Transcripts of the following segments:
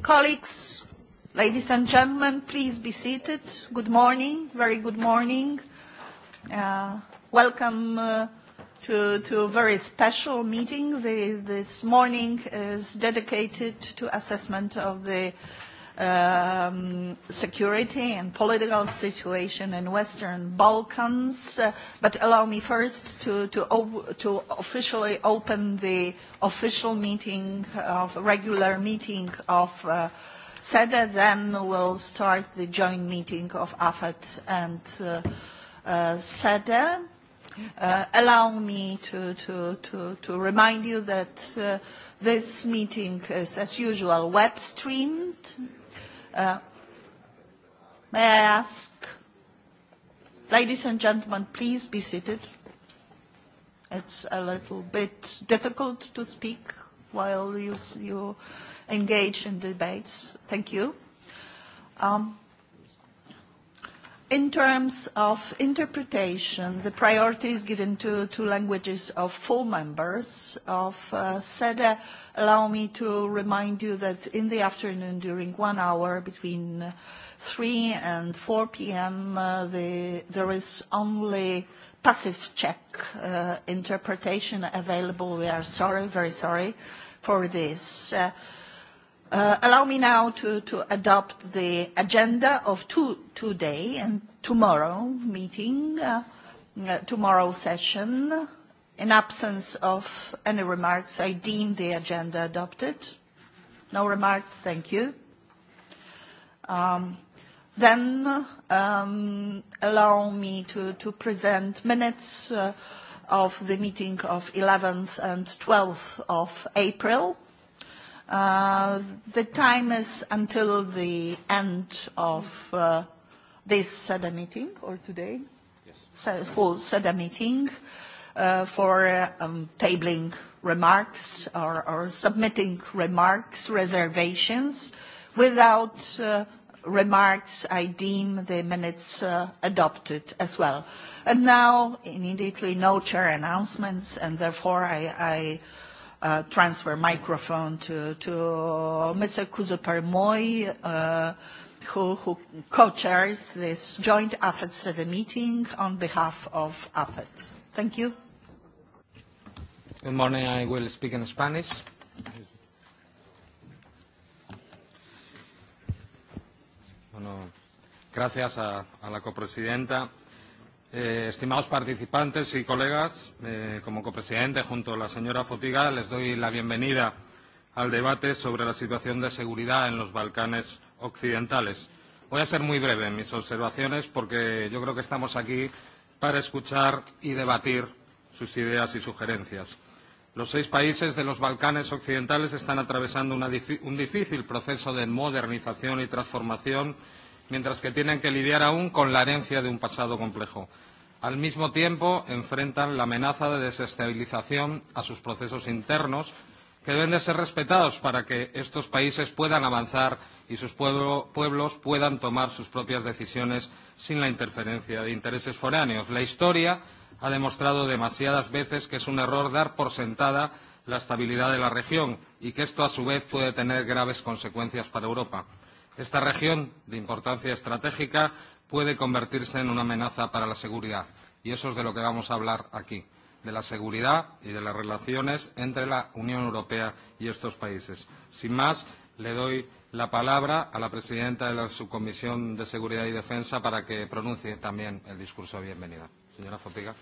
Colleagues, ladies and gentlemen, please be seated. Good morning, very good morning. Uh, welcome uh, to, to a very special meeting. The, this morning is dedicated to assessment of the um, security and political situation in Western Balkans. Uh, but allow me first to, to, to officially open the official meeting of regular meeting of uh, SEDA. Then we'll start the joint meeting of AFET and uh, uh, SEDA. Uh, allow me to, to, to, to remind you that uh, this meeting is, as usual, web streamed Uh, may I ask, ladies and gentlemen, please be seated. It's a little bit difficult to speak while you, you engage in debates. Thank you. Um, in terms of interpretation, the priority is given to, two languages of full members of uh, SEDA. Allow me to remind you that in the afternoon, during one hour between 3 and 4 p.m., uh, the, there is only passive Czech uh, interpretation available. We are sorry, very sorry for this. Uh, Uh, allow me now to, to adopt the agenda of two, today and tomorrow meeting, uh, uh, tomorrow session. In absence of any remarks, I deem the agenda adopted. No remarks, thank you. Um, then um, allow me to, to present minutes uh, of the meeting of 11th and 12th of April Uh, the time is until the end of uh, this SEDA meeting, or today, yes. so, full SEDA meeting, uh, for uh, um, tabling remarks or, or submitting remarks, reservations. Without uh, remarks, I deem the minutes uh, adopted as well. And now, immediately, no chair announcements, and therefore I, I Uh, transfer microphone to, to Mr. Kuzuper Moy, uh, who, who co-chairs this joint afet the meeting on behalf of AFET. Thank you. Good morning. I will speak in Spanish. Bueno, gracias a, a la copresidenta. Eh, estimados participantes y colegas, eh, como copresidente junto a la señora Fotiga, les doy la bienvenida al debate sobre la situación de seguridad en los Balcanes occidentales. Voy a ser muy breve en mis observaciones porque yo creo que estamos aquí para escuchar y debatir sus ideas y sugerencias. Los seis países de los Balcanes occidentales están atravesando una, un difícil proceso de modernización y transformación mientras que tienen que lidiar aún con la herencia de un pasado complejo. Al mismo tiempo, enfrentan la amenaza de desestabilización a sus procesos internos, que deben de ser respetados para que estos países puedan avanzar y sus pueblo, pueblos puedan tomar sus propias decisiones sin la interferencia de intereses foráneos. La historia ha demostrado demasiadas veces que es un error dar por sentada la estabilidad de la región y que esto, a su vez, puede tener graves consecuencias para Europa. Esta región de importancia estratégica puede convertirse en una amenaza para la seguridad. Y eso es de lo que vamos a hablar aquí, de la seguridad y de las relaciones entre la Unión Europea y estos países. Sin más, le doy la palabra a la presidenta de la Subcomisión de Seguridad y Defensa para que pronuncie también el discurso de bienvenida. Señora Fotiga.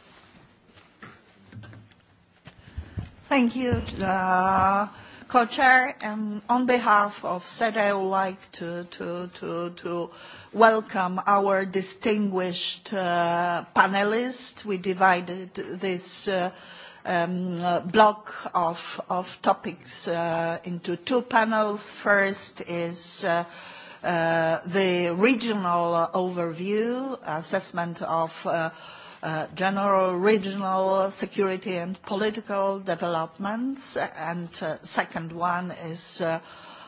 Thank you. Uh co-chair, and on behalf of SEDE, e, I would like to, to, to, to welcome our distinguished uh, panelists. We divided this uh, um, uh, block of, of topics uh, into two panels. First is uh, uh, the regional overview, assessment of uh, Uh, general regional security and political developments, and uh, second one is uh,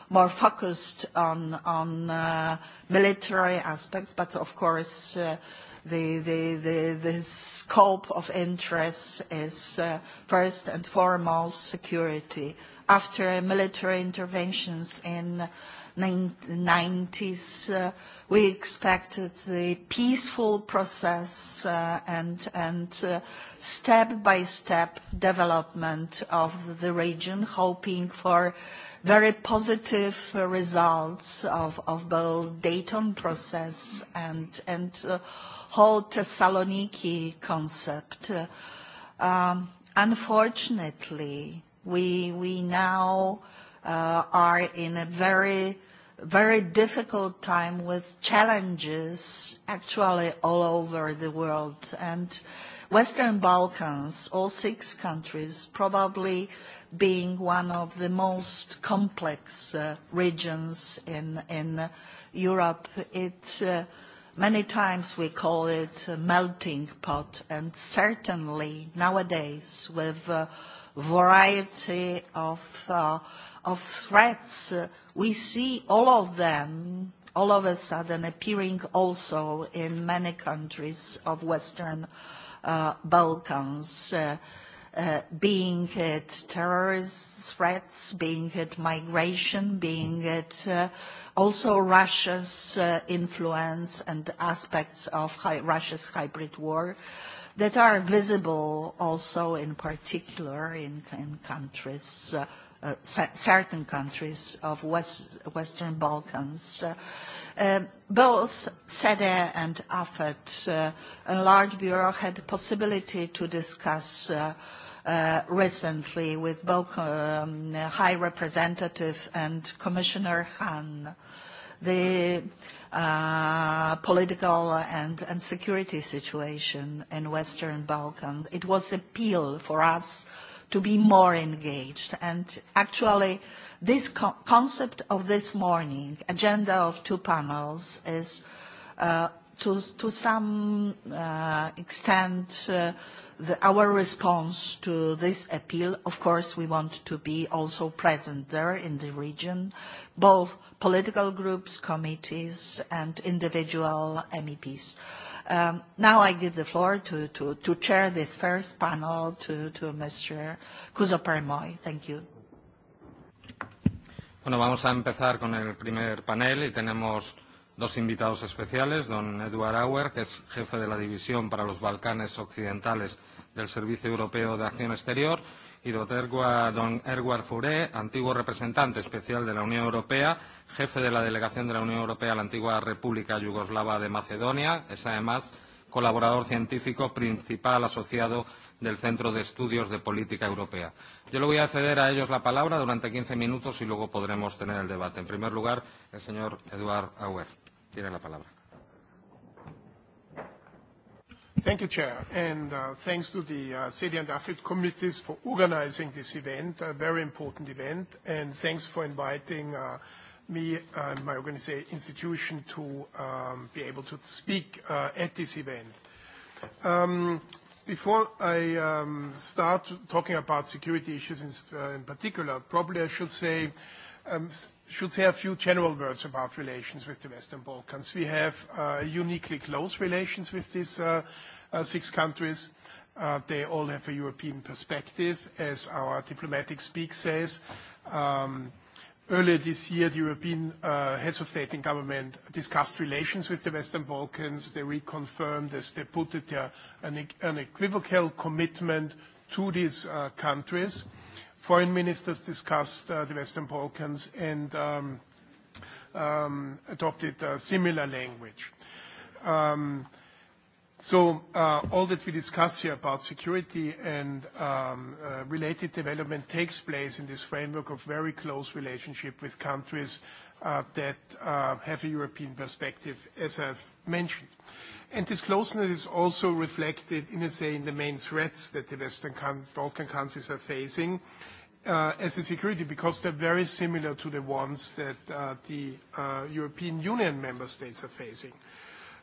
more focused on, on uh, military aspects, but of course uh, the, the, the, the scope of interest is uh, first and foremost security. After military interventions in the 90s, uh, We expected the peaceful process uh, and, and step by step development of the region, hoping for very positive results of, of both Dayton process and, and uh, whole Thessaloniki concept. Uh, um, unfortunately, we, we now uh, are in a very very difficult time with challenges actually all over the world. And Western Balkans, all six countries, probably being one of the most complex uh, regions in, in Europe, it uh, many times we call it a melting pot. And certainly nowadays, with a variety of, uh, of threats, uh, we see all of them all of a sudden appearing also in many countries of Western uh, Balkans, uh, uh, being it terrorist threats, being it migration, being it uh, also Russia's uh, influence and aspects of hi Russia's hybrid war that are visible also in particular in, in countries uh, Uh, certain countries of West, Western Balkans. Uh, uh both SEDE and AFET, uh, enlarged bureau, had the possibility to discuss uh, Uh, recently with both um, High Representative and Commissioner Hahn, the uh, political and, and security situation in Western Balkans. It was appeal for us uh, to be more engaged. And actually, this co concept of this morning, agenda of two panels, is uh, to, to some uh, extent uh, the, our response to this appeal. Of course, we want to be also present there in the region, both political groups, committees, and individual MEPs. Uh, Um, now I give the floor to, to, to chair this first panel to, to Mr. Couso Permoy. Thank you. Bueno, vamos a empezar con el primer panel y tenemos dos invitados especiales, don Eduard Auer, que es jefe de la División para los Balcanes Occidentales del Servicio Europeo de Acción Exterior, Don Erguar Fouré, antiguo representante especial de la Unión Europea, jefe de la delegación de la Unión Europea a la antigua República Yugoslava de Macedonia. Es además colaborador científico principal asociado del Centro de Estudios de Política Europea. Yo le voy a ceder a ellos la palabra durante 15 minutos y luego podremos tener el debate. En primer lugar, el señor Eduard Auer. Tiene la palabra. Thank you, Chair, and uh, thanks to the uh, City and AFID committees for organizing this event, a very important event, and thanks for inviting uh, me and my organization, institution to um, be able to speak uh, at this event. Um, before I um, start talking about security issues in, uh, in particular, probably I should say um, should say a few general words about relations with the Western Balkans. We have uh, uniquely close relations with these uh, uh, six countries. they all have a European perspective, as our diplomatic speak says. Um, earlier this year, the European heads of state and government discussed relations with the Western Balkans. They reconfirmed, as they put it, an unequivocal e-, commitment to these countries foreign ministers discussed uh, the Western Balkans and um, um, adopted a similar language. Um, so uh, all that we discuss here about security and um, uh, related development takes place in this framework of very close relationship with countries uh, that uh, have a European perspective, as I've mentioned. And this closeness is also reflected in, a say, in the main threats that the Western Balkan countries are facing. Uh, uh, as a security because they're very similar to the ones that uh, the uh, European Union member states are facing.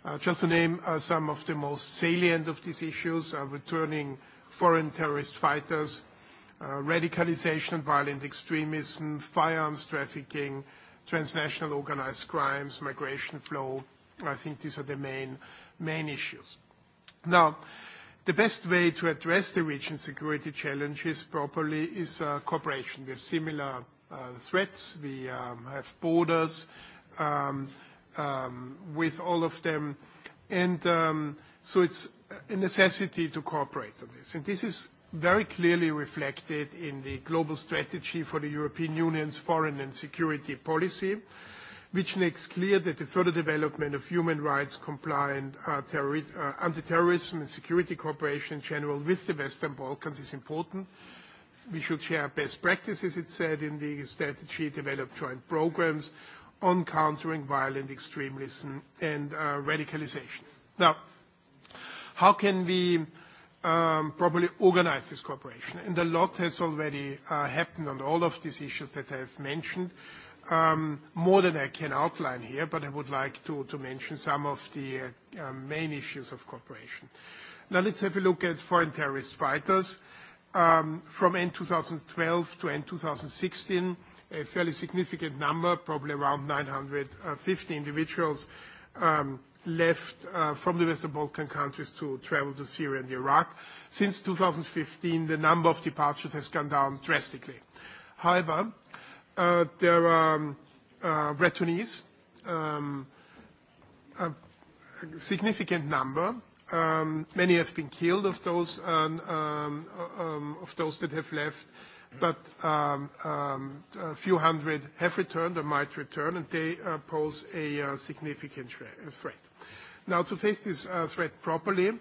Uh, just to name some of the most salient of these issues are returning foreign terrorist fighters, radicalization and violent extremism, firearms trafficking, transnational organized crimes, migration flow. I think these are the main, issues. Now, The best way to address the region security challenges properly is uh, cooperation. We have similar uh, threats. We um, have borders um, um, with all of them. And so it's a necessity to cooperate on this. And this is very clearly reflected in the global strategy for the European Union's foreign and security policy which makes clear that the further development of human rights compliant uh, uh, anti-terrorism and security cooperation in general with the Western Balkans is important. We should share best practices, it said in the strategy, develop joint programs on countering violent extremism and uh, radicalization. Now, how can we um, properly organize this cooperation? And a lot has already happened on all of these issues that I have mentioned. Um, more than I can outline here, but I would like to, mention some of the uh, um, main issues of cooperation. Now let's have a look at foreign terrorist fighters. Um, from end 2012 to end 2016, a fairly significant number, probably around 950 individuals, left uh, from the Western Balkan countries to travel to Syria and Iraq. Since 2015, the number of departures has gone down drastically. However, Uh, there are um, uh, returnees, Bretonese, um, a significant number. Um, many have been killed of those, of those that have left, but a few hundred have returned or might return, and they uh, pose a significant threat. Now, to face this threat properly,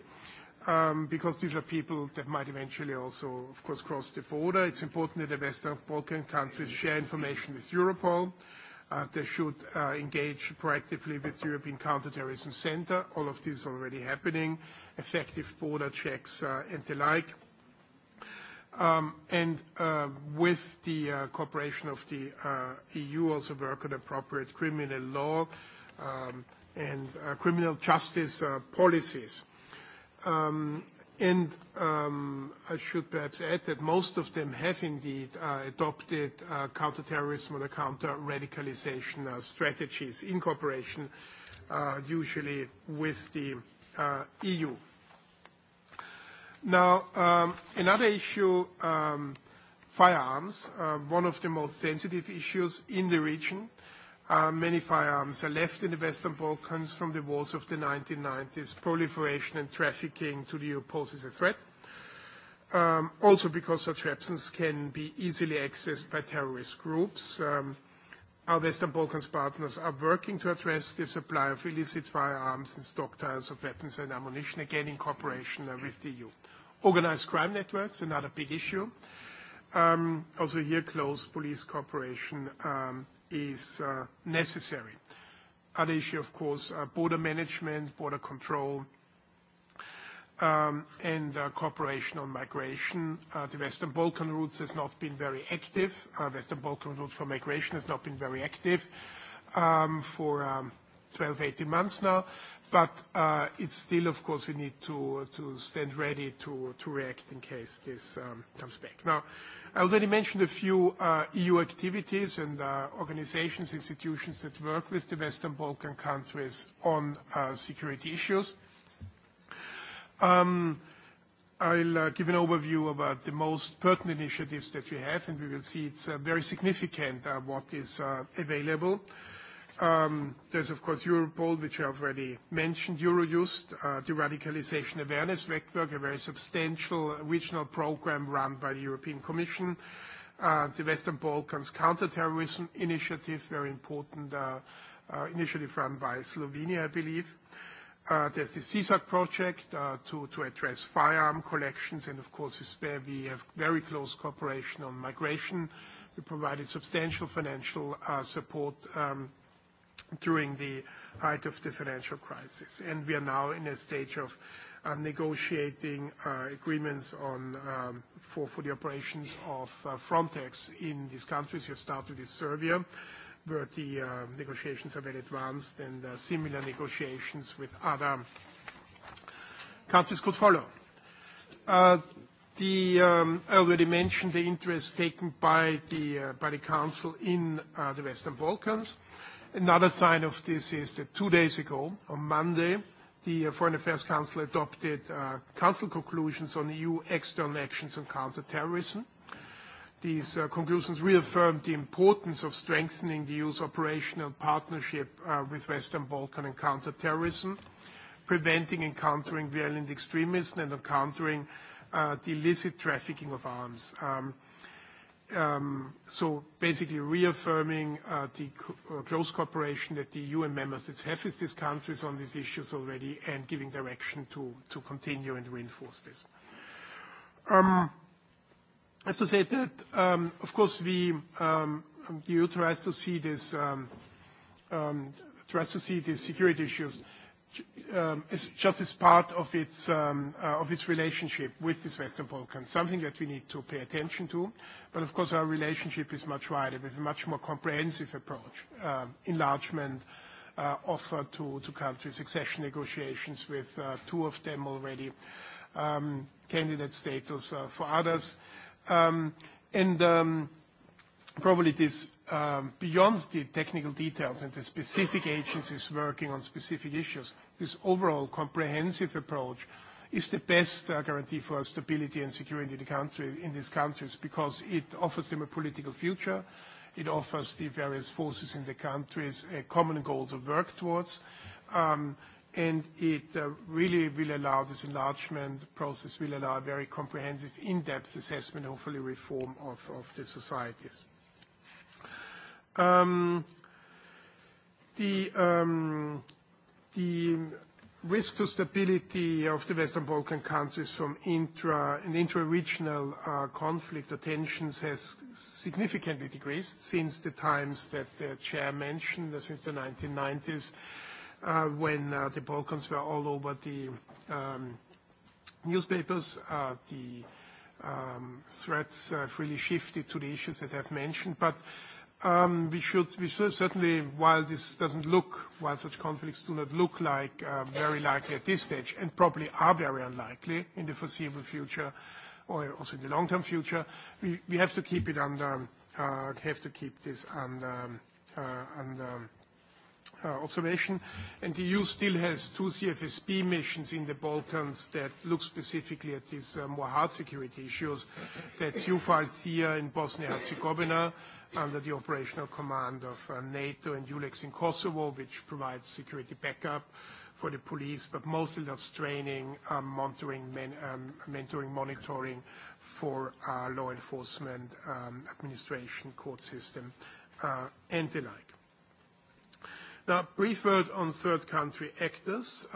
Um, because these are people that might eventually also, of course, cross the border. It's important that the Western Balkan countries share information with Europol. Uh, they should uh, engage proactively with European Counterterrorism Center. All of this is already happening, effective border checks uh, and the like. Um, and uh, with the uh, cooperation of the uh, EU, also work on appropriate criminal law um, and criminal justice policies. Um, and um, I should perhaps add that most of them have indeed uh, adopted uh, counterterrorism or counter-radicalization uh, strategies in cooperation, usually with the EU. Now, um, another issue, firearms, one of the most sensitive issues in the region. Uh, many firearms are left in the Western Balkans from the wars of the 1990s. Proliferation and trafficking to the EU poses a threat. Um, also because such weapons can be easily accessed by terrorist groups. Um, our Western Balkans partners are working to address the supply of illicit firearms and stockpiles of weapons and ammunition, again in cooperation uh, with the EU. Organized crime networks, another big issue. Um, also here, close police cooperation is uh, necessary. Other issue, of course, uh, border management, border control, um, and uh, cooperation on migration. the Western Balkan routes has not been very active. Western Balkan route for migration has not been very active um, for 12, um, 18 months now. But it's still, of course, we need to, stand ready to, react in case this comes back. Now, I already mentioned a few uh, EU activities and uh, organizations, institutions that work with the Western Balkan countries on uh, security issues. Um, I'll give an overview about the most pertinent initiatives that we have, and we will see it's very significant what is available. Um, there's, of course, Europol, which I already mentioned, Eurojust, uh, the radicalization awareness network, a very substantial regional program run by the European Commission. Uh, the Western Balkans Counterterrorism Initiative, very important uh, initiative run by Slovenia, I believe. There's the CSAT project to, address firearm collections, and of course, with where we have very close cooperation on migration. We provided substantial financial support um, during the height of the financial crisis. And we are now in a stage of uh, negotiating uh, agreements on um, for, the operations of uh, Frontex in these countries. We have started with Serbia, where the negotiations are very advanced, and similar negotiations with other countries could follow. I um, already mentioned the interest taken by the Council in the Western Balkans. Another sign of this is that two days ago, on Monday, the uh, Foreign Affairs Council adopted uh, Council conclusions on EU external actions on counterterrorism. These uh, conclusions reaffirmed the importance of strengthening the EU's operational partnership with Western Balkan and counterterrorism, preventing and countering violent extremism, and countering the illicit trafficking of arms. Um, Um, so basically reaffirming uh, the uh, close cooperation that the EU and member states have with these countries on these issues already and giving direction to, to continue and reinforce this. Um, I have to say that, um, of course, we, the EU tries to see these security issues Um, is just as part of its, um, uh, of its relationship with these Western Balkans, something that we need to pay attention to. But of course, our relationship is much wider, with a much more comprehensive approach, um, enlargement, uh, offer to, countries, accession negotiations with uh, two of them already, candidate status for others. and probably this beyond the technical details and the specific agencies working on specific issues, this overall comprehensive approach is the best uh, guarantee for stability and security in the country, in these countries, because it offers them a political future. It offers the various forces in the countries a common goal to work towards. Um, and it uh, really will allow this enlargement process will allow a very comprehensive, in-depth assessment, hopefully reform of, the societies. Um, the um, the risk to stability of the Western Balkan countries from intra and intra-regional uh, conflict or tensions has significantly decreased since the times that the chair mentioned, uh, since the 1990s, uh, when uh, the Balkans were all over the um, newspapers. Uh, the um, threats freely uh, shifted to the issues that I've mentioned. But Um, we should certainly, while this doesn't look, while such conflicts do not look like uh, very likely at this stage, and probably are very unlikely in the foreseeable future or also in the long-term future, we, have to keep it under, uh, have to keep this under, uh, observation. And the EU still has two CFSP missions in the Balkans that look specifically at these more hard security issues. That's EUFOR Althea in Bosnia-Herzegovina, under the operational command of uh, NATO and EULEX in Kosovo, which provides security backup for the police, but mostly does training, um, monitoring, um, mentoring, monitoring for uh, law enforcement, um, administration, court system, uh, and the like. Now, brief word on third country actors.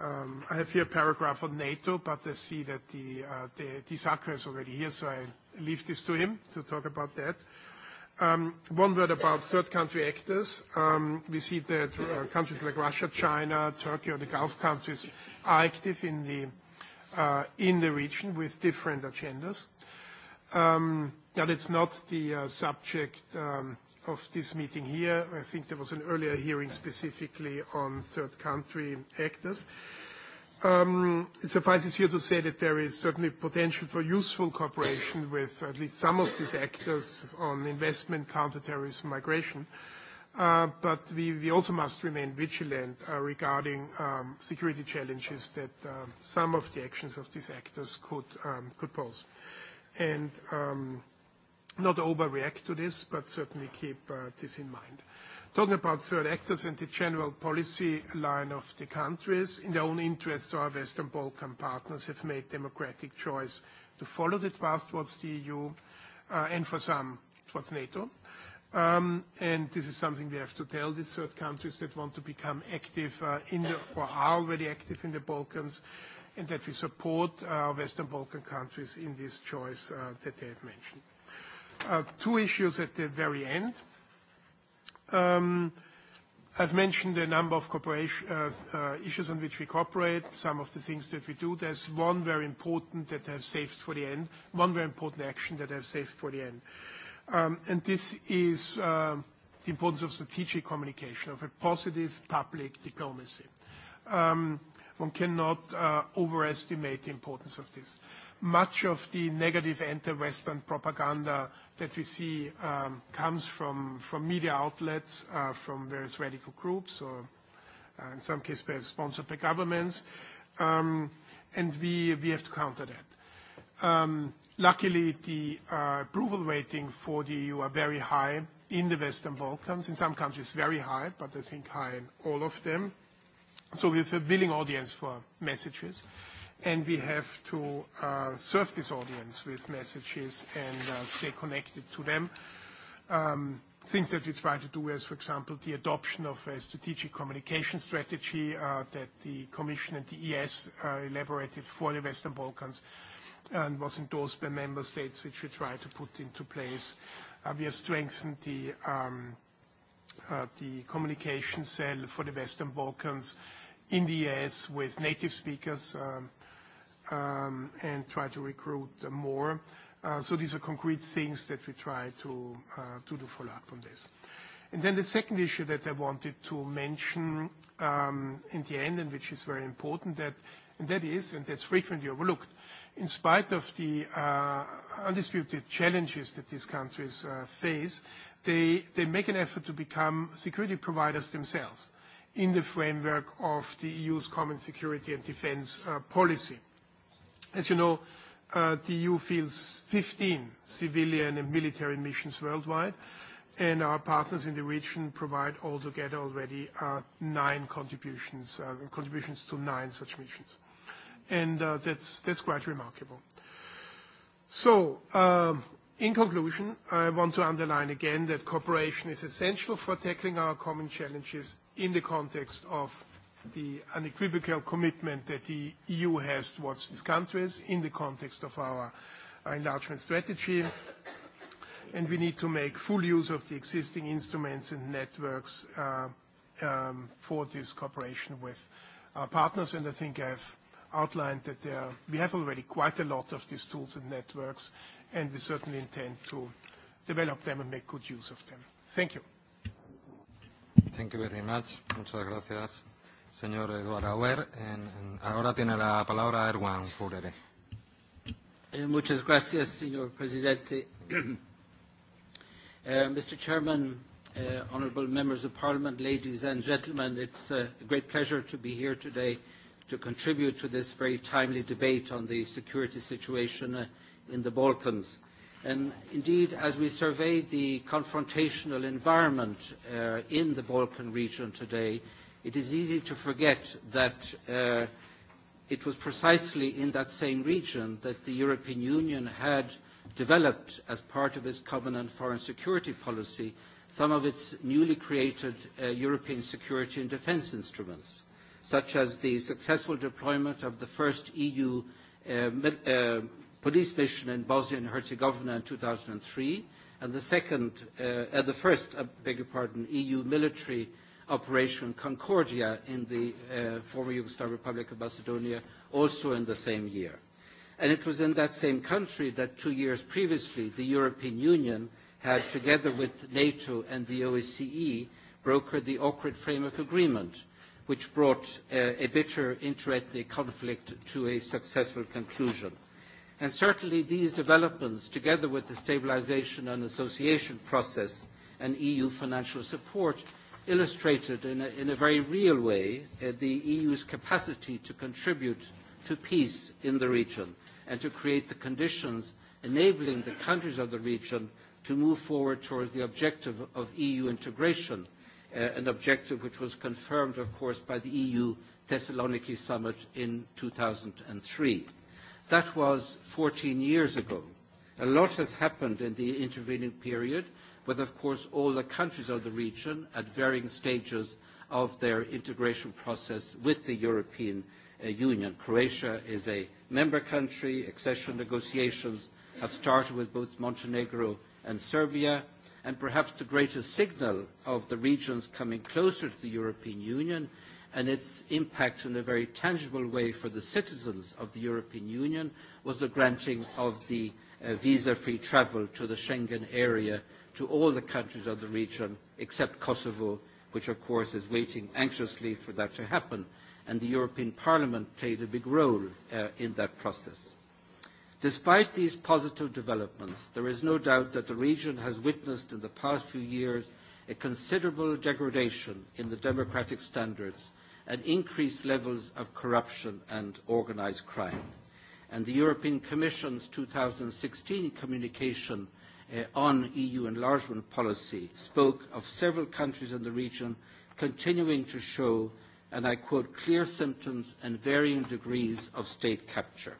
I have here a paragraph on NATO, but I see that the, uh, Tisaka is already here, so I leave this to him to talk about that. Um, one word about third country actors. Um, we see that uh, countries like Russia, China, Turkey, or the Gulf countries are active in the, uh, in the region with different agendas. Um, that is not the uh, subject of this meeting here. I think there was an earlier hearing specifically on third country actors. Um, it suffices here to say that there is certainly potential for useful cooperation with at least some of these actors on investment, counterterrorism, migration. Uh, but we, also must remain vigilant uh, regarding um, security challenges that uh, some of the actions of these actors could, um, could pose. And not overreact to this, but certainly keep this in mind talking about third actors and the general policy line of the countries. In their own interests, our Western Balkan partners have made democratic choice to follow the path towards the EU, uh, and for some, towards NATO. Um, and this is something we have to tell these third countries that want to become active uh, in the, or are already active in the Balkans, and that we support uh, our Western Balkan countries in this choice that they have mentioned. Two issues at the very end. Um, I've mentioned a number of uh, uh, issues on which we cooperate, some of the things that we do. There's one very important that I've saved for the end, one very important action that I've saved for the end. Um, and this is um, the importance of strategic communication, of a positive public diplomacy. one cannot uh, overestimate the importance of this much of the negative anti-Western propaganda that we see um, comes from, media outlets, uh, from various radical groups, or uh, in some cases perhaps sponsored by governments, um, and we, we have to counter that. Um, luckily, the uh, approval rating for the EU are very high in the Western Balkans, in some countries very high, but I think high in all of them. So we have a willing audience for messages and we have to uh, serve this audience with messages and uh, stay connected to them. Um, things that we try to do is, for example, the adoption of a strategic communication strategy uh, that the Commission and the ES uh, elaborated for the Western Balkans and was endorsed by member states, which we try to put into place. Uh, we have strengthened the, um, uh, the communication cell for the Western Balkans in the ES with native speakers. Um, Um, and try to recruit more. Uh, so these are concrete things that we try to, uh, to do follow-up on this. And then the second issue that I wanted to mention um, in the end, and which is very important, that, and that is, and that's frequently overlooked, in spite of the uh, undisputed challenges that these countries uh, face, they, they make an effort to become security providers themselves in the framework of the EU's common security and defense policy. As you know, uh, the EU fields 15 civilian and military missions worldwide, and our partners in the region provide altogether already uh, nine contributions, uh, contributions to nine such missions. And uh, that's, that's quite remarkable. So, um, in conclusion, I want to underline again that cooperation is essential for tackling our common challenges in the context of the unequivocal commitment that the EU has towards these countries in the context of our enlargement strategy. And we need to make full use of the existing instruments and networks uh, um, for this cooperation with our partners. And I think I've outlined that there, we have already quite a lot of these tools and networks, and we certainly intend to develop them and make good use of them. Thank you. Thank you very much. Muchas gracias señor Eduardo Auer. En, ahora tiene la palabra Erwan Furere. Eh, muchas gracias, señor presidente. uh, eh, Mr. Chairman, uh, eh, honourable members of parliament, ladies and gentlemen, it's a great pleasure to be here today to contribute to this very timely debate on the security situation uh, in the Balkans. And indeed, as we survey the confrontational environment uh, in the Balkan region today, uh, it is easy to forget that uh, it was precisely in that same region that the European Union had developed, as part of its common and foreign security policy, some of its newly created uh, European security and defence instruments, such as the successful deployment of the first EU uh, uh, police mission in Bosnia and Herzegovina in 2003, and the second, uh, uh, the first, beg your pardon, EU military Operation Concordia in the uh, former Yugoslav Republic of Macedonia, also in the same year. And it was in that same country that two years previously the European Union had, together with NATO and the OSCE, e, brokered the Awkward Framework Agreement, which brought uh, a bitter interethnic conflict to a successful conclusion. And certainly these developments, together with the stabilization and association process and EU financial support, illustrated in a, in a very real way uh, the EU's capacity to contribute to peace in the region and to create the conditions enabling the countries of the region to move forward towards the objective of EU integration, uh, an objective which was confirmed, of course, by the EU Thessaloniki summit in 2003. That was 14 years ago. A lot has happened in the intervening period, with, of course, all the countries of the region at varying stages of their integration process with the European uh, Union. Croatia is a member country. Accession negotiations have started with both Montenegro and Serbia. And perhaps the greatest signal of the regions coming closer to the European Union and its impact in a very tangible way for the citizens of the European Union was the granting of the uh, visa-free travel to the Schengen area to all the countries of the region except Kosovo, which of course is waiting anxiously for that to happen. And the European Parliament played a big role uh, in that process. Despite these positive developments, there is no doubt that the region has witnessed in the past few years a considerable degradation in the democratic standards and increased levels of corruption and organised crime. And the European Commission's 2016 communication uh, on EU enlargement policy spoke of several countries in the region continuing to show, and I quote, clear symptoms and varying degrees of state capture,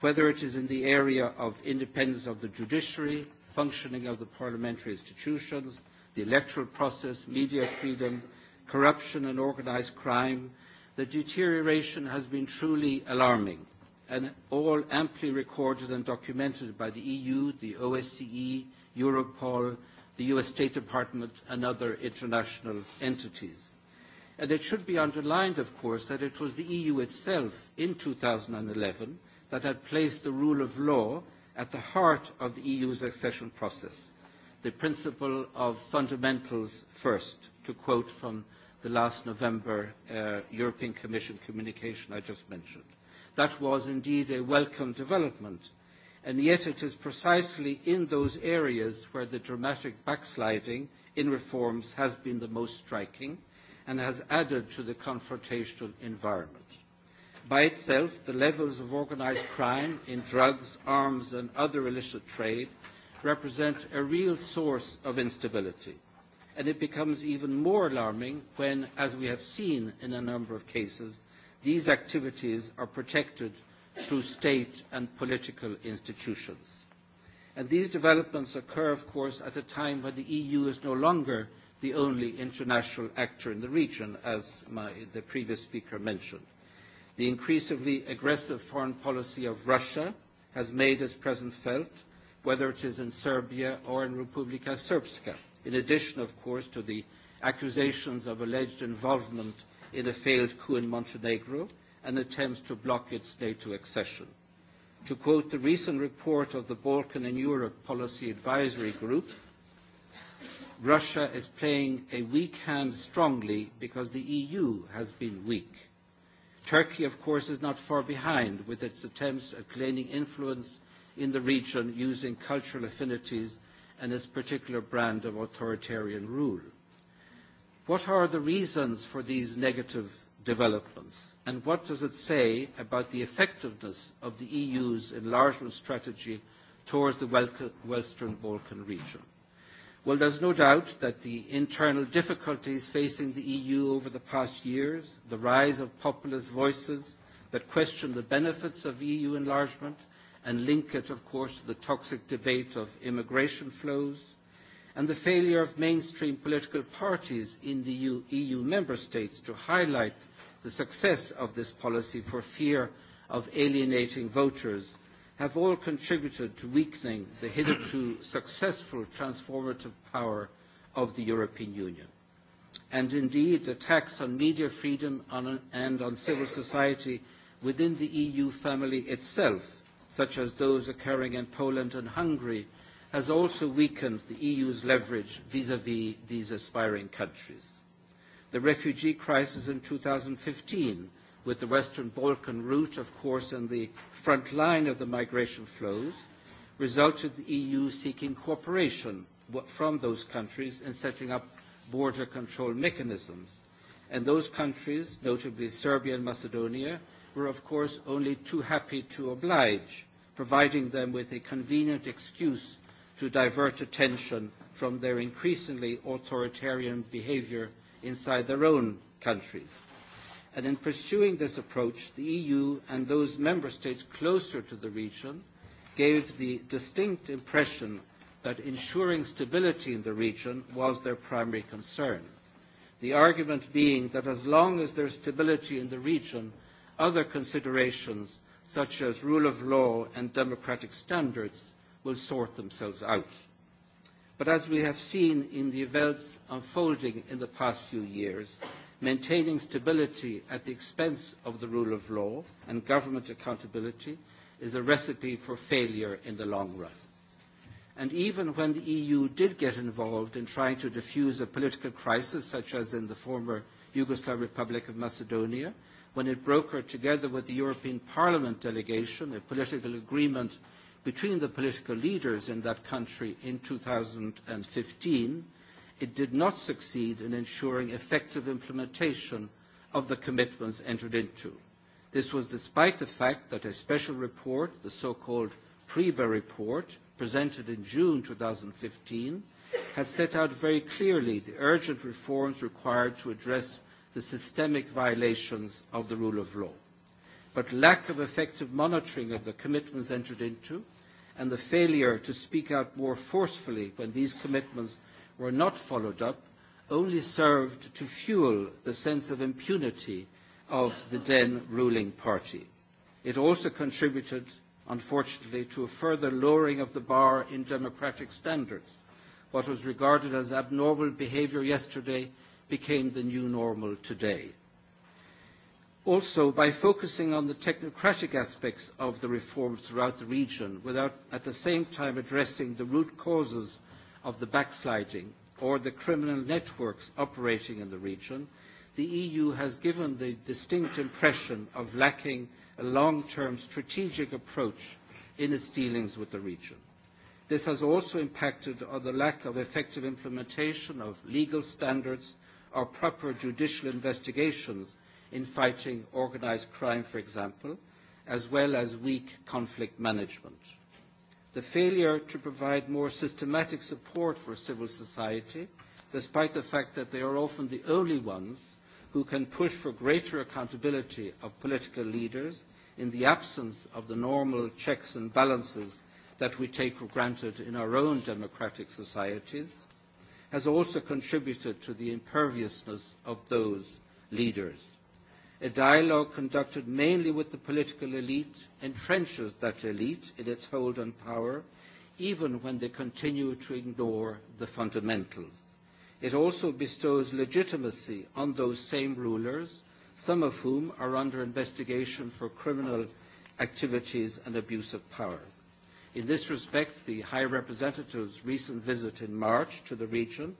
whether it is in the area of independence of the judiciary, functioning of the parliamentary institutions, the electoral process, media freedom, corruption and organised crime, the deterioration has been truly alarming and all amply recorded and documented by the EU, the OSCE, Europol, the US State Department and other international entities. And it should be underlined, of course, that it was the EU itself in 2011 that had placed the rule of law at the heart of the EU's accession process, the principle of fundamentals first, to quote from the last November uh, European Commission communication I just mentioned. That was indeed a welcome development. And yet it is precisely in those areas where the dramatic backsliding in reforms has been the most striking and has added to the confrontational environment. By itself, the levels of organized crime in drugs, arms and other illicit trade represent a real source of instability. And it becomes even more alarming when, as we have seen in a number of cases, these activities are protected through state and political institutions. And these developments occur, of course, at a time when the EU is no longer the only international actor in the region, as my, the previous speaker mentioned. The increasingly aggressive foreign policy of Russia has made its presence felt, whether it is in Serbia or in Republika Srpska, in addition, of course, to the accusations of alleged involvement in a failed coup in Montenegro and attempts to block its NATO accession. To quote the recent report of the Balkan and Europe Policy Advisory Group, Russia is playing a weak hand strongly because the EU has been weak. Turkey, of course, is not far behind with its attempts at gaining influence in the region using cultural affinities and its particular brand of authoritarian rule. What are the reasons for these negative developments? And what does it say about the effectiveness of the EU's enlargement strategy towards the Western Balkan region? Well, there's no doubt that the internal difficulties facing the EU over the past years, the rise of populist voices that question the benefits of EU enlargement and link it, of course, to the toxic debate of immigration flows, and the failure of mainstream political parties in the EU, EU member states to highlight the success of this policy for fear of alienating voters have all contributed to weakening the hitherto successful transformative power of the European Union. And indeed, attacks on media freedom on, and on civil society within the EU family itself, such as those occurring in Poland and Hungary, has also weakened the EU's leverage vis-à-vis -vis these aspiring countries. The refugee crisis in 2015, with the Western Balkan route, of course, and the front line of the migration flows, resulted in the EU seeking cooperation from those countries in setting up border control mechanisms. And those countries, notably Serbia and Macedonia, were of course only too happy to oblige, providing them with a convenient excuse to divert attention from their increasingly authoritarian behaviour inside their own countries. And in pursuing this approach, the EU and those member states closer to the region gave the distinct impression that ensuring stability in the region was their primary concern. The argument being that as long as there is stability in the region, other considerations such as rule of law and democratic standards will sort themselves out. But as we have seen in the events unfolding in the past few years, maintaining stability at the expense of the rule of law and government accountability is a recipe for failure in the long run. And even when the EU did get involved in trying to defuse a political crisis, such as in the former Yugoslav Republic of Macedonia, when it brokered, together with the European Parliament delegation, a political agreement between the political leaders in that country in 2015, it did not succeed in ensuring effective implementation of the commitments entered into. This was despite the fact that a special report, the so-called PREBA report, presented in June 2015, had set out very clearly the urgent reforms required to address the systemic violations of the rule of law. But lack of effective monitoring of the commitments entered into and the failure to speak out more forcefully when these commitments were not followed up only served to fuel the sense of impunity of the then ruling party. It also contributed, unfortunately, to a further lowering of the bar in democratic standards. What was regarded as abnormal behavior yesterday became the new normal today. Also, by focusing on the technocratic aspects of the reforms throughout the region, without at the same time addressing the root causes of the backsliding or the criminal networks operating in the region, the EU has given the distinct impression of lacking a long-term strategic approach in its dealings with the region. This has also impacted on the lack of effective implementation of legal standards or proper judicial investigations in fighting organised crime, for example, as well as weak conflict management. The failure to provide more systematic support for civil society, despite the fact that they are often the only ones who can push for greater accountability of political leaders in the absence of the normal checks and balances that we take for granted in our own democratic societies, has also contributed to the imperviousness of those leaders. A dialogue conducted mainly with the political elite entrenches that elite in its hold on power, even when they continue to ignore the fundamentals. It also bestows legitimacy on those same rulers, some of whom are under investigation for criminal activities and abuse of power. In this respect, the High Representative's recent visit in March to the region,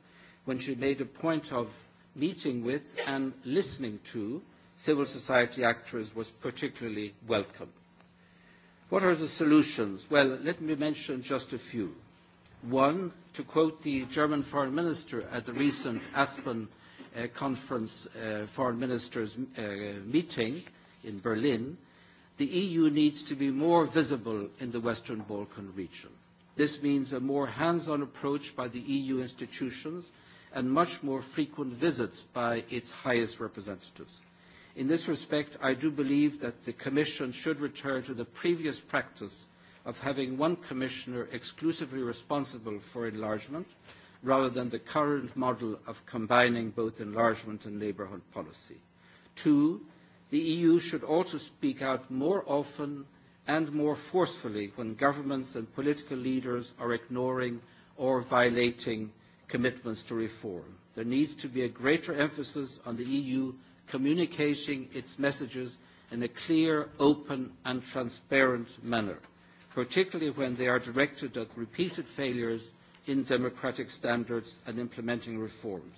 when she made a point of meeting with and listening to civil society actors was particularly welcome. What are the solutions? Well, let me mention just a few. One, to quote the German foreign minister at the recent Aspen uh, conference uh, foreign ministers uh, meeting in Berlin, the EU needs to be more visible in the Western Balkan region. This means a more hands-on approach by the EU institutions and much more frequent visits by its highest representatives. In this respect, I do believe that the Commission should return to the previous practice of having one Commissioner exclusively responsible for enlargement, rather than the current model of combining both enlargement and neighbourhood policy. Two, the EU should also speak out more often and more forcefully when governments and political leaders are ignoring or violating commitments to reform. There needs to be a greater emphasis on the EU communicating its messages in a clear, open and transparent manner, particularly when they are directed at repeated failures in democratic standards and implementing reforms.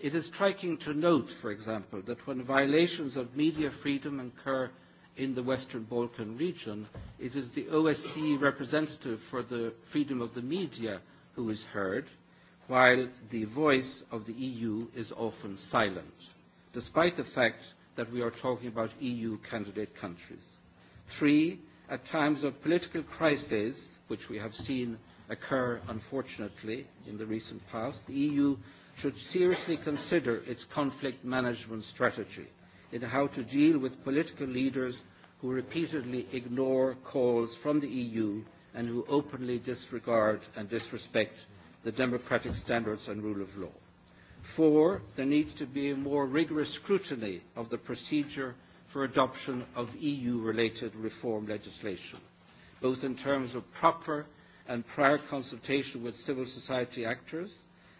It is striking to note, for example, that when violations of media freedom occur in the Western Balkan region, it is the OSCE representative for the freedom of the media who is heard, while the voice of the EU is often silent despite the fact that we are talking about EU candidate countries. Three, at times of political crises, which we have seen occur, unfortunately, in the recent past, the EU should seriously consider its conflict management strategy in how to deal with political leaders who repeatedly ignore calls from the EU and who openly disregard and disrespect the democratic standards and rule of law. Four, there needs to be a more rigorous scrutiny of the procedure for adoption of EU-related reform legislation, both in terms of proper and prior consultation with civil society actors,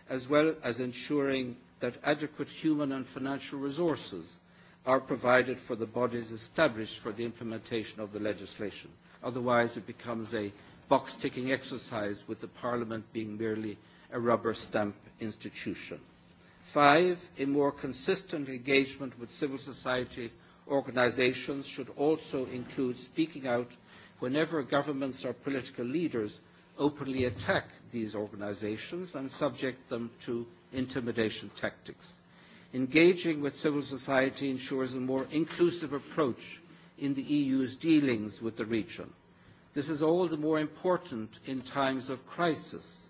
as well as ensuring that adequate human and financial resources are provided for the bodies established for the implementation of the legislation. Otherwise, it becomes a box-ticking exercise with the Parliament being merely a rubber stamp institution. Five, a more consistent engagement with civil society organizations should also include speaking out whenever governments or political leaders openly attack these organizations and subject them to intimidation tactics. Engaging with civil society ensures a more inclusive approach in the EU's dealings with the region. This is all the more important in times of crisis.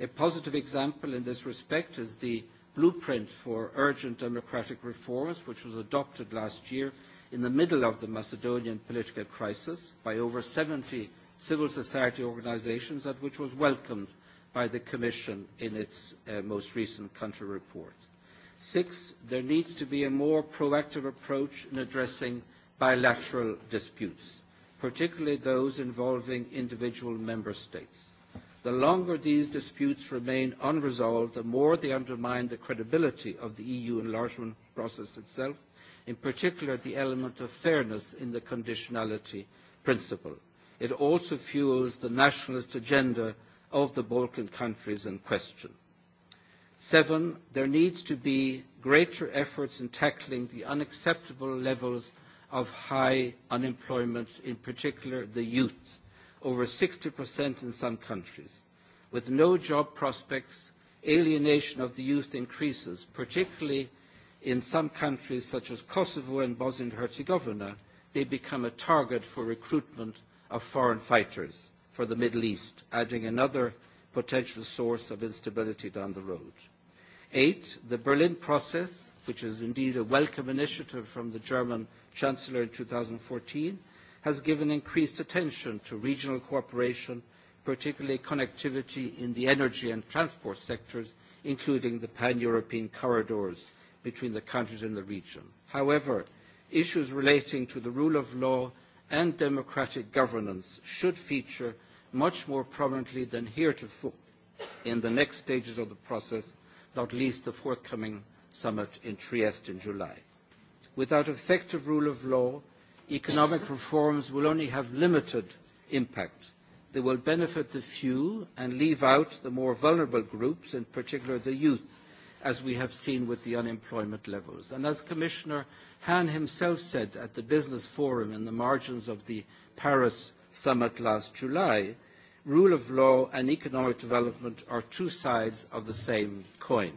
A positive example in this respect is the blueprint for urgent democratic reforms, which was adopted last year in the middle of the Macedonian political crisis by over 70 civil society organizations, and which was welcomed by the Commission in its uh, most recent country report. Six, there needs to be a more proactive approach in addressing bilateral disputes, particularly those involving individual member states. The longer these disputes remain unresolved, the more they undermine the credibility of the EU enlargement process itself, in particular the element of fairness in the conditionality principle. It also fuels the nationalist agenda of the Balkan countries in question. Seven, there needs to be greater efforts in tackling the unacceptable levels of high unemployment, in particular the youth over 60% in some countries. With no job prospects, alienation of the youth increases, particularly in some countries such as Kosovo and Bosnia and Herzegovina, they become a target for recruitment of foreign fighters for the Middle East, adding another potential source of instability down the road. Eight, the Berlin process, which is indeed a welcome initiative from the German Chancellor in 2014, has given increased attention to regional cooperation, particularly connectivity in the energy and transport sectors, including the pan-European corridors between the countries in the region. However, issues relating to the rule of law and democratic governance should feature much more prominently than heretofore in the next stages of the process, not least the forthcoming summit in Trieste in July. Without effective rule of law, economic reforms will only have limited impact. They will benefit the few and leave out the more vulnerable groups, in particular the youth, as we have seen with the unemployment levels. And as Commissioner Hahn himself said at the Business Forum in the margins of the Paris summit last July, rule of law and economic development are two sides of the same coin.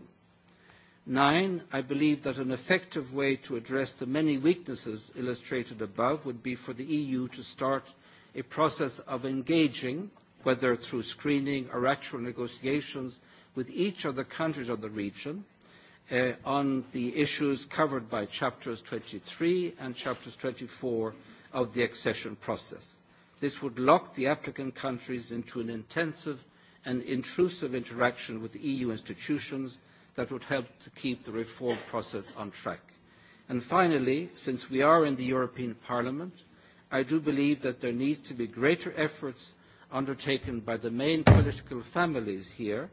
Nine, I believe that an effective way to address the many weaknesses illustrated above would be for the EU to start a process of engaging, whether through screening or actual negotiations, with each of the countries of the region uh, on the issues covered by chapters 23 and chapters 24 of the accession process. This would lock the applicant countries into an intensive and intrusive interaction with EU institutions that would help to keep the reform process on track. And finally, since we are in the European Parliament, I do believe that there needs to be greater efforts undertaken by the main political families here,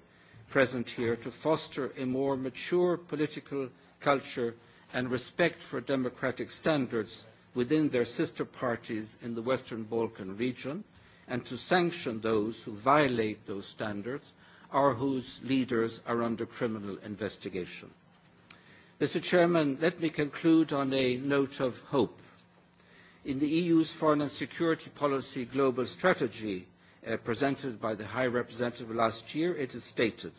present here, to foster a more mature political culture and respect for democratic standards within their sister parties in the Western Balkan region, and to sanction those who violate those standards or whose leaders are under criminal investigation. Mr Chairman, let me conclude on a note of hope. In the EU's foreign and security policy global strategy uh, presented by the High Representative last year, it is stated,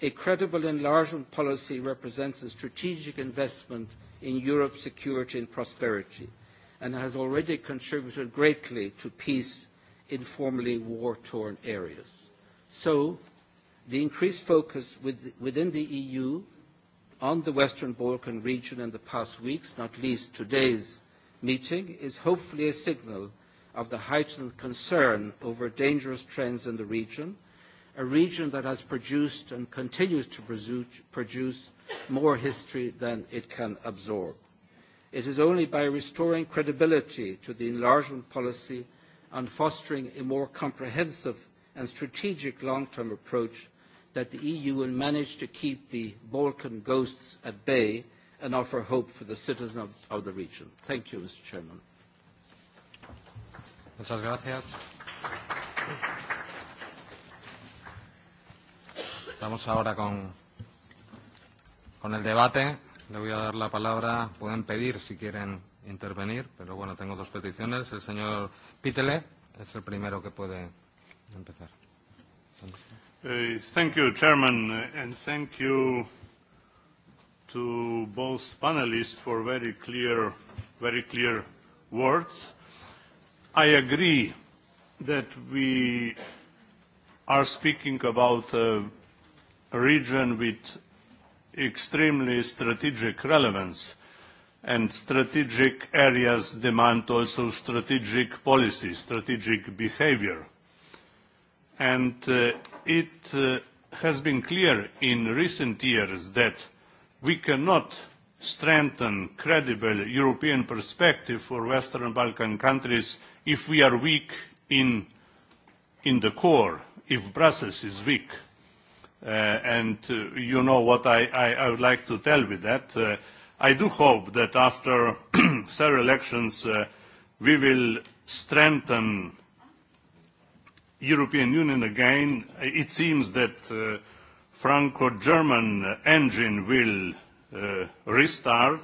a credible enlargement policy represents a strategic investment in Europe's security and prosperity and has already contributed greatly to peace in formerly war-torn areas. So, the increased focus with, within the EU on the Western Balkan region in the past weeks, not least today's meeting, is hopefully a signal of the heightened concern over dangerous trends in the region, a region that has produced and continues to produce more history than it can absorb. It is only by restoring credibility to the enlargement policy and fostering a more comprehensive and strategic long-term approach that the EU will manage to keep the Balkan ghosts at bay and offer hope for the citizens of, of the region. Thank you, Mr. Chairman. Muchas gracias. Vamos ahora con, con el debate. Le voy a dar la palabra. Pueden pedir si quieren intervenir, pero bueno, tengo dos peticiones. El señor Pítele es el primero que puede empezar. ¿Dónde está? Uh, thank you, Chairman, uh, and thank you to both panelists for very clear, very clear words. I agree that we are speaking about a region with extremely strategic relevance, and strategic areas demand also strategic policy, strategic behavior and uh, it uh, has been clear in recent years that we cannot strengthen credible European perspective for Western Balkan countries if we are weak in, in the core, if Brussels is weak. Uh, and uh, you know what I, I, I would like to tell with that. Uh, I do hope that after several elections uh, we will strengthen European Union again, it seems that uh, Franco-German engine will uh, restart,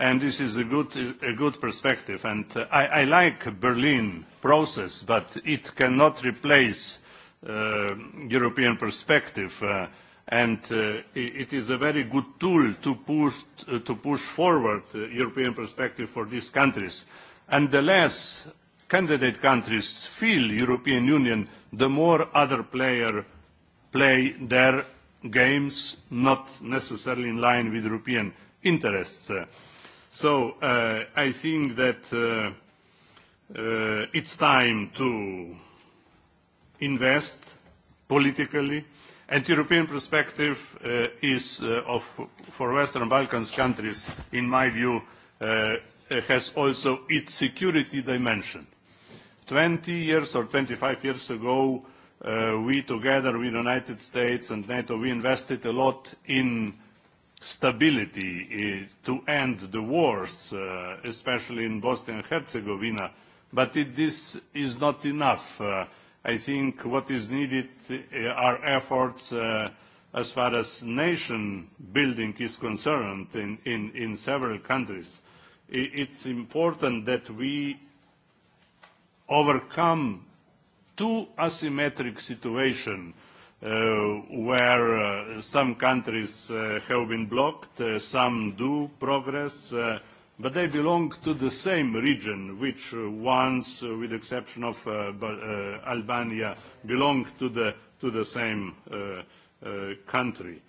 and this is a good, a good perspective. And uh, I, I like Berlin process, but it cannot replace uh, European perspective. Uh, and uh, it is a very good tool to push, uh, to push forward uh, European perspective for these countries. And the less candidate countries feel European Union, the more other players play their games, not necessarily in line with European interests. So uh, I think that uh, uh, it's time to invest politically, and European perspective uh, is uh, of, for Western Balkans countries, in my view, uh, has also its security dimension 20 years or 25 years ago, uh, we together with the United States and NATO, we invested a lot in stability uh, to end the wars, uh, especially in Bosnia and Herzegovina. But it, this is not enough. Uh, I think what is needed eh, are efforts uh, as far as nation building is concerned in, in, in several countries. It's important that we overcome two asymmetric situation uh, where uh, some countries uh, have been blocked, uh, some do progress, uh, but they belong to the same region, which uh, once, uh, with exception of uh, uh, Albania, belong to the, to the same uh, uh, country.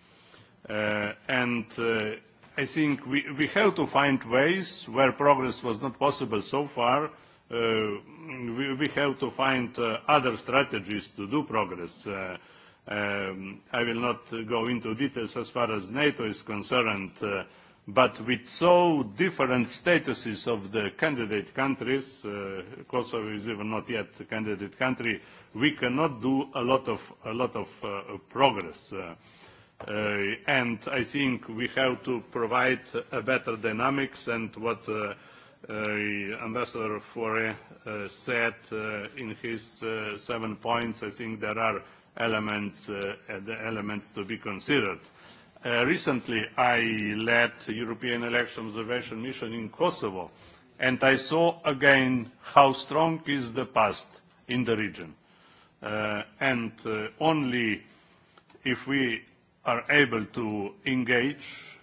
Uh, and uh, I think we, we have to find ways where progress was not possible so far Uh, we, we have to find uh, other strategies to do progress. Uh, um, I will not go into details as far as NATO is concerned, uh, but with so different statuses of the candidate countries, uh, Kosovo is even not yet a candidate country, we cannot do a lot of, a lot of uh, progress. Uh, uh, and I think we have to provide a better dynamics and what uh, uh, Ambassador Faure uh, said uh, in his uh, seven points, I think there are elements, uh, the elements to be considered. Uh, recently, I led European Election Observation Mission in Kosovo, and I saw again how strong is the past in the region. Uh, and uh, only if we are able to engage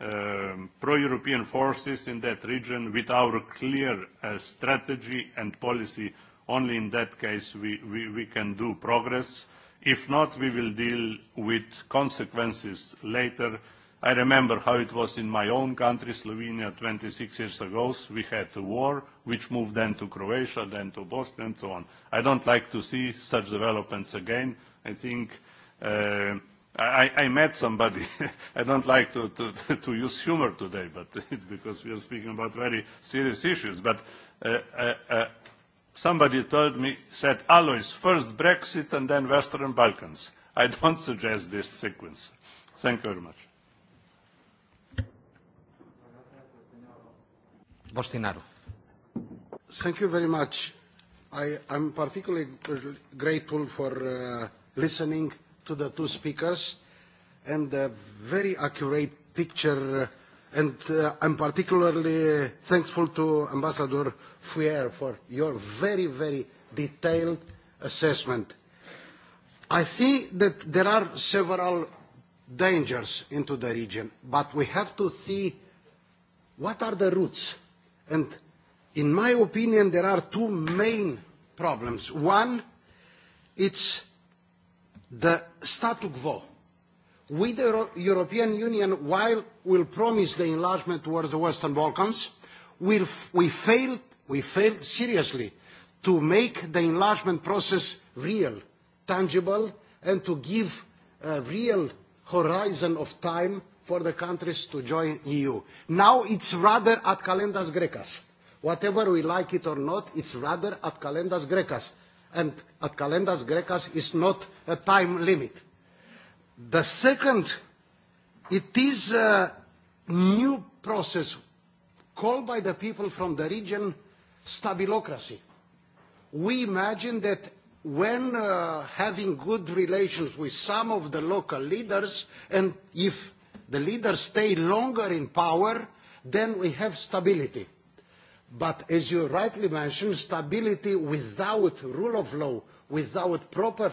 Um, pro-European forces in that region with our clear uh, strategy and policy. Only in that case we, we, we can do progress. If not, we will deal with consequences later. I remember how it was in my own country, Slovenia, 26 years ago. We had a war which moved then to Croatia, then to Bosnia, and so on. I don't like to see such developments again. I think uh, I, I met somebody. I don't like to, to, to use humor today, but it's because we are speaking about very serious issues. But uh, uh, uh, somebody told me, said, Alois, first Brexit and then Western Balkans. I don't suggest this sequence. Thank you very much. Bostinaro. Thank you very much. I, I'm particularly grateful for uh, listening to the two speakers and a very accurate picture. And uh, I'm particularly thankful to Ambassador Fuyer for your very, very detailed assessment. I think that there are several dangers into the region, but we have to see what are the roots. And in my opinion, there are two main problems. One, it's the statu quo. We, the European Union, while we'll promise the enlargement towards the Western Balkans, we'll, we, failed, we failed seriously to make the enlargement process real, tangible, and to give a real horizon of time for the countries to join EU. Now it's rather at calendas grecas. Whatever we like it or not, it's rather at calendas grecas and at Calendas Grecas is not a time limit. The second, it is a new process called by the people from the region stabilocracy. We imagine that when uh, having good relations with some of the local leaders, and if the leaders stay longer in power, then we have stability But as you rightly mentioned, stability without rule of law, without proper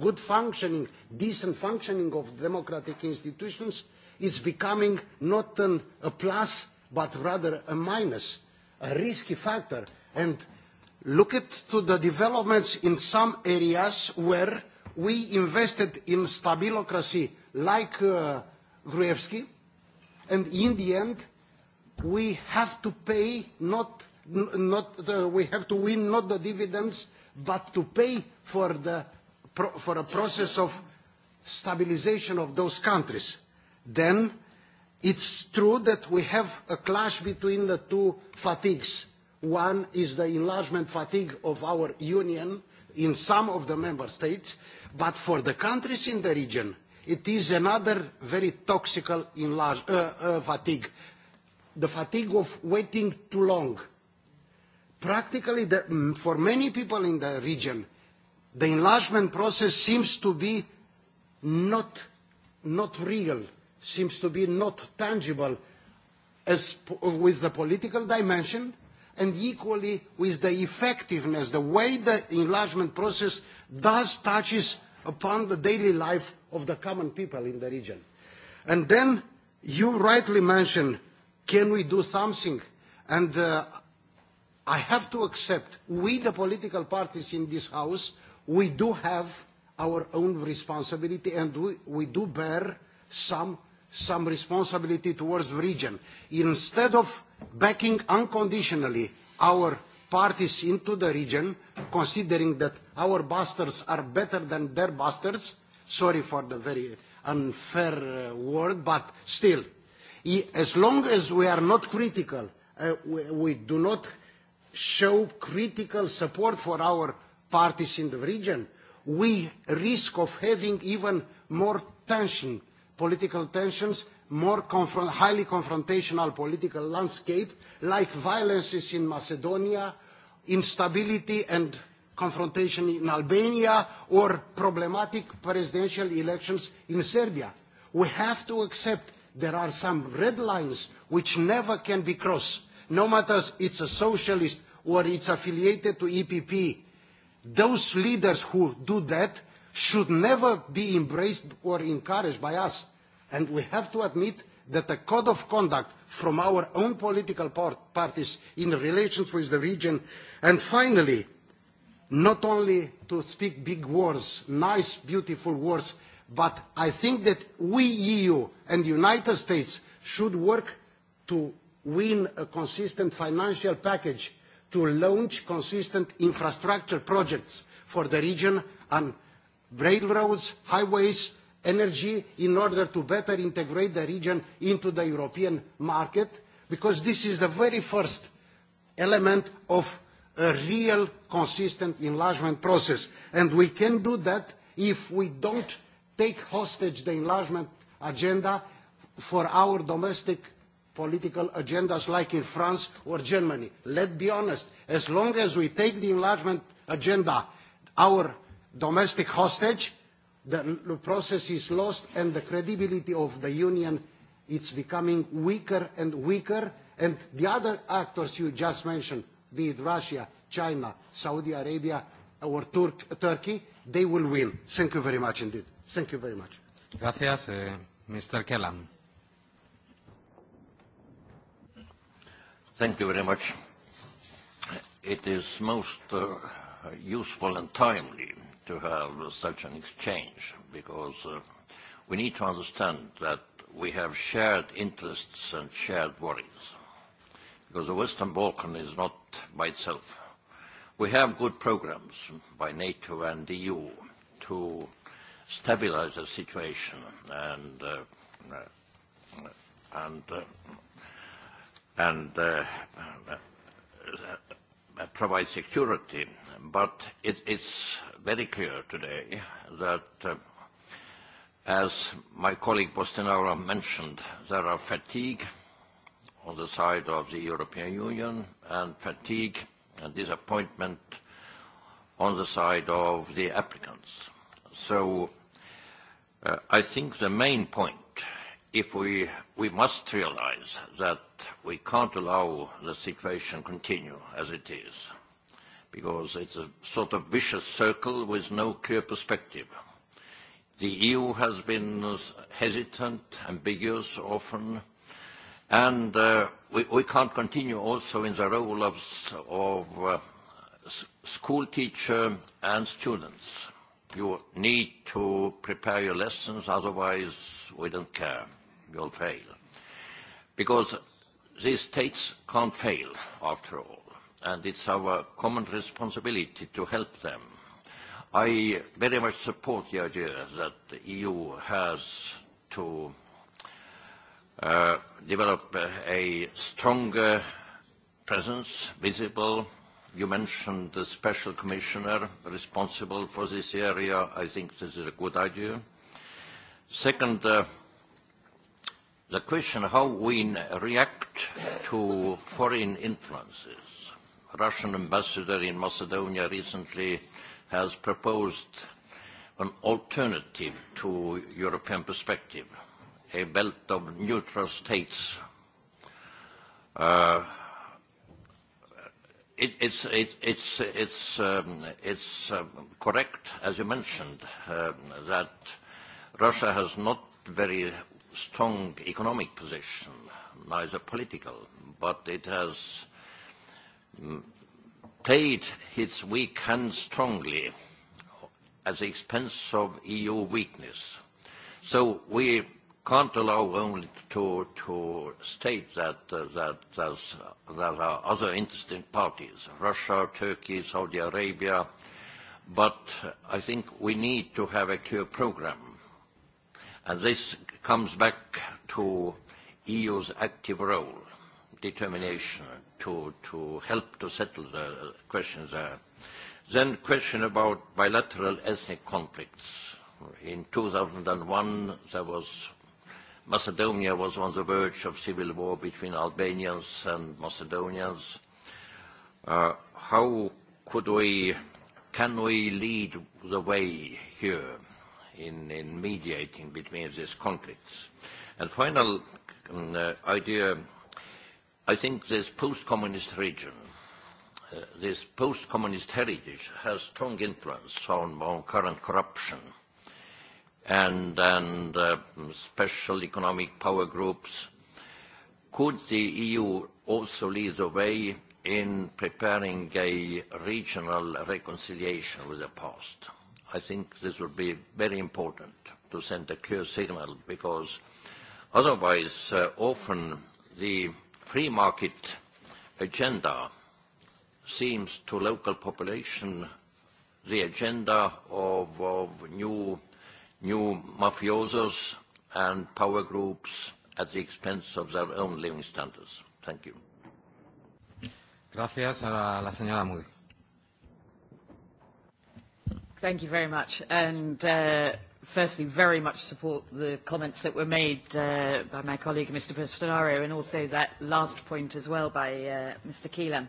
good functioning, decent functioning of democratic institutions, is becoming not an, a plus, but rather a minus, a risky factor. And look at to the developments in some areas where we invested in stabilocracy, like uh, Gruevski, and in the end, we have to pay not, the uh, we have to win not the dividends, but to pay for, the, for a process of stabilization of those countries. Then it's true that we have a clash between the two fatigues. One is the enlargement fatigue of our union in some of the member states, but for the countries in the region, it is another very toxic enlargement uh, uh, fatigue the fatigue of waiting too long. Practically, the, mm, for many people in the region, the enlargement process seems to be not, not real, seems to be not tangible as with the political dimension and equally with the effectiveness, the way the enlargement process does touches upon the daily life of the common people in the region. And then you rightly mentioned Can we do something? And uh, I have to accept, we the political parties in this House, we do have our own responsibility and we, we do bear some, some responsibility towards the region. Instead of backing unconditionally our parties into the region, considering that our bastards are better than their bastards, sorry for the very unfair uh, word, but still, As long as we are not critical, uh, we, we do not show critical support for our parties in the region, we risk of having even more tension, political tensions, more confront, highly confrontational political landscape, like violences in Macedonia, instability and confrontation in Albania, or problematic presidential elections in Serbia. We have to accept there are some red lines which never can be crossed, no matter it's a socialist or it's affiliated to EPP. Those leaders who do that should never be embraced or encouraged by us. And we have to admit that a code of conduct from our own political part parties in relations with the region. And finally, not only to speak big words, nice, beautiful words, But I think that we, EU and the United States, should work to win a consistent financial package to launch consistent infrastructure projects for the region on railroads, highways, energy, in order to better integrate the region into the European market, because this is the very first element of a real consistent enlargement process. And we can do that if we don't take hostage the enlargement agenda for our domestic political agendas like in France or Germany. Let's be honest, as long as we take the enlargement agenda, our domestic hostage, the process is lost and the credibility of the Union is becoming weaker and weaker. And the other actors you just mentioned, be it Russia, China, Saudi Arabia, or Tur Turkey, they will win. Thank you very much indeed. Thank you very much. Gracias, eh, Mr. Kellam. Thank you very much. It is most uh, useful and timely to have such an exchange because uh, we need to understand that we have shared interests and shared worries because the Western Balkan is not by itself. We have good programs by NATO and EU to stabilize the situation and uh, and uh, and uh, uh, provide security. But it, it's very clear today that, uh, as my colleague Bostenaro mentioned, there are fatigue on the side of the European Union and fatigue and disappointment on the side of the applicants So uh, I think the main point, if we, we must realize that we can't allow the situation continue as it is, because it's a sort of vicious circle with no clear perspective. The EU has been hesitant, ambiguous often, and uh, we, we can't continue also in the role of, of uh, school teacher and students you need to prepare your lessons, otherwise we don't care. You'll fail. Because these states can't fail, after all, and it's our common responsibility to help them. I very much support the idea that the EU has to uh, develop a stronger presence, visible, You mentioned the special commissioner responsible for this area. I think this is a good idea. Second, uh, the question how we react to foreign influences. Russian ambassador in Macedonia recently has proposed an alternative to European perspective, a belt of neutral states. Uh, it's um, um, correct, as you mentioned, um, that Russia has not very strong economic position, neither political, but it has mm, played its weak hand strongly at the expense of EU weakness. So we can't allow only to, to state that, uh, that there's, there are other interesting parties, Russia, Turkey, Saudi Arabia, but I think we need to have a clear program. And this comes back to EU's active role, determination to, to help to settle the questions there. Then question about bilateral ethnic conflicts. In 2001, there was Macedonia was on the verge of civil war between Albanians and Macedonians. Uh, how could we, can we lead the way here in, in mediating between these conflicts? And final um, uh, idea, I think this post-communist region, uh, this post-communist heritage has strong influence on, on current corruption and, and uh, special economic power groups. Could the EU also lead the way in preparing a regional reconciliation with the past? I think this would be very important to send a clear signal because otherwise uh, often the free market agenda seems to local population the agenda of, of new new mafiosos and power groups at the expense of their own living standards. Thank you. Gracias a la señora Moody. Thank you very much. And uh, firstly, very much support the comments that were made uh, by my colleague, Mr. Pistolario, and also that last point as well by uh, Mr. Keelan.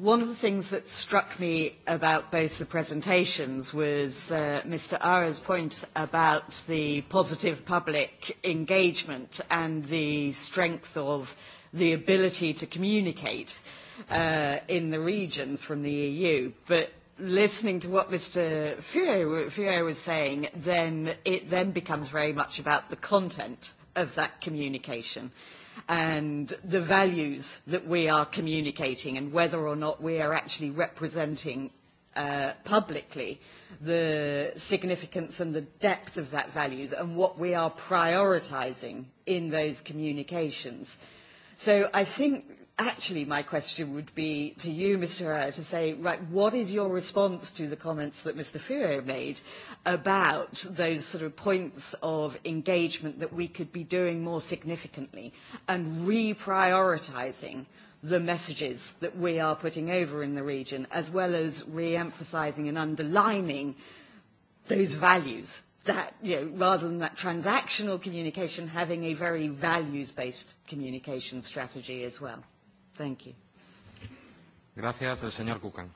One of the things that struck me about both the presentations was uh, Mr. Ara's point about the positive public engagement and the strength of the ability to communicate uh, in the region from the EU. But listening to what Mr. Furio was saying, then it then becomes very much about the content of that communication. Uh, and the values that we are communicating and whether or not we are actually representing uh, publicly the significance and the depth of that values and what we are prioritizing in those communications. So I think actually my question would be to you, Mr. Herrera, to say, right, what is your response to the comments that Mr. Furio made about those sort of points of engagement that we could be doing more significantly and reprioritizing the messages that we are putting over in the region, as well as re emphasizing and underlining those values that, you know, rather than that transactional communication, having a very values-based communication strategy as well. Thank you. Gracias, el señor Kukan.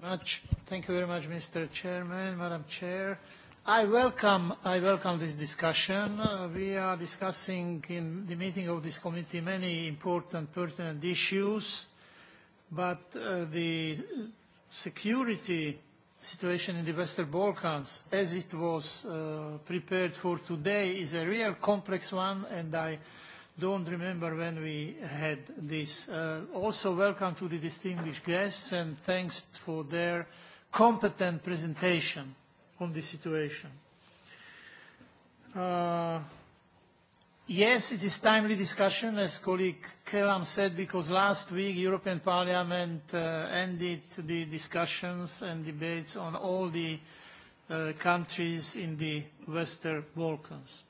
Thank you very much. Thank you very much, Mr. Chairman, Madam Chair. I welcome, I welcome this discussion. Uh, we are discussing in the meeting of this committee many important, pertinent issues, but uh, the security situation in the Western Balkans, as it was uh, prepared for today, is a real complex one, and I don't remember when we had this. Uh, also, welcome to the distinguished guests and thanks for their competent presentation on the situation. Uh, yes, it is timely discussion, as colleague Kelam said, because last week European Parliament uh, ended the discussions and debates on all the uh, countries in the Western Balkans.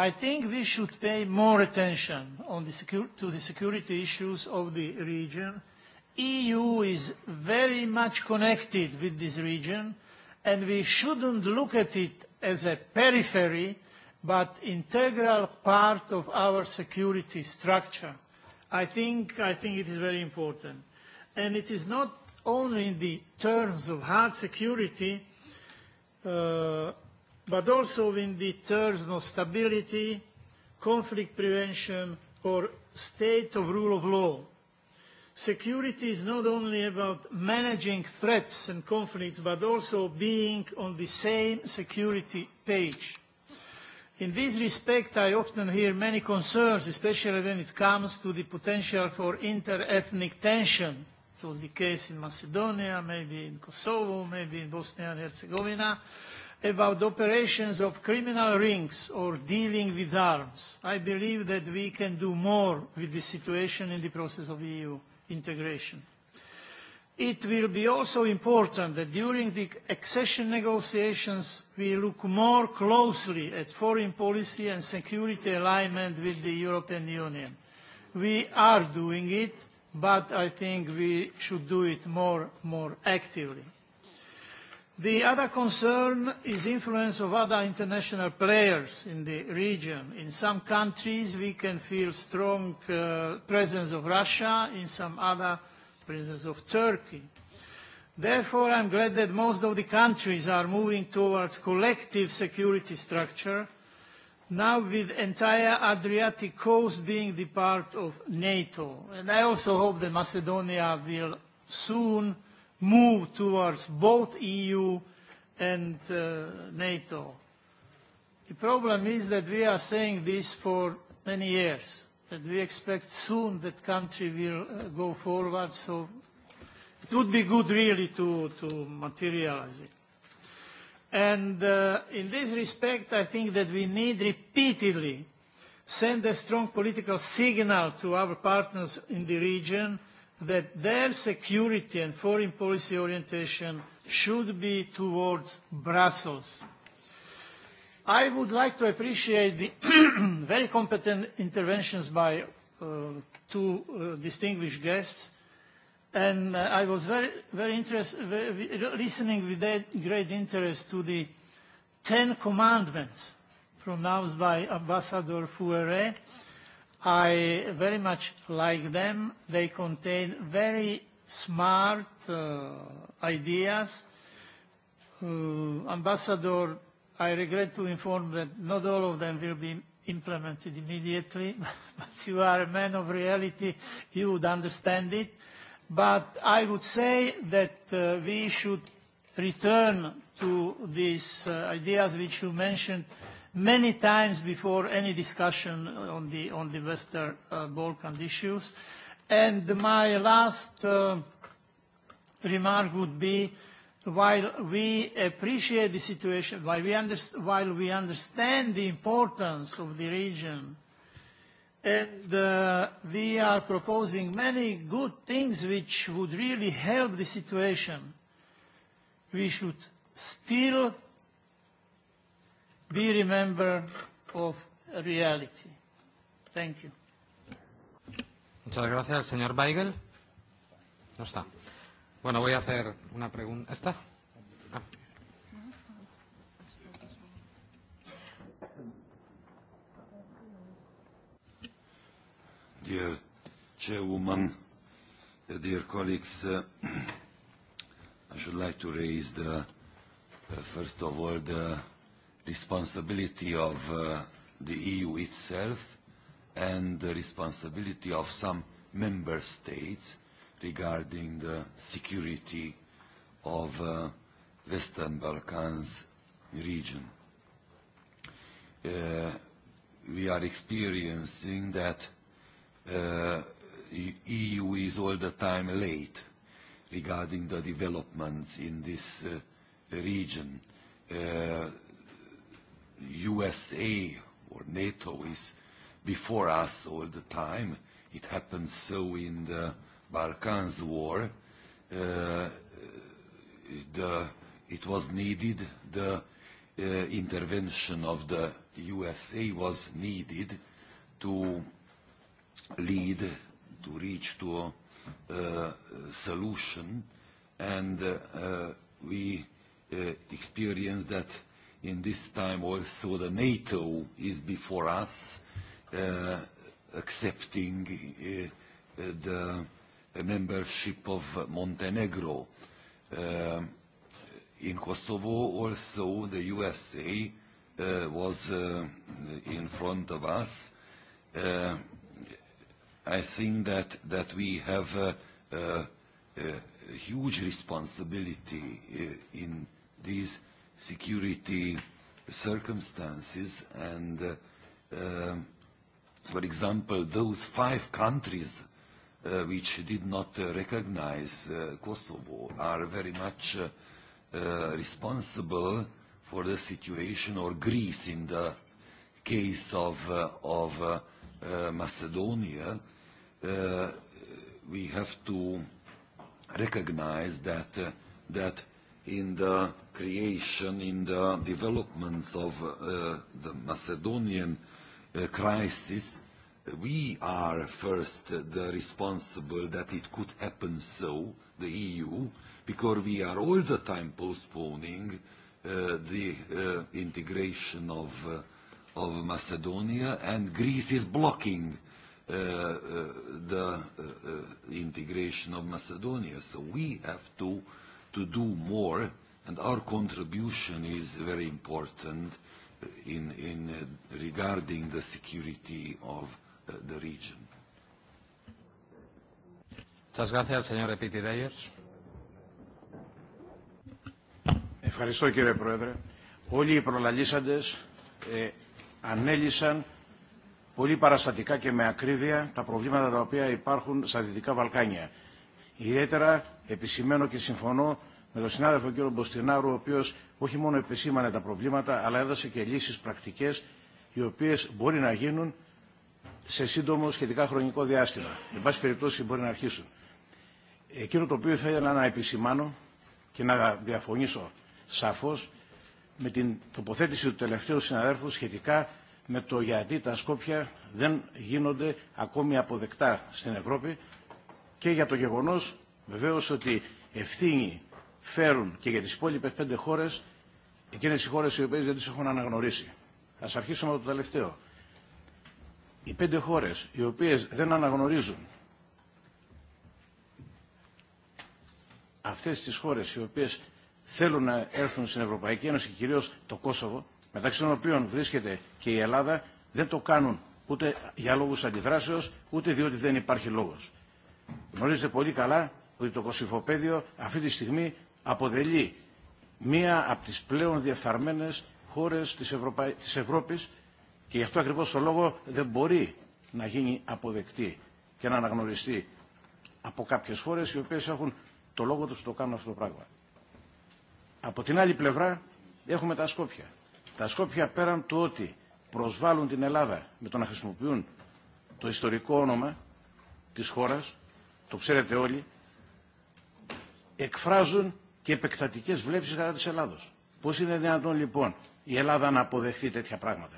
I think we should pay more attention on the to the security issues of the region. EU is very much connected with this region, and we shouldn't look at it as a periphery, but integral part of our security structure. I think, I think it is very important. And it is not only in the terms of hard security, uh, but also in the terms of stability, conflict prevention, or state of rule of law. Security is not only about managing threats and conflicts, but also being on the same security page. In this respect, I often hear many concerns, especially when it comes to the potential for inter-ethnic tension. It was the case in Macedonia, maybe in Kosovo, maybe in Bosnia and Herzegovina. Uh, about operations of criminal rings or dealing with arms. I believe that we can do more with the situation in the process of EU integration. It will be also important that during the accession negotiations we look more closely at foreign policy and security alignment with the European Union. We are doing it, but I think we should do it more, more actively. The other concern is influence of other international players in the region. In some countries, we can feel strong uh, presence of Russia, in some other presence of Turkey. Therefore, I'm glad that most of the countries are moving towards collective security structure, now with entire Adriatic coast being the part of NATO. And I also hope that Macedonia will soon move towards both EU and uh, NATO. The problem is that we are saying this for many years, that we expect soon that country will uh, go forward, so it would be good really to, to materialize it. And uh, in this respect, I think that we need repeatedly send a strong political signal to our partners in the region that their security and foreign policy orientation should be towards Brussels. I would like to appreciate the very competent interventions by uh, two uh, distinguished guests, and uh, I was very, very interested, listening with great interest to the Ten Commandments pronounced by Ambassador Fouret, I very much like them. They contain very smart uh, ideas. Uh, Ambassador, I regret to inform that not all of them will be implemented immediately, but you are a man of reality, you would understand it. But I would say that uh, we should return to these uh, ideas which you mentioned uh, many times before any discussion on the, on the Western uh, Balkan issues. And my last uh, remark would be, while we appreciate the situation, while we, underst while we understand the importance of the region, and uh, we are proposing many good things which would really help the situation, we should still be remembered of reality. Thank you. Muchas gracias, señor Weigel. No está. Bueno, voy a hacer una pregunta. ¿Está? Ah. Dear Chairwoman, dear colleagues, uh, I should like to raise the, uh, first of all, the responsibility of uh, the EU itself and the responsibility of some member states regarding the security of uh, Western Balkans region. Uh, we are experiencing that uh, EU is all the time late regarding the developments in this uh, region. Uh, USA or NATO is before us all the time. It happened so in the Balkans war. Uh, the, it was needed, the uh, intervention of the USA was needed to lead, to reach to a uh, solution. And uh, uh, we uh, experienced that in this time also the NATO is before us uh, accepting uh, the membership of Montenegro. Uh, in Kosovo also the USA uh, was uh, in front of us. Uh, I think that, that we have a, a, a huge responsibility uh, in these security circumstances and uh, uh, for example those five countries uh, which did not uh, recognize uh, Kosovo are very much uh, uh, responsible for the situation or Greece in the case of, uh, of uh, uh, Macedonia uh, we have to recognize that uh, that in the creation, in the developments of uh, the Macedonian uh, crisis, we are first the responsible that it could happen so, the EU, because we are all the time postponing uh, the uh, integration of, uh, of Macedonia, and Greece is blocking uh, uh, the uh, uh, integration of Macedonia. So we have to uh, to do more, and our contribution is very important in, in uh, regarding the security of uh, the region. Muchas gracias, señor Epitideios. Ευχαριστώ κύριε Πρόεδρε. Όλοι οι προλαλήσαντες ε, ανέλησαν πολύ παραστατικά και με ακρίβεια τα προβλήματα τα οποία υπάρχουν στα Δυτικά Βαλκάνια. Ιδιαίτερα επισημαίνω και συμφωνώ με τον συνάδελφο κύριο Μποστινάρου, ο οποίο όχι μόνο επισήμανε τα προβλήματα, αλλά έδωσε και λύσει πρακτικέ, οι οποίε μπορεί να γίνουν σε σύντομο σχετικά χρονικό διάστημα. Εν πάση περιπτώσει, μπορεί να αρχίσουν. Εκείνο το οποίο θα ήθελα να επισημάνω και να διαφωνήσω σαφώ με την τοποθέτηση του τελευταίου συναδέλφου σχετικά με το γιατί τα Σκόπια δεν γίνονται ακόμη αποδεκτά στην Ευρώπη και για το γεγονός βεβαίως ότι ευθύνη φέρουν και για τις υπόλοιπες πέντε χώρες, εκείνες οι χώρες οι οποίες δεν τις έχουν αναγνωρίσει. Ας αρχίσουμε από το τελευταίο. Οι πέντε χώρες οι οποίες δεν αναγνωρίζουν αυτές τις χώρες οι οποίες θέλουν να έρθουν στην Ευρωπαϊκή Ένωση και κυρίως το Κόσοβο, μεταξύ των οποίων βρίσκεται και η Ελλάδα, δεν το κάνουν ούτε για λόγους αντιδράσεως, ούτε διότι δεν υπάρχει λόγος. Γνωρίζετε πολύ καλά ότι το Κωσυφοπαίδιο αυτή τη στιγμή αποτελεί μία από τις πλέον διεφθαρμένες χώρες της, Ευρωπα... της Ευρώπης και γι' αυτό ακριβώς το λόγο δεν μπορεί να γίνει αποδεκτή και να αναγνωριστεί από κάποιες χώρες οι οποίες έχουν το λόγο τους που το κάνουν αυτό το πράγμα. Από την άλλη πλευρά έχουμε τα Σκόπια. Τα Σκόπια πέραν του ότι προσβάλλουν την Ελλάδα με το να χρησιμοποιούν το ιστορικό όνομα της χώρας, το ξέρετε όλοι, εκφράζουν και επεκτατικέ βλέψει κατά τη Ελλάδο. Πώ είναι δυνατόν λοιπόν η Ελλάδα να αποδεχθεί τέτοια πράγματα.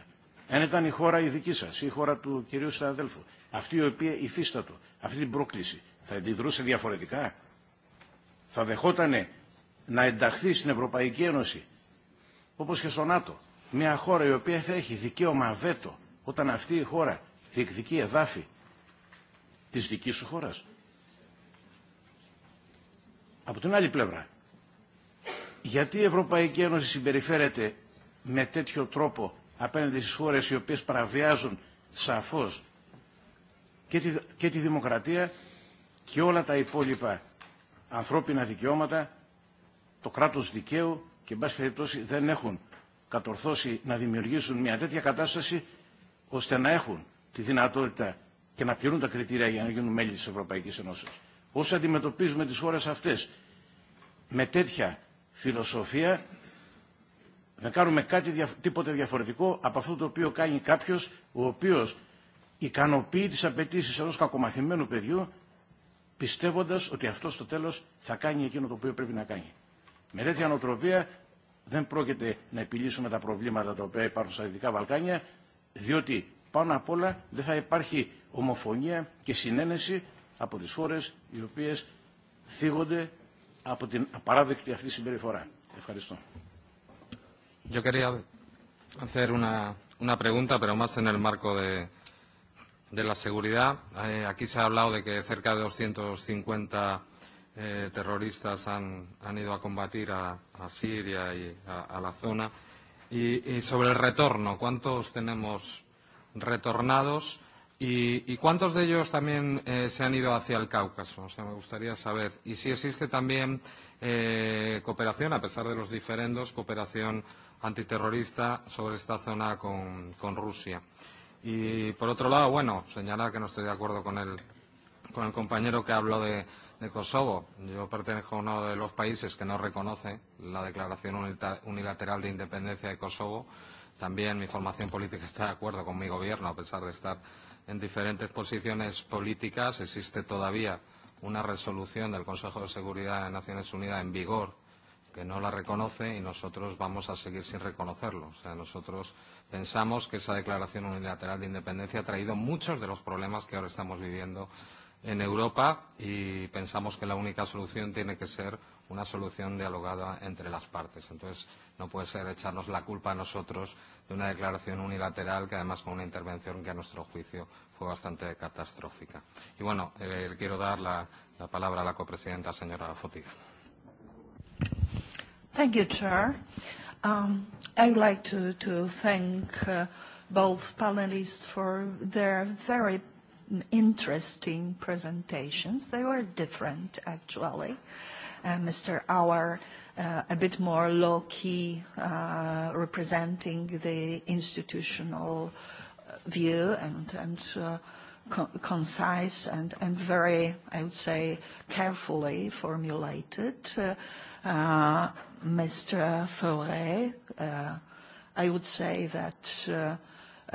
Αν ήταν η χώρα η δική σα, η χώρα του κυρίου συναδέλφου, αυτή η οποία υφίστατο αυτή την πρόκληση, θα αντιδρούσε διαφορετικά. Θα δεχότανε να ενταχθεί στην Ευρωπαϊκή Ένωση, όπω και στο ΝΑΤΟ, μια χώρα η οποία θα έχει δικαίωμα βέτο όταν αυτή η χώρα διεκδικεί εδάφη τη δική σου χώρα. Από την άλλη πλευρά, γιατί η Ευρωπαϊκή Ένωση συμπεριφέρεται με τέτοιο τρόπο απέναντι στις χώρες οι οποίες παραβιάζουν σαφώς και τη, και τη δημοκρατία και όλα τα υπόλοιπα ανθρώπινα δικαιώματα, το κράτος δικαίου και εν πάση περιπτώσει δεν έχουν κατορθώσει να δημιουργήσουν μια τέτοια κατάσταση ώστε να έχουν τη δυνατότητα και να πληρούν τα κριτήρια για να γίνουν μέλη της Ευρωπαϊκής Ένωσης. Όσοι αντιμετωπίζουμε τις χώρες αυτές με τέτοια φιλοσοφία να κάνουμε κάτι, δια, τίποτε διαφορετικό από αυτό το οποίο κάνει κάποιος ο οποίος ικανοποιεί τις απαιτήσει ενός κακομαθημένου παιδιού πιστεύοντας ότι αυτό στο τέλος θα κάνει εκείνο το οποίο πρέπει να κάνει. Με τέτοια νοοτροπία δεν πρόκειται να επιλύσουμε τα προβλήματα τα οποία υπάρχουν στα Δυτικά Βαλκάνια, διότι πάνω απ' όλα δεν θα υπάρχει ομοφωνία και συνένεση από τις χώρες οι οποίες θίγονται από την απαράδεκτη αυτή συμπεριφορά. Ευχαριστώ. Yo quería hacer una, una pregunta, pero más en el marco de, de la seguridad. Eh, aquí se ha hablado de que cerca de 250 eh, terroristas han, han ido a combatir a, a Siria y a, a la zona. Y, y sobre el retorno, ¿cuántos tenemos retornados? ¿Y, y cuántos de ellos también eh, se han ido hacia el Cáucaso? O sea, me gustaría saber. Y si existe también eh, cooperación, a pesar de los diferendos, cooperación antiterrorista sobre esta zona con, con Rusia. Y por otro lado, bueno, señalar que no estoy de acuerdo con el, con el compañero que habló de, de Kosovo. Yo pertenezco a uno de los países que no reconoce la declaración unilateral de independencia de Kosovo. También mi formación política está de acuerdo con mi gobierno, a pesar de estar en diferentes posiciones políticas. Existe todavía una resolución del Consejo de Seguridad de Naciones Unidas en vigor que no la reconoce y nosotros vamos a seguir sin reconocerlo. O sea, nosotros pensamos que esa declaración unilateral de independencia ha traído muchos de los problemas que ahora estamos viviendo en Europa y pensamos que la única solución tiene que ser una solución dialogada entre las partes. Entonces, no puede ser echarnos la culpa a nosotros de una declaración unilateral que además fue una intervención que a nuestro juicio fue bastante catastrófica. Y bueno, eh, le quiero dar la, la palabra a la copresidenta, señora Fotiga. Thank you, Chair. Um, I would like to, to thank uh, both panelists for their very interesting presentations. They were different, actually. Uh, Mr. Auer Uh, a bit more low-key, uh, representing the institutional uh, view and, and uh, co concise and, and very, I would say, carefully formulated. Uh, uh, Mr. Faure, uh, I would say that uh,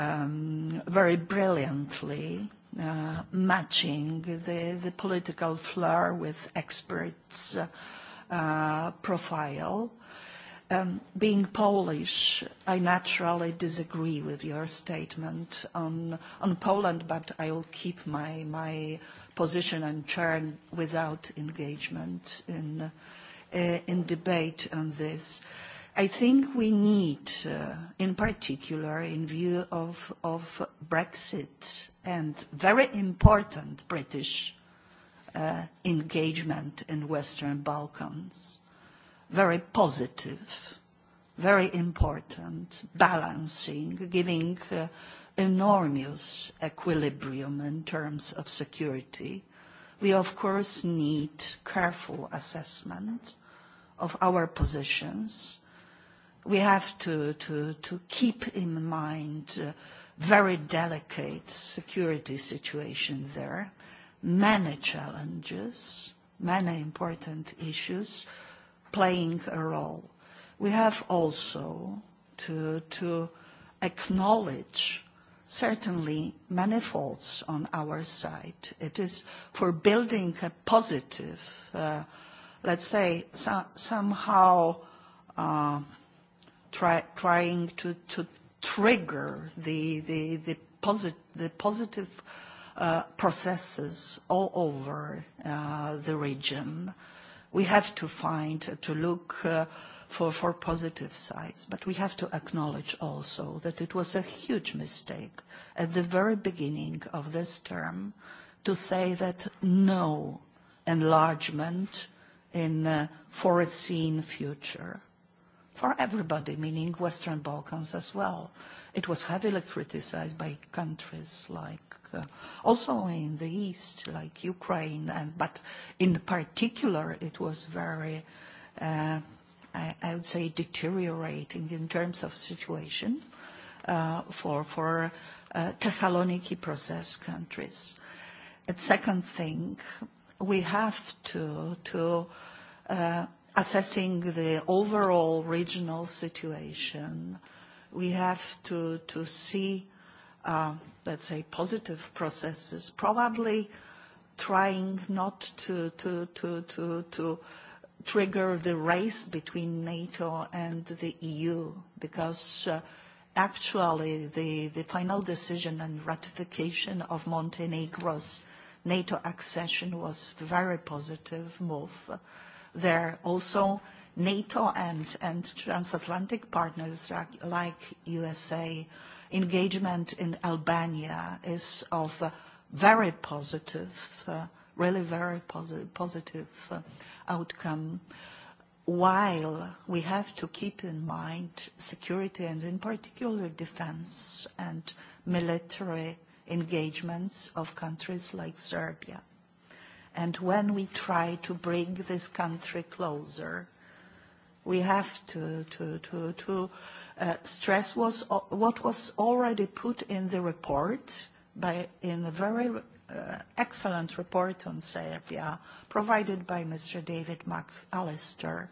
um, very brilliantly uh, matching the, the political flair with experts' uh, Uh, profile. Um, being Polish, I naturally disagree with your statement on, on Poland, but I will keep my, my position turn without engagement in, uh, in debate on this. I think we need, uh, in particular, in view of, of Brexit and very important British Uh, engagement in Western Balkans. Very positive, very important, balancing, giving uh, enormous equilibrium in terms of security. We, of course, need careful assessment of our positions. We have to, to, to keep in mind uh, very delicate security situation there many challenges, many important issues playing a role. We have also to, to acknowledge certainly many faults on our side. It is for building a positive, uh, let's say, so, somehow uh, try, trying to, to trigger the, the, the, posit the positive Uh, processes all over uh, the region. We have to find, uh, to look uh, for, for positive sides, but we have to acknowledge also that it was a huge mistake at the very beginning of this term to say that no enlargement in a foreseen future for everybody, meaning Western Balkans as well. It was heavily criticized by countries like Africa, also in the East, like Ukraine, and, but in particular it was very, uh, I, I would say, deteriorating in terms of situation uh, for, for uh, Thessaloniki process countries. And second thing, we have to, to uh, assessing the overall regional situation, we have to, to see uh, let's say, positive processes, probably trying not to, to, to, to, to trigger the race between NATO and the EU, because uh, actually the, the final decision and ratification of Montenegro's NATO accession was a very positive move. There also NATO and, and transatlantic partners like USA, engagement in Albania is of uh, very positive, uh, really very posi positive uh, outcome, while we have to keep in mind security and in particular defense and military engagements of countries like Serbia. And when we try to bring this country closer, we have to, to, to, to Uh, stress was uh, what was already put in the report by in a very uh, excellent report on Serbia provided by Mr. David McAllister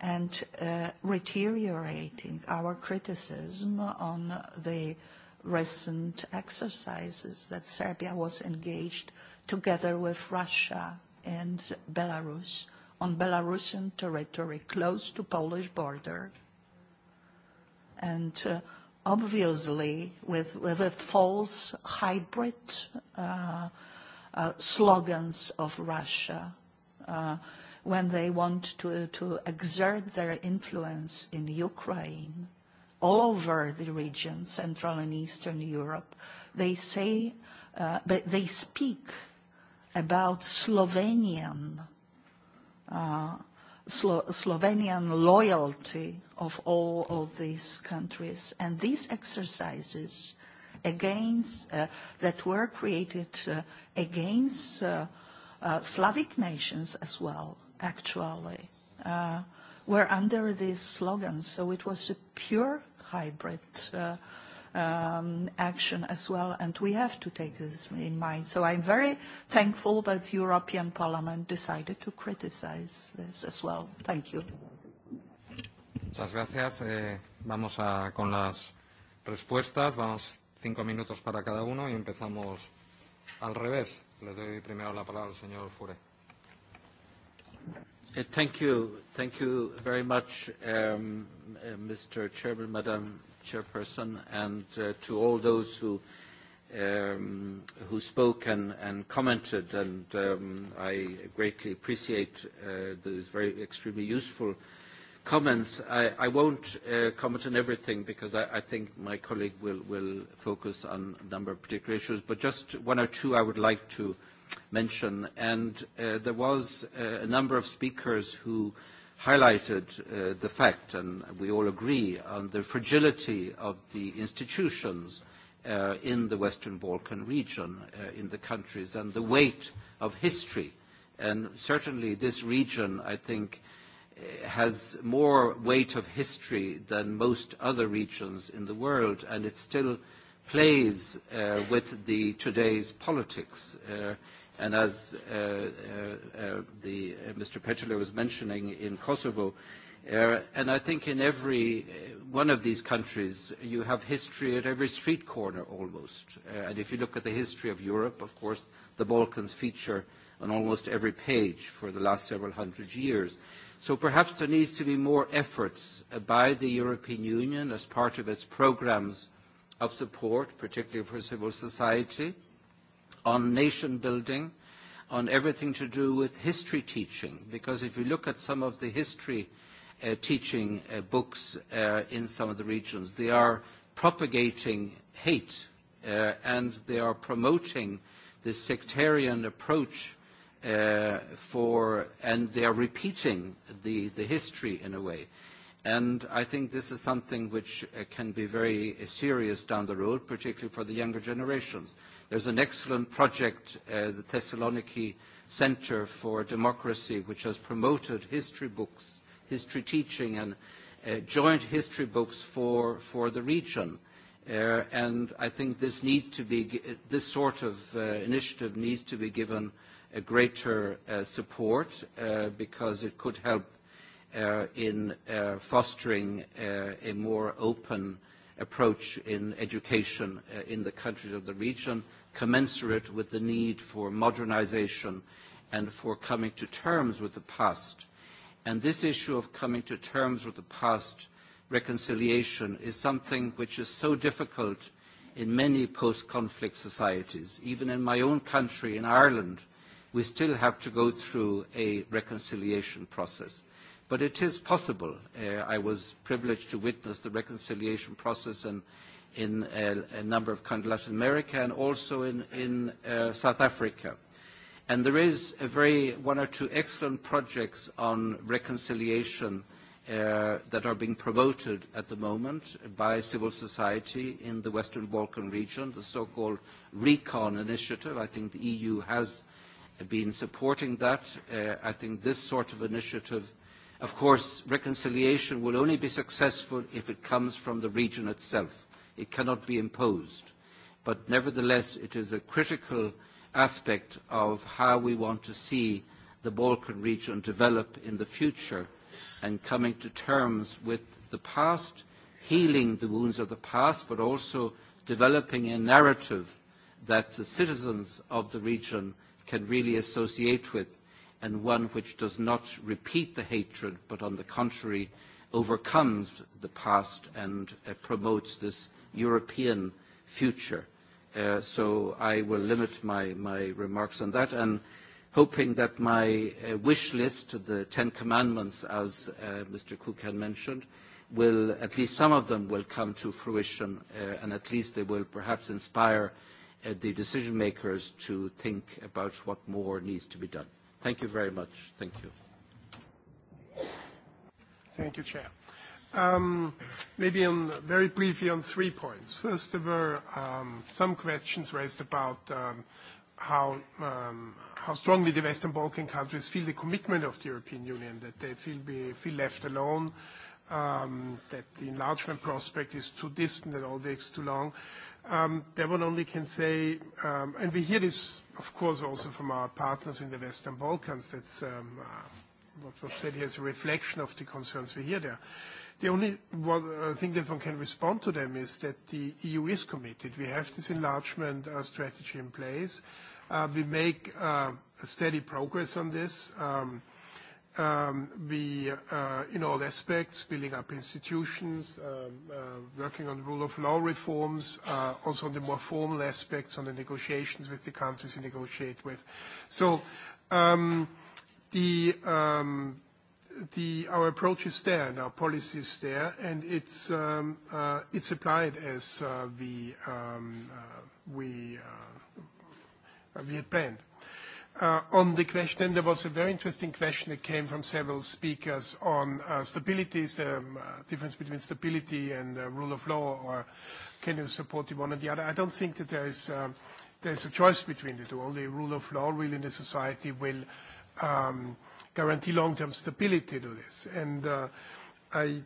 and uh, deteriorating our criticism on the recent exercises that Serbia was engaged together with Russia and Belarus on Belarusian territory close to Polish border and uh, obviously with, with a false hybrid uh, uh, slogans of Russia uh, when they want to, to exert their influence in Ukraine, all over the region, Central and Eastern Europe. They say, uh, but they speak about Slovenian, uh, Slo Slovenian loyalty of all of these countries. And these exercises against, uh, that were created uh, against uh, uh, Slavic nations as well, actually, uh, were under this slogan. So it was a pure hybrid uh, um, action as well, and we have to take this in mind. So I'm very thankful that the European Parliament decided to criticize this as well. Thank you. Muchas gracias. Eh, vamos a, con las respuestas. Vamos cinco minutos para cada uno y empezamos al revés. Le doy primero la palabra al señor Fure. Eh, thank you. Thank you very much, um, uh, Mr. Chairman, Madam Chairperson, and uh, to all those who, um, who spoke and, and commented. And um, I greatly appreciate uh, those very extremely useful uh, comments. I, I won't uh, comment on everything because I, I think my colleague will, will focus on a number of particular issues, but just one or two I would like to mention. And uh, there was uh, a number of speakers who highlighted uh, the fact, and we all agree, on the fragility of the institutions uh, in the Western Balkan region, uh, in the countries, and the weight of history. And certainly this region, I think, uh, has more weight of history than most other regions in the world, and it still plays uh, with the today's politics. Uh, and as uh, uh, uh the, uh, Mr. Petula was mentioning in Kosovo, uh, and I think in every uh, one of these countries, you have history at every street corner almost. Uh, and if you look at the history of Europe, of course, the Balkans feature on almost every page for the last several hundred years. Uh, So perhaps there needs to be more efforts by the European Union as part of its programs of support, particularly for civil society, on nation building, on everything to do with history teaching. Because if you look at some of the history uh, teaching uh, books uh, in some of the regions, they are propagating hate uh, and they are promoting the sectarian approach Uh, for, and they are repeating the, the history in a way. And I think this is something which uh, can be very uh, serious down the road, particularly for the younger generations. There's an excellent project, uh, the Thessaloniki Center for Democracy, which has promoted history books, history teaching, and uh, joint history books for, for the region. uh, And I think this needs to be, this sort of uh, initiative needs to be given a greater uh, support uh, because it could help uh, in uh, fostering uh, a more open approach in education uh, in the countries of the region, commensurate with the need for modernization and for coming to terms with the past. And this issue of coming to terms with the past reconciliation is something which is so difficult in many post-conflict societies. Even in my own country, in Ireland, we still have to go through a reconciliation process. But it is possible. Uh, I was privileged to witness the reconciliation process in, in a, uh, a number of countries, Latin America and also in, in uh, South Africa. And there is a very, one or two excellent projects on reconciliation uh, that are being promoted at the moment by civil society in the Western Balkan region, the so-called RECON initiative. I think the EU has been supporting that. Uh, I think this sort of initiative, of course, reconciliation will only be successful if it comes from the region itself. It cannot be imposed. But nevertheless, it is a critical aspect of how we want to see the Balkan region develop in the future and coming to terms with the past, healing the wounds of the past, but also developing a narrative that the citizens of the region can really associate with and one which does not repeat the hatred but on the contrary overcomes the past and uh, promotes this European future. Uh, so I will limit my, my remarks on that and hoping that my uh, wish list, the Ten Commandments as uh, Mr. Kukan mentioned, will at least some of them will come to fruition uh, and at least they will perhaps inspire uh, Uh, the decision makers to think about what more needs to be done. Thank you very much. Thank you. Thank you, Chair. Um, maybe on, very briefly on three points. First, there were um, some questions raised about um, how, um, how strongly the Western Balkan countries feel the commitment of the European Union, that they feel, be, feel left alone, um, that the enlargement prospect is too distant and all takes too long. Um, that one only can say, um, and we hear this, of course, also from our partners in the Western Balkans. That's um, uh, what was said here is a reflection of the concerns we hear there. The only one, uh, thing that one can respond to them is that the EU is committed. We have this enlargement uh, strategy in place. We make steady progress on this. Um, um, be uh, in all aspects, building up institutions, um, uh, working on rule of law reforms, uh, also on the more formal aspects, on the negotiations with the countries we negotiate with. So um, the, um, the, our approach is there and our policy is there, and it's, it's applied as we, we, we had planned. Uh, on the question, there was a very interesting question that came from several speakers on uh, stability, the there um, uh, difference between stability and rule of law, or can you support the one or the other? I don't think that there is um, a choice between the two. Only rule of law really in a society will um, guarantee long-term stability to this. And I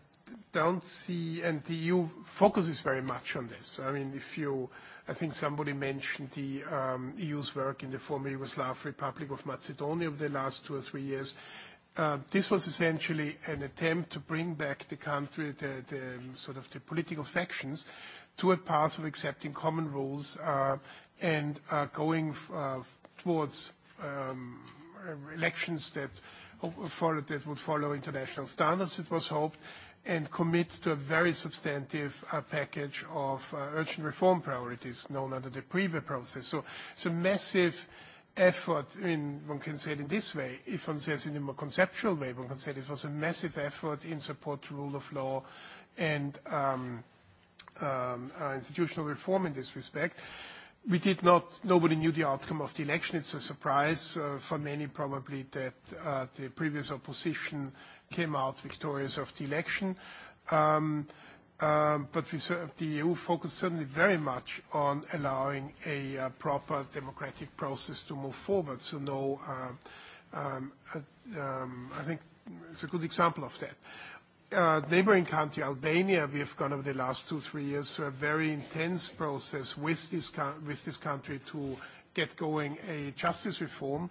don't see, and the EU focuses very much on this. I mean, if you I think somebody mentioned the um, EU's work in the former Yugoslav Republic of Macedonia over the last two or three years. Uh, this was essentially an attempt to bring back the country, the, um, sort of the political factions, to a path of accepting common rules uh, and uh, going towards um, elections that would follow international standards, it was hoped, and commit to a very substantive uh, package of uh, urgent reform priorities known under the PRIVA process. So it's a massive effort, I mean, one can say it in this way, if one says it in a more conceptual way, one can say it was a massive effort in support to rule of law and um, um, uh, institutional reform in this respect. We did not. Nobody knew the outcome of the election. It's a surprise for many probably that the previous opposition came out victorious of the election. Um, uh, but the EU focused certainly very much on allowing a uh, proper democratic process to move forward. So no, uh, um, um, I think it's a good example of that. neighboring country, Albania, we have gone over the last two, three years through a very intense process with this, country to get going a justice reform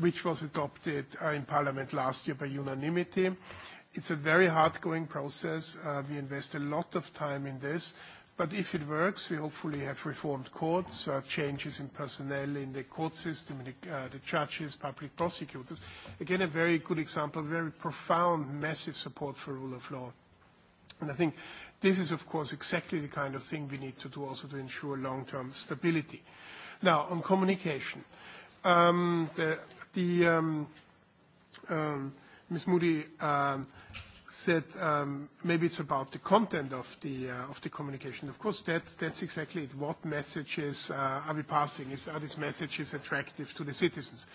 which was adopted uh, in Parliament last year by unanimity. It's a very hard-going process. Uh, we invest a lot of time in this, but if it works, we hopefully have reformed courts, uh, changes in personnel in the court system, in the, judges, public prosecutors. Again, a very good example, very profound, massive support for rule of law. And I think this is, of course, exactly the kind of thing we need to do also to ensure long-term stability. Now, on communication. Um, the the um, um, Ms. Moody um, said maybe it's about the content of the uh, of the communication. Of course, that's exactly it. What messages uh, are we passing? Is, are these messages attractive to the citizens?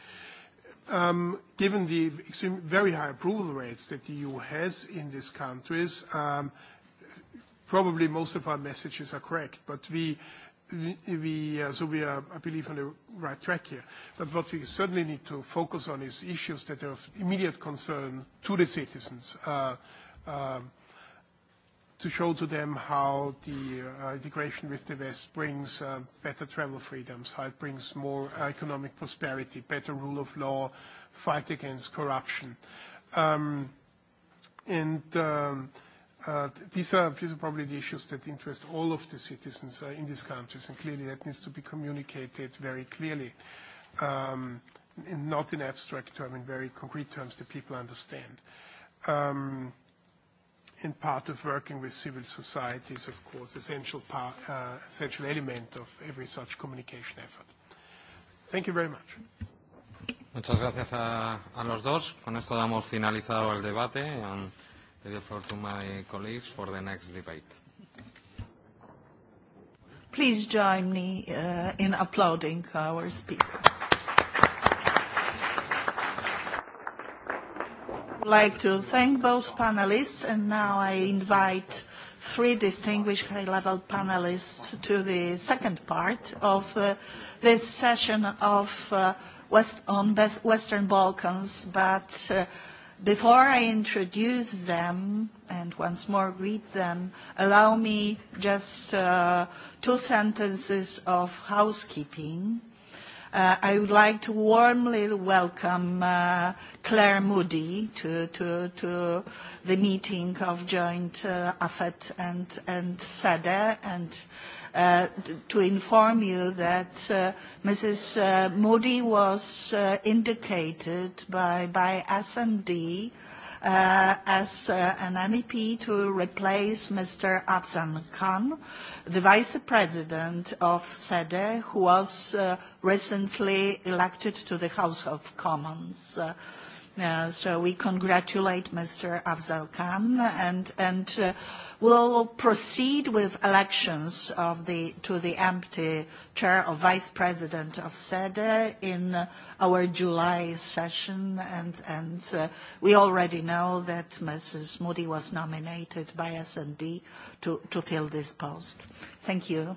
given the extreme, very high approval rates that the EU has in these countries, probably most of our messages are correct. But we we, uh, so we are, I believe, on the right track here. But what we certainly need to focus on is issues that are of immediate concern to the citizens, uh, um, to show to them how the uh, integration with the West brings better travel freedoms, how it brings more economic prosperity, better rule of law, fight against corruption. Um, and um, Uh, these, are, probably the issues that interest all of the citizens uh, in these countries, and clearly that needs to be communicated very clearly, um, not in abstract term, in very concrete terms that people understand. and um, part of working with civil society is, of course, essential part, uh, essential element of every such communication effort. Thank you very much. Muchas gracias a, los dos. Con esto damos finalizado el debate the floor to my colleagues for the next debate. Please join me uh, in applauding our speakers. I'd like to thank both panelists, and now I invite three distinguished high-level panelists to the second part of uh, this session of uh, West on West Western Balkans, but uh, Before I introduce them and once more read them, allow me just uh, two sentences of housekeeping. Uh, I would like to warmly welcome uh, Claire Moody to, to, to the meeting of joint uh, AFET and, and SEDE and Uh, to inform you that uh, Mrs. Uh, Modi was uh, indicated by, by SND uh, as uh, an MEP to replace Mr. Afzan Khan, the Vice President of SEDE, e, who was uh, recently elected to the House of Commons. Uh, uh, so we congratulate Mr. Afzal Khan and, and uh, will proceed with elections of the, to the empty chair of vice president of SEDE e in our July session, and, and uh, we already know that Mrs. Moody was nominated by S&D to, to fill this post. Thank you.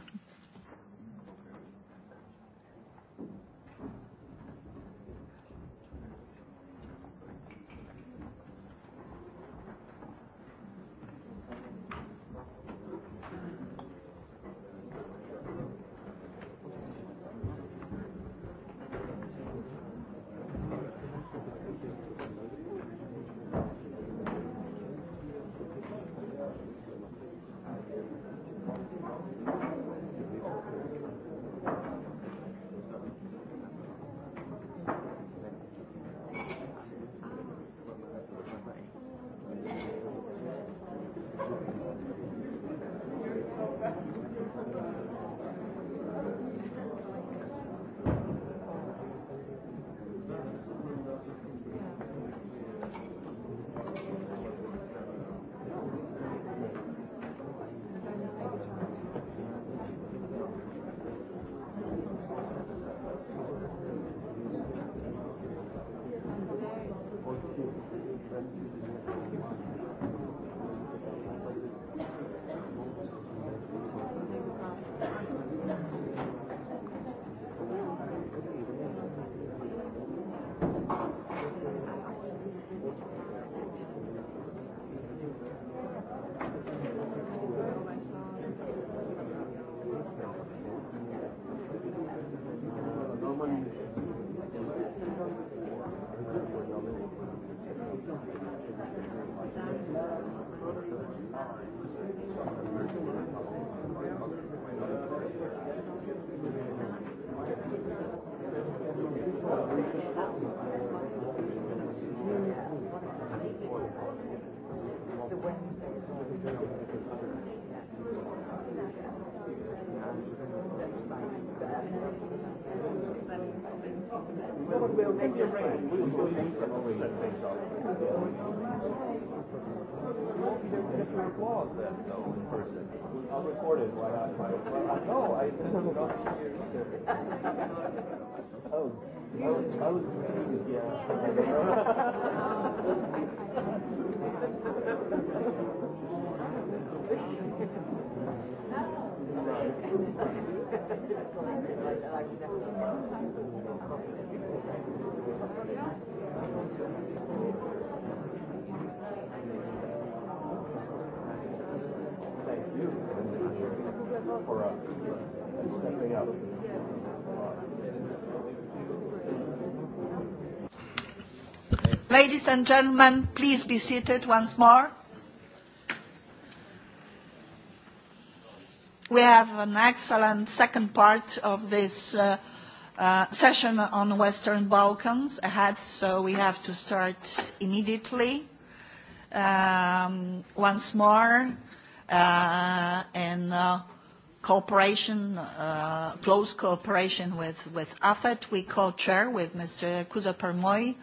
We'll, we'll make it rain. We'll, we'll make it rain. I'll record it. Why not? Well, no, I didn't go here either. Oh, I was, I was confused. Yeah. for uh, stepping up. Ladies and gentlemen, please be seated once more. We have an excellent second part of this uh, uh, session on Western Balkans ahead, so we have to start immediately. Um, once more, uh, and uh, cooperation, uh, close cooperation with, with AFET. We co-chair with Mr. Kuzapermoy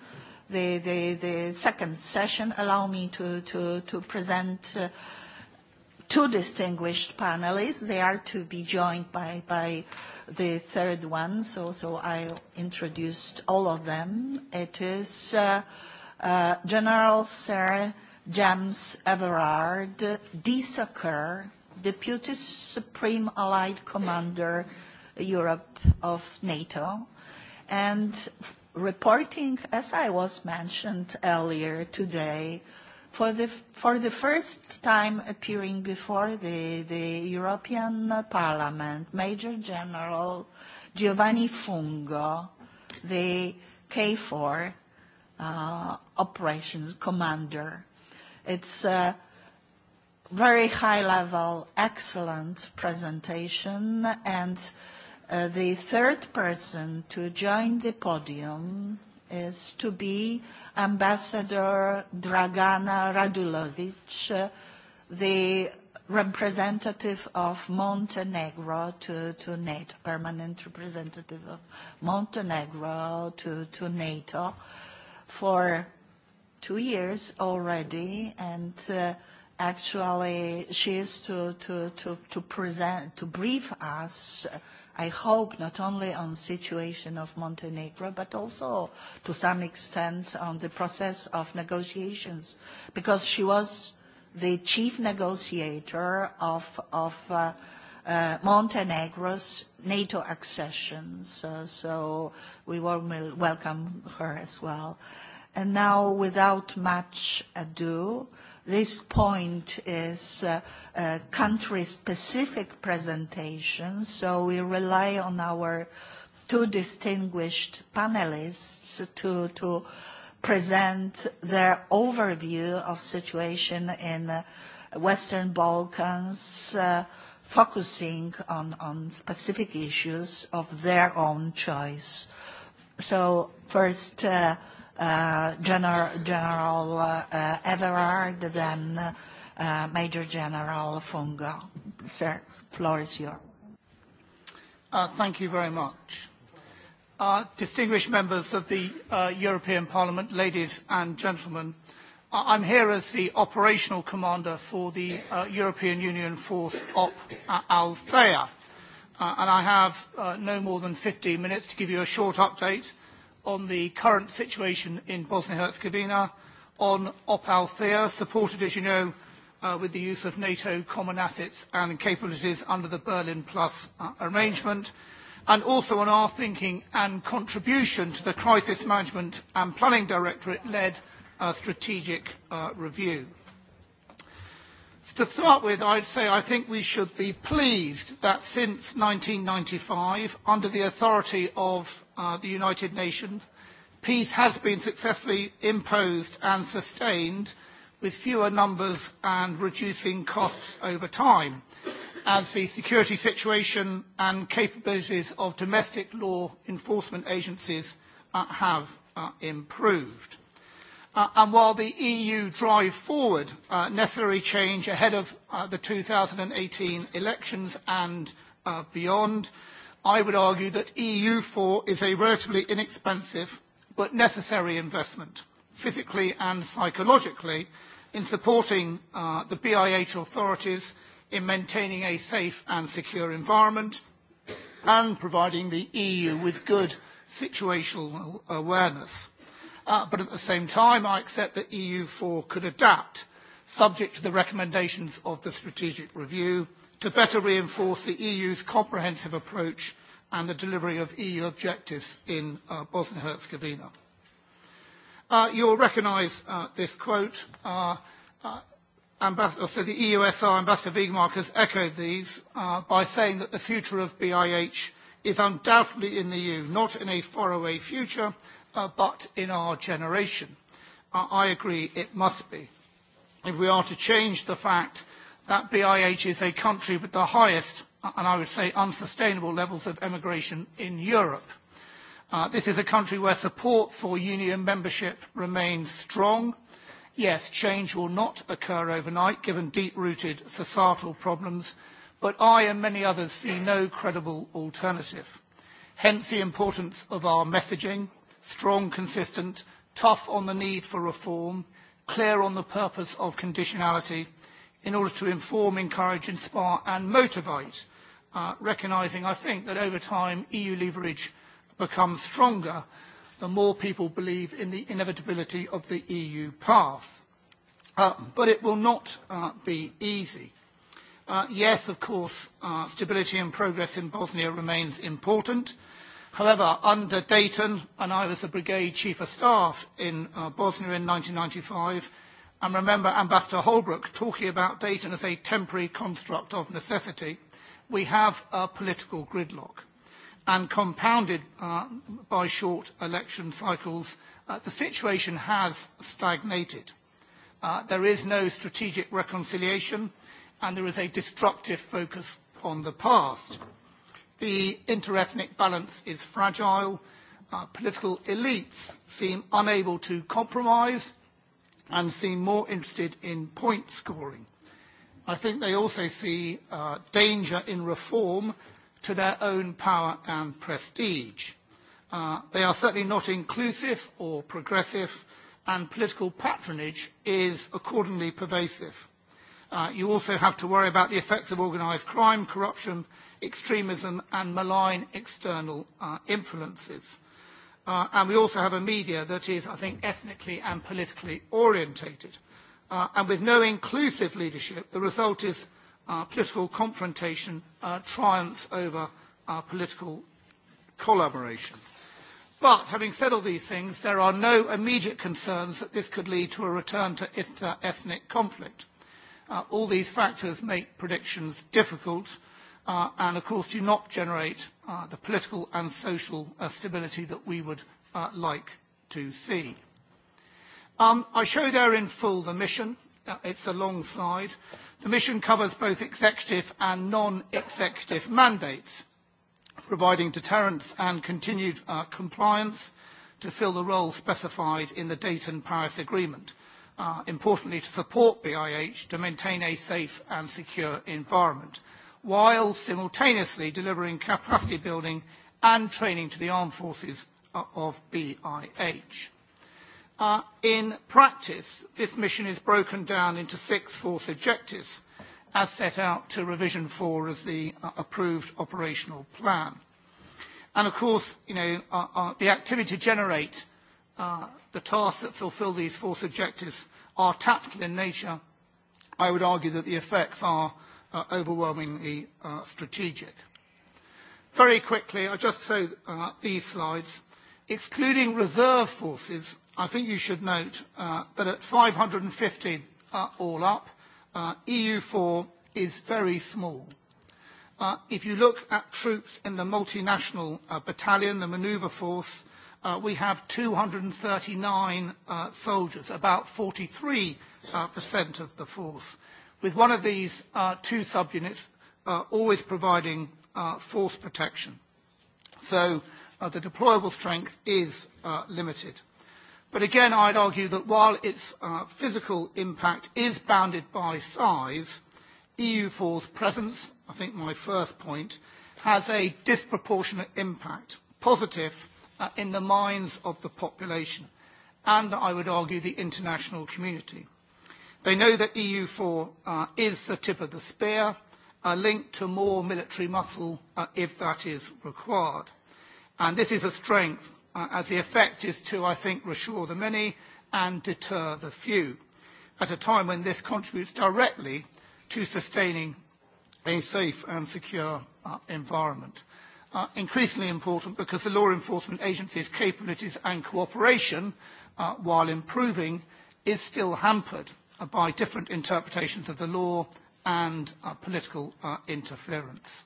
the, the, second session. Allow me to, to, present uh, two distinguished panelists. They are to be joined by, by the third one, so, I introduced all of them. It is uh, General Sir James Everard, DSOCR, Deputy Supreme Allied Commander Europe of NATO, and reporting, as I was mentioned earlier today, for the, for the first time appearing before the, the European Parliament, Major General Giovanni Fungo, the K4 uh, operations commander. It's a uh, very high-level, excellent presentation. And uh, the third person to join the podium is to be Ambassador Dragana Radulovic, uh, the representative of Montenegro to, to NATO, permanent representative of Montenegro to, to NATO for two years already. And uh, actually she is to, to, to, to present, to brief us, I hope, not only on situation of Montenegro, but also to some extent on the process of negotiations, because she was the chief negotiator of, of uh, uh, Montenegro's NATO accession. So, so we warmly welcome her as well. And now, without much ado, uh, This point is uh, uh, country-specific presentation, so we rely on our two distinguished panelists to, to present their overview of situation in uh, Western Balkans, uh, focusing on, on specific issues of their own choice. So first, uh, Uh, General, General uh, Everard, then uh, Major General Fungo. Sir, floor is yours. Uh, thank you very much. Uh, distinguished members of the uh, European Parliament, ladies and gentlemen, I'm here as the operational commander for the uh, European Union Force Op Althea, uh, and I have uh, no more than 15 minutes to give you a short update on the current situation in Bosnia-Herzegovina, on OPAL-THEA, supported, as you know, uh, with the use of NATO common assets and capabilities under the Berlin Plus uh, arrangement, and also on our thinking and contribution to the Crisis Management and Planning Directorate-led uh, strategic uh, review. To start with, I'd say I think we should be pleased that since 1995, under the authority of uh, the United Nations, peace has been successfully imposed and sustained with fewer numbers and reducing costs over time, as the security situation and capabilities of domestic law enforcement agencies uh, have uh, improved. Uh, and while the EU drive forward uh, necessary change ahead of uh, the 2018 elections and uh, beyond, I would argue that EU4 is a relatively inexpensive but necessary investment, physically and psychologically, in supporting uh, the BIH authorities in maintaining a safe and secure environment and providing the EU with good situational awareness. Uh, but at the same time, I accept that EU4 could adapt, subject to the recommendations of the strategic review, to better reinforce the EU's comprehensive approach and the delivery of EU objectives in uh, Bosnia-Herzegovina. Uh, you'll recognise uh, this quote. Uh, uh, Ambassador, so the EUSR Ambassador Wiegmark has echoed these uh, by saying that the future of BIH is undoubtedly in the EU, not in a faraway future, uh, but in our generation. Uh, I agree it must be. If we are to change the fact that BIH is a country with the highest, uh, and I would say unsustainable levels of emigration in Europe, uh, this is a country where support for union membership remains strong. Yes, change will not occur overnight, given deep-rooted societal problems, but I and many others see no credible alternative. Hence the importance of our messaging, strong, consistent, tough on the need for reform, clear on the purpose of conditionality in order to inform, encourage, inspire and motivate, uh, recognising, I think, that over time EU leverage becomes stronger the more people believe in the inevitability of the EU path. Uh, but it will not uh, be easy. Uh, yes, of course, uh, stability and progress in Bosnia remains important, However, under Dayton, and I was the brigade chief of staff in uh, Bosnia in 1995, and remember Ambassador Holbrooke talking about Dayton as a temporary construct of necessity, we have a political gridlock. And compounded uh, by short election cycles, uh, the situation has stagnated. Uh, there is no strategic reconciliation, and there is a destructive focus on the past. The interethnic balance is fragile. Uh, political elites seem unable to compromise and seem more interested in point scoring. I think they also see uh, danger in reform to their own power and prestige. Uh, they are certainly not inclusive or progressive, and political patronage is accordingly pervasive. Uh, you also have to worry about the effects of organised crime, corruption, extremism and malign external uh, influences. Uh, and we also have a media that is, I think, ethnically and politically orientated. Uh, and with no inclusive leadership, the result is uh, political confrontation uh, triumphs over uh, political collaboration. But having said all these things, there are no immediate concerns that this could lead to a return to inter-ethnic conflict. Uh, all these factors make predictions difficult, Uh, and of course do not generate uh, the political and social uh, stability that we would uh, like to see. Um, I show there in full the mission. Uh, it's a long slide. The mission covers both executive and non-executive mandates, providing deterrence and continued uh, compliance to fill the role specified in the Dayton Paris Agreement. Uh, importantly, to support BIH to maintain a safe and secure environment while simultaneously delivering capacity building and training to the armed forces of BIH. Uh, in practice, this mission is broken down into six force objectives, as set out to Revision 4 as the uh, approved operational plan. And of course, you know, uh, uh, the activity to generate uh, the tasks that fulfill these force objectives are tactical in nature. I would argue that the effects are uh, overwhelmingly uh, strategic. Very quickly, I just show uh, these slides. Excluding reserve forces, I think you should note uh, that at 550 uh, all up, uh, EU4 is very small. Uh, if you look at troops in the multinational uh, battalion, the manoeuvre force, uh, we have 239 uh, soldiers, about 43% uh, of the force with one of these uh, two subunits uh, always providing uh, force protection. So uh, the deployable strength is uh, limited. But again, I'd argue that while its uh, physical impact is bounded by size, eu force presence, I think my first point, has a disproportionate impact, positive, uh, in the minds of the population and, I would argue, the international community. They know that EU4 uh, is the tip of the spear, a uh, link to more military muscle uh, if that is required. And this is a strength, uh, as the effect is to, I think, reassure the many and deter the few, at a time when this contributes directly to sustaining a safe and secure uh, environment. Uh, increasingly important because the law enforcement agencies' capabilities and cooperation, uh, while improving, is still hampered Uh, by different interpretations of the law and uh, political uh, interference.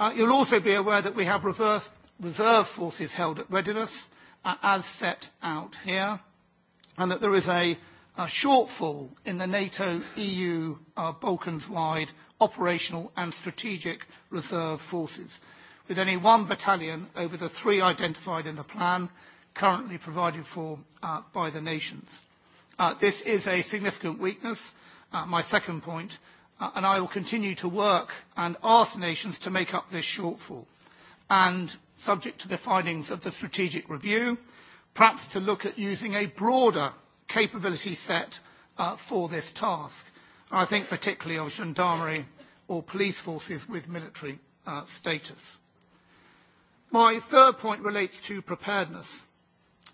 Uh, you'll also be aware that we have reverse reserve forces held at readiness, uh, as set out here, and that there is a, a shortfall in the NATO-EU uh, Balkans-wide operational and strategic reserve forces, with only one battalion over the three identified in the plan currently provided for uh, by the nations. Uh, this is a significant weakness, uh, my second point, uh, and I will continue to work and ask nations to make up this shortfall. And subject to the findings of the strategic review, perhaps to look at using a broader capability set uh, for this task. I think particularly of gendarmerie or police forces with military uh, status. My third point relates to preparedness.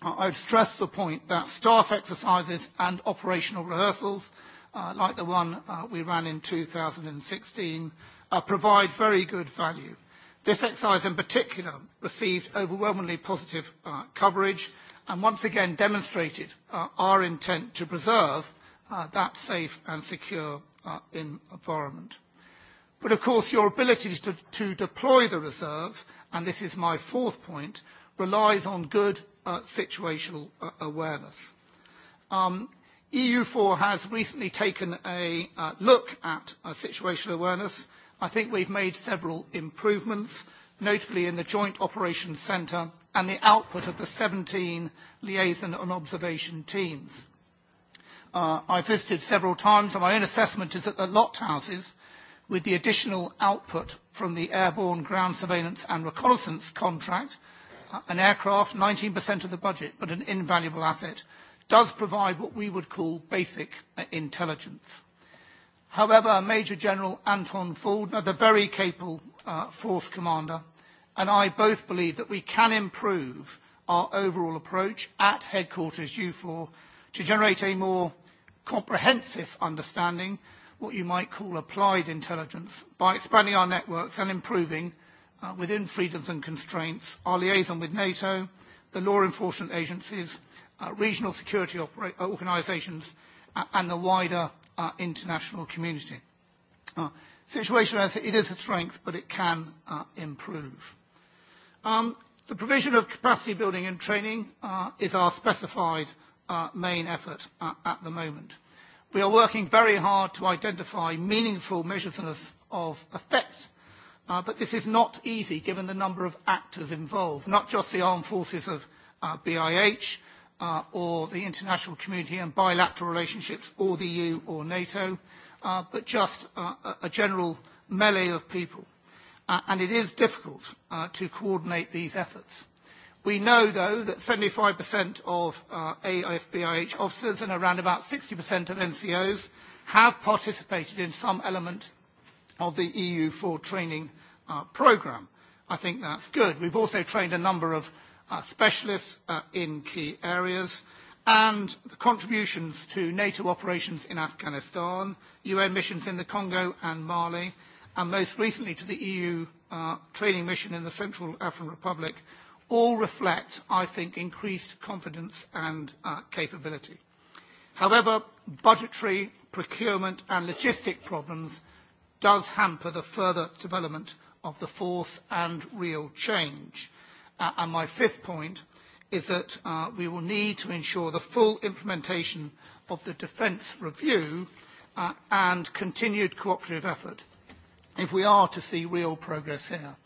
I've stressed the point that staff exercises and operational rehearsals, uh, like the one uh, we ran in 2016, uh, provide very good value. This exercise in particular received overwhelmingly positive uh, coverage and once again demonstrated uh, our intent to preserve uh, that safe and secure uh, environment. But of course your ability to, to deploy the reserve, and this is my fourth point, relies on good Uh, situational uh, awareness. Um, EU4 has recently taken a uh, look at uh, situational awareness. I think we've made several improvements, notably in the Joint Operations Centre and the output of the 17 liaison and observation teams. Uh, I visited several times, and my own assessment is that the locked houses, with the additional output from the airborne ground surveillance and reconnaissance contract, an aircraft, 19% of the budget, but an invaluable asset, does provide what we would call basic uh, intelligence. However, Major General Anton Fuldner, the very capable uh, force commander, and I both believe that we can improve our overall approach at headquarters U4 to generate a more comprehensive understanding, what you might call applied intelligence, by expanding our networks and improving uh, within freedoms and constraints, our liaison with NATO, the law enforcement agencies, uh, regional security uh, organisations, uh, and the wider uh, international community. Uh, situation as it is a strength, but it can uh, improve. Um, the provision of capacity building and training uh, is our specified uh, main effort uh, at the moment. We are working very hard to identify meaningful measures of effect Uh, but this is not easy given the number of actors involved, not just the armed forces of uh, BIH uh, or the international community and bilateral relationships or the EU or NATO, uh, but just uh, a general melee of people. Uh, and it is difficult uh, to coordinate these efforts. We know, though, that 75% of uh, AFBIH officers and around about 60% of NCOs have participated in some element of the EU4 training uh, programme. I think that's good. We've also trained a number of uh, specialists uh, in key areas and the contributions to NATO operations in Afghanistan, UN missions in the Congo and Mali, and most recently to the EU uh, training mission in the Central African Republic, all reflect, I think, increased confidence and uh, capability. However, budgetary, procurement and logistic problems does hamper the further development of the fourth and real change. Uh, and my fifth point is that uh, we will need to ensure the full implementation of the defence review uh, and continued cooperative effort if we are to see real progress here.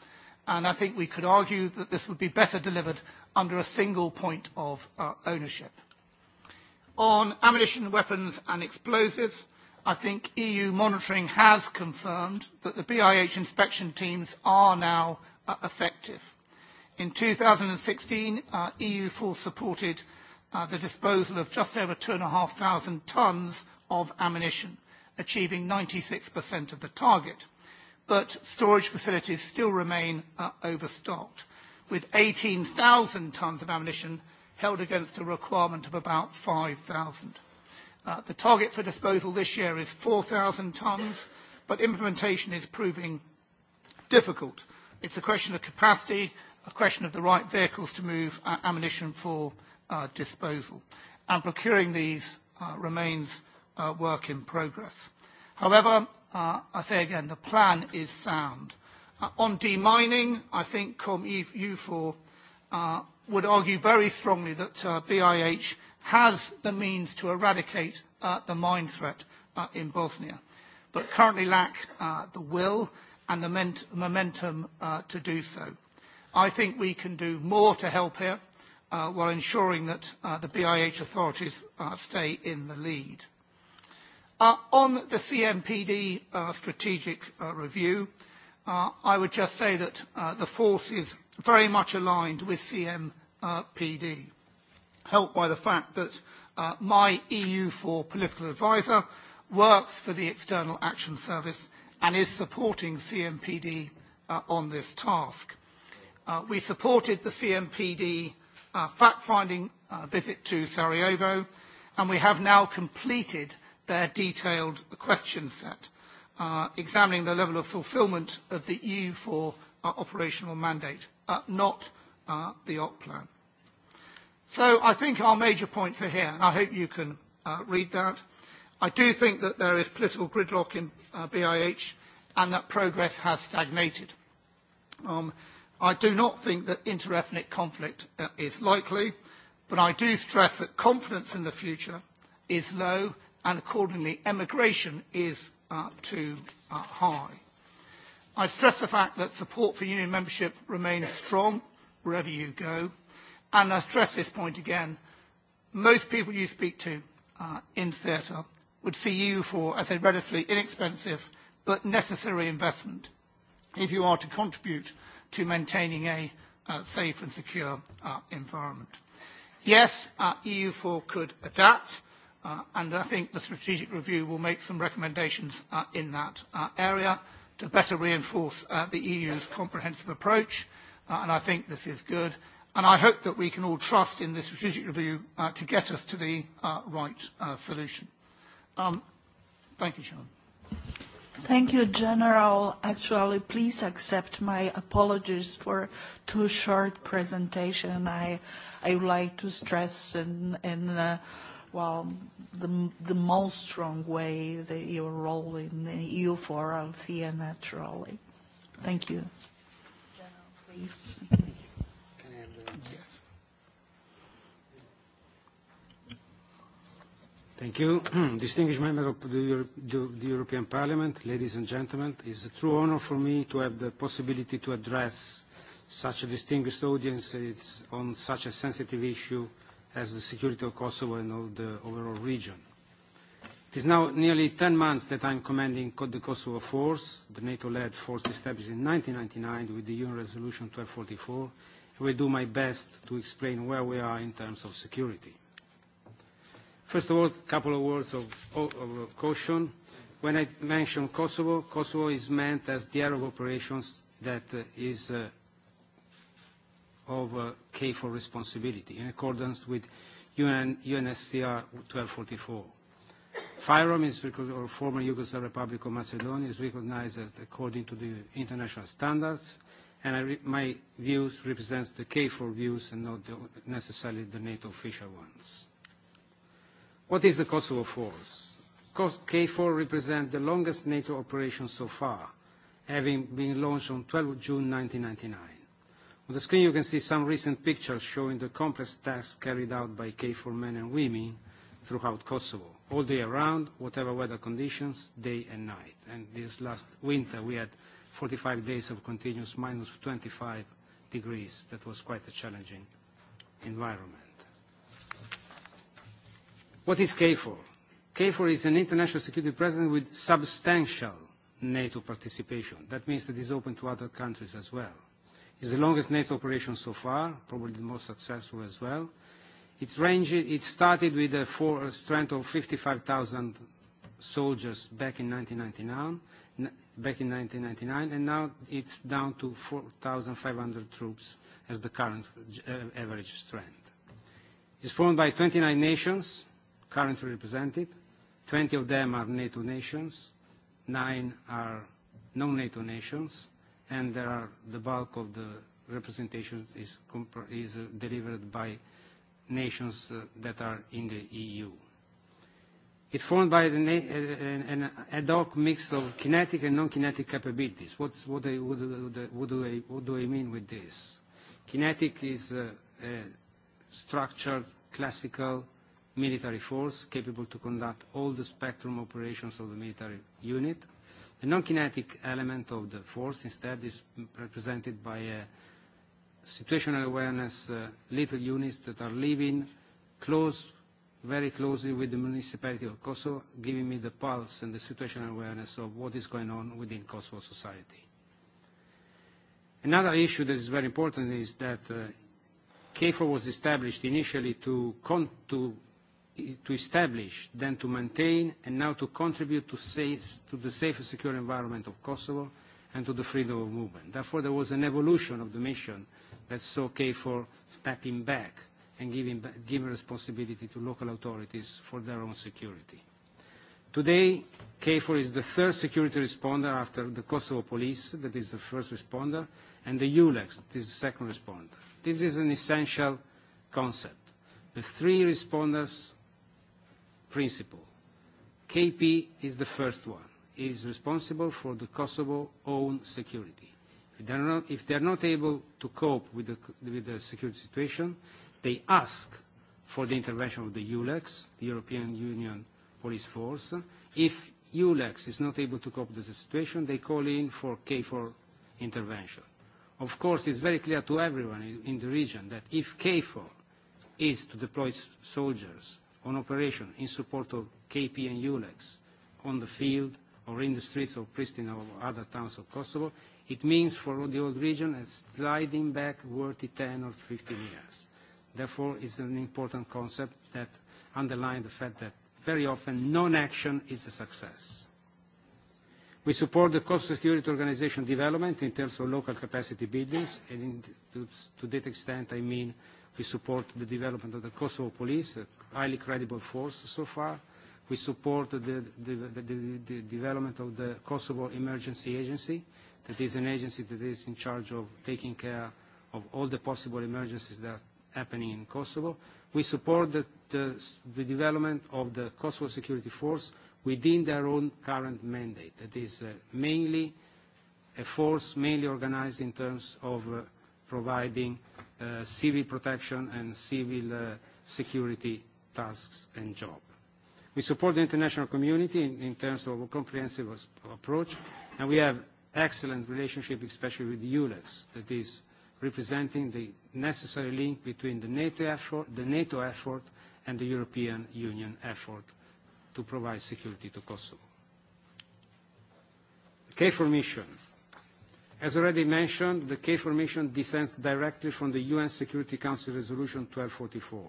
And I think we could argue that this would be better delivered under a single point of uh, ownership. On ammunition, weapons and explosives, I think EU monitoring has confirmed that the BIH inspection teams are now uh, effective. In 2016, uh, EU force supported uh, the disposal of just over 2,500 tonnes of ammunition, achieving 96% of the target. But storage facilities still remain uh, overstocked, with 18,000 tonnes of ammunition held against a requirement of about 5,000. Uh, the target for disposal this year is 4,000 tonnes, but implementation is proving difficult. It's a question of capacity, a question of the right vehicles to move uh, ammunition for uh, disposal. And procuring these uh, remains uh, work in progress. However, uh, I say again, the plan is sound. Uh, on demining, I think COM EU4 uh, would argue very strongly that uh, BIH has the means to eradicate uh, the mine threat uh, in Bosnia, but currently lack uh, the will and the ment- momentum uh, to do so. I think we can do more to help here uh, while ensuring that uh, the BIH authorities uh, stay in the lead. Uh, on the CMPD uh, strategic uh, review, uh, I would just say that uh, the force is very much aligned with CMPD helped by the fact that uh, my EU4 political advisor works for the External Action Service and is supporting CMPD uh, on this task. Uh, we supported the CMPD uh, fact-finding uh, visit to Sarajevo, and we have now completed their detailed question set, uh, examining the level of fulfilment of the EU4 uh, operational mandate, uh, not uh, the OP plan. So I think our major points are here, and I hope you can uh, read that. I do think that there is political gridlock in uh, BIH and that progress has stagnated. Um, I do not think that interethnic conflict uh, is likely, but I do stress that confidence in the future is low and accordingly emigration is uh, too uh, high. I stress the fact that support for union membership remains strong wherever you go. And I stress this point again, most people you speak to uh, in theatre would see you for as a relatively inexpensive but necessary investment if you are to contribute to maintaining a uh, safe and secure uh, environment. Yes, uh, EU4 could adapt, uh, and I think the strategic review will make some recommendations uh, in that uh, area to better reinforce uh, the EU's comprehensive approach, uh, and I think this is good. And I hope that we can all trust in this strategic review uh, to get us to the uh, right uh, solution. Um, thank you, Sharon. Thank you, General. Actually, please accept my apologies for too short presentation. I, I would like to stress in, in uh, well, the, the most strong way that your role in the EU for Althea, naturally. Thank you. General, please. Yes. Thank you. Distinguished member of the, Euro the European Parliament, ladies and gentlemen, it's a true honor for me to have the possibility to address such a distinguished audience on such a sensitive issue as the security of Kosovo and of the overall region. It is now nearly 10 months that I'm commanding the Kosovo force, the NATO-led force established in 1999 with the UN Resolution 1244, I will do my best to explain where we are in terms of security. First of all, a couple of words of, of caution. When I mention Kosovo, Kosovo is meant as the area of operations that uh, is uh, of uh, KFOR responsibility in accordance with UN, UNSCR 1244. FIROM is or former Yugoslav Republic of Macedonia is recognized as according to the international standards and I my views represents the K4 views and not the, necessarily the NATO official ones. What is the Kosovo force? K4 represents the longest NATO operation so far, having been launched on 12 June 1999. On the screen you can see some recent pictures showing the complex tasks carried out by K4 men and women throughout Kosovo, all day around, whatever weather conditions, day and night. And this last winter we had 45 days of continuous minus 25 degrees. That was quite a challenging environment. What is KFOR? KFOR is an international security presence with substantial NATO participation. That means that it's open to other countries as well. It's the longest NATO operation so far, probably the most successful as well. Its range, it started with a, four, a strength of 55,000 soldiers back in 1999, back in 1999, and now it's down to 4,500 troops as the current uh, average strength. It's formed by 29 nations currently represented. 20 of them are NATO nations, nine are non-NATO nations, and there are the bulk of the representations is, is uh, delivered by nations uh, that are in the EU. It formed by the, uh, uh, an ad hoc mix of kinetic and non-kinetic capabilities. What's, what, I, what, what, do I, what do I mean with this? Kinetic is a, a structured, classical military force capable to conduct all the spectrum operations of the military unit. The non-kinetic element of the force instead is represented by a situational awareness uh, little units that are living close very closely with the municipality of Kosovo, giving me the pulse and the situational awareness of what is going on within Kosovo society. Another issue that is very important is that uh, KFOR was established initially to, con to, to establish, then to maintain, and now to contribute to, safe, to the safe and secure environment of Kosovo and to the freedom of movement. Therefore, there was an evolution of the mission that saw KFOR stepping back and giving, giving responsibility to local authorities for their own security. Today, KFOR is the third security responder after the Kosovo police, that is the first responder, and the ULEX, that is the second responder. This is an essential concept. The three responders principle. KP is the first one. It is responsible for the Kosovo own security. If they are not, not, able to cope with the, with the security situation, They ask for the intervention of the ULEX, the European Union Police Force. If ULEX is not able to cope with the situation, they call in for K4 intervention. Of course, it's very clear to everyone in the region that if K4 is to deploy soldiers on operation in support of KP and ULEX on the field or in the streets of Pristina or other towns of Kosovo, it means for the old region a sliding back 30, 10 or 15 years. Therefore, is an important concept that underlines the fact that very often non-action is a success. We support the cost security organization development in terms of local capacity buildings, and in, to, to that extent, I mean, we support the development of the Kosovo police, a highly credible force so far. We support the, the, the, the, the development of the Kosovo Emergency Agency, that is an agency that is in charge of taking care of all the possible emergencies that happening in Kosovo. We support the, the, the development of the Kosovo Security Force within their own current mandate. That is uh, mainly a force mainly organized in terms of uh, providing uh, civil protection and civil uh, security tasks and jobs. We support the international community in, in terms of a comprehensive approach, and we have excellent relationship, especially with ULEX, that is representing the necessary link between the NATO effort, the NATO effort and the European Union effort to provide security to Kosovo. KFOR mission. As already mentioned, the KFOR mission descends directly from the UN Security Council Resolution 1244.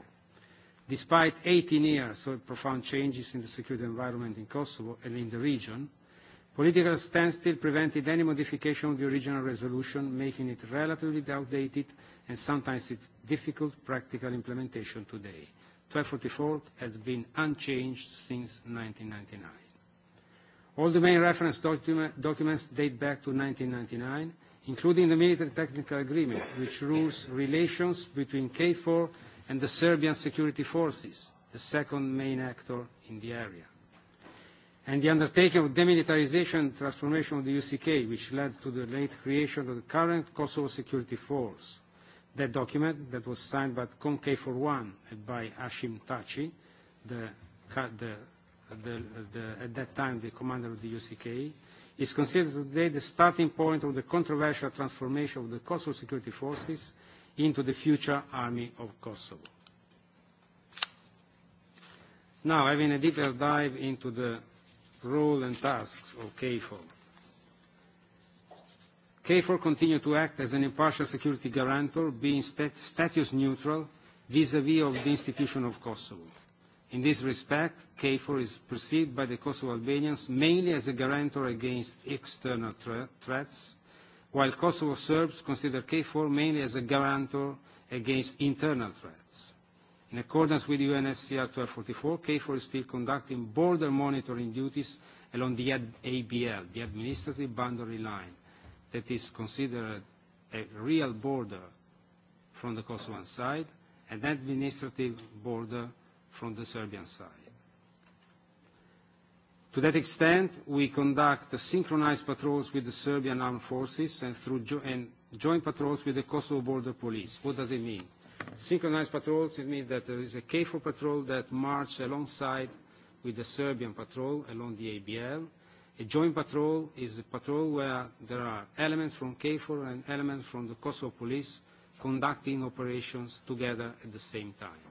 Despite 18 years of profound changes in the security environment in Kosovo and in the region, Political standstill prevented any modification of the original resolution, making it relatively outdated and sometimes its difficult practical implementation today. 1244 has been unchanged since 1999. All the main reference docu documents date back to 1999, including the Military Technical Agreement, which rules relations between KFOR and the Serbian security forces, the second main actor in the area and the undertaking of demilitarization and transformation of the UCK, which led to the late creation of the current Kosovo Security Force. That document that was signed by Concave 41 and by Ashim Tachi, the, the, the, the, at that time the commander of the UCK, is considered today the starting point of the controversial transformation of the Kosovo Security Forces into the future Army of Kosovo. Now, having a deeper dive into the role and tasks of KFOR. KFOR continued to act as an impartial security guarantor, being stat status neutral vis-à-vis -vis of the institution of Kosovo. In this respect, KFOR is perceived by the Kosovo Albanians mainly as a guarantor against external threats, while Kosovo Serbs consider KFOR mainly as a guarantor against internal threats. In accordance with UNSCR 1244, KFOR is still conducting border monitoring duties along the ABL, the administrative boundary line, that is considered a real border from the Kosovan side and administrative border from the Serbian side. To that extent, we conduct synchronized patrols with the Serbian armed forces and through jo and joint patrols with the Kosovo border police. What does it mean? Synchronized patrols, it means that there is a KFOR patrol that marches alongside with the Serbian patrol along the ABL. A joint patrol is a patrol where there are elements from KFOR and elements from the Kosovo police conducting operations together at the same time.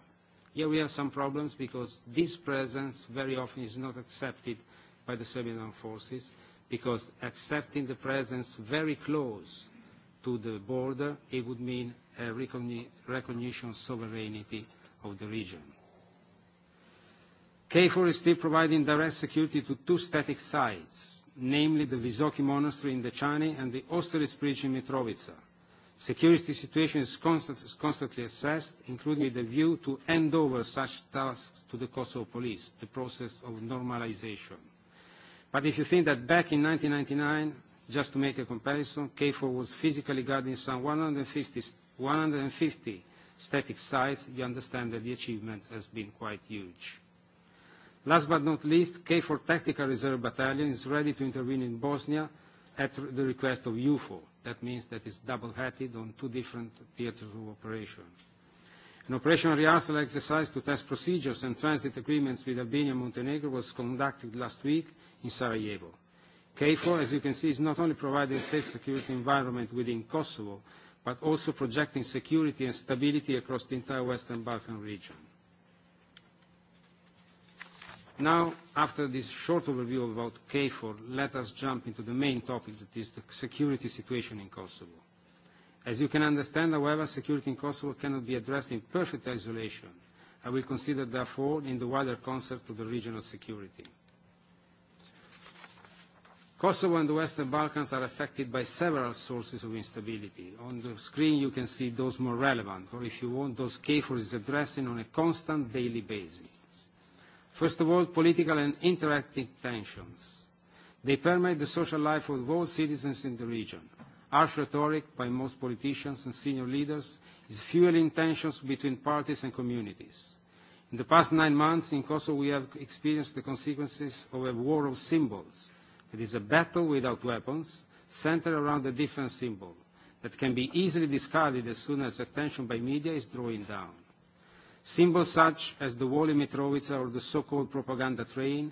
Here we have some problems because this presence very often is not accepted by the Serbian armed forces because accepting the presence very close to the border, it would mean uh, recogni recognition sovereignty of the region. KFOR is still providing direct security to two static sites, namely the Visoki Monastery in the Chani and the Austerlitz Bridge in Mitrovica. Security situation is constant, constantly assessed, including with a view to hand over such tasks to the Kosovo police, the process of normalization. But if you think that back in 1999, just to make a comparison, KFOR was physically guarding some 150 150 static sites, you understand that the achievement has been quite huge. Last but not least, KFOR Tactical Reserve Battalion is ready to intervene in Bosnia at the request of UFO. That means that it's double-headed on two different theaters of operation. An operational rehearsal exercise to test procedures and transit agreements with Albania and Montenegro was conducted last week in Sarajevo. KFOR, as you can see, is not only providing a safe security environment within Kosovo, but also projecting security and stability across the entire Western Balkan region. Now, after this short overview about KFOR, let us jump into the main topic that is the security situation in Kosovo. As you can understand, however, security in Kosovo cannot be addressed in perfect isolation. I will consider, therefore, in the wider concept of the regional security. Kosovo and the Western Balkans are affected by several sources of instability. On the screen you can see those more relevant, or if you want, those KFOR is addressing on a constant daily basis. First of all, political and interactive tensions. They permeate the social life of all citizens in the region. Harsh rhetoric by most politicians and senior leaders is fueling tensions between parties and communities. In the past nine months in Kosovo we have experienced the consequences of a war of symbols, It is a battle without weapons, centered around a different symbol that can be easily discarded as soon as attention by media is drawing down. Symbols such as the Wall in Mitrovica or the so-called propaganda train,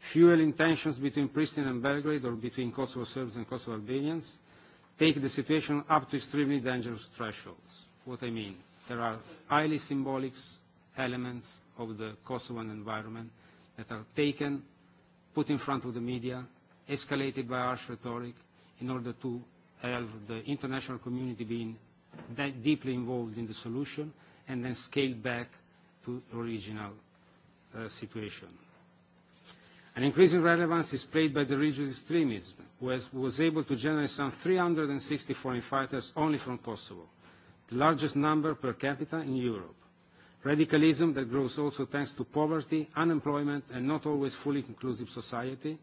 fueling tensions between Pristina and Belgrade or between Kosovo Serbs and Kosovo Albanians, take the situation up to extremely dangerous thresholds. What I mean, there are highly symbolic elements of the Kosovan environment that are taken, put in front of the media, escalated by harsh rhetoric in order to have the international community being that deeply involved in the solution and then scaled back to original uh, situation. An increasing relevance is played by the regional extremism, who has, was able to generate some 360 foreign fighters only from Kosovo, the largest number per capita in Europe. Radicalism that grows also thanks to poverty, unemployment, and not always fully inclusive society,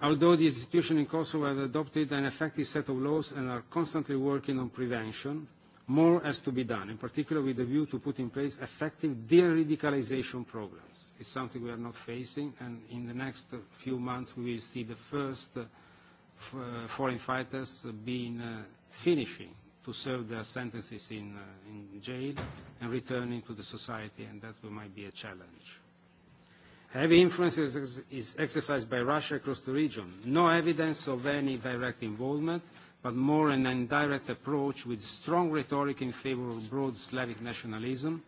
Although the institutions in Kosovo have adopted an effective set of laws and are constantly working on prevention, more has to be done, in particular with a view to put in place effective de-radicalization programs. It's something we are not facing, and in the next few months we will see the first uh, uh foreign fighters being uh, finishing to serve their sentences in, uh, in jail and returning to the society, and that might be a challenge. Heavy influence is exercised by Russia across the region. No evidence of any direct involvement, but more an indirect approach with strong rhetoric in favour of broad Slavic nationalism,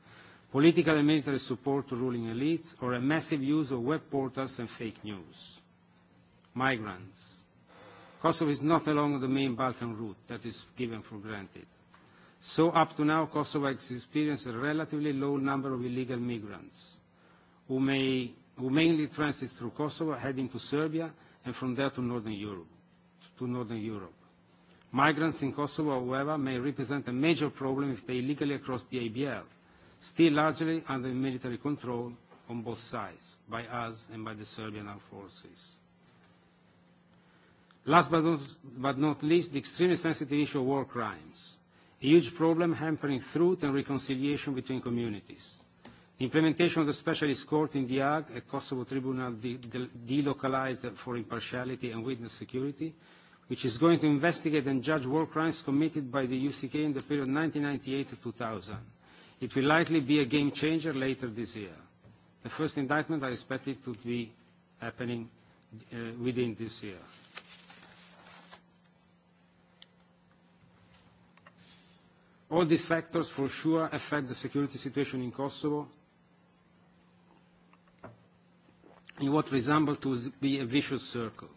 political and military support to ruling elites, or a massive use of web portals and fake news. Migrants. Kosovo is not along the main Balkan route. That is given for granted. So up to now, Kosovo has experienced a relatively low number of illegal migrants who may who mainly transit through Kosovo, heading to Serbia, and from there to Northern Europe. To Northern Europe. Migrants in Kosovo, however, may represent a major problem if they illegally cross the ABL, still largely under military control on both sides, by us and by the Serbian armed forces. Last but not, but not least, the extremely sensitive issue of war crimes, a huge problem hampering truth and reconciliation between communities. The implementation of the specialist court in The Hague, a Kosovo tribunal de de delocalized for impartiality and witness security, which is going to investigate and judge war crimes committed by the UCK in the period 1998 to 2000. It will likely be a game changer later this year. The first indictment I expect it to be happening uh, within this year. All these factors for sure affect the security situation in Kosovo in what resembled to be a vicious circle.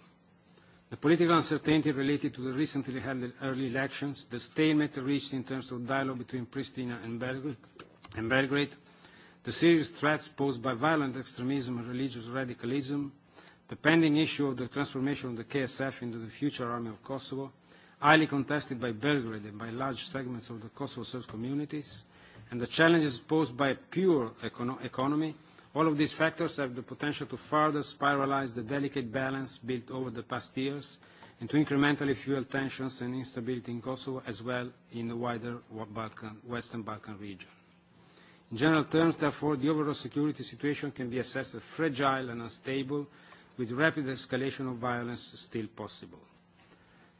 The political uncertainty related to the recently held early elections, the stalemate reached in terms of dialogue between Pristina and Belgrade, and Belgrade the serious threats posed by violent extremism and religious radicalism, the pending issue of the transformation of the KSF into the future army of Kosovo, highly contested by Belgrade and by large segments of the Kosovo Serb communities, and the challenges posed by a pure econo economy All of these factors have the potential to further spiralize the delicate balance built over the past years and to incrementally fuel tensions and instability in Kosovo as well in the wider Balkan, Western Balkan region. In general terms, therefore, the overall security situation can be assessed as fragile and unstable, with rapid escalation of violence still possible.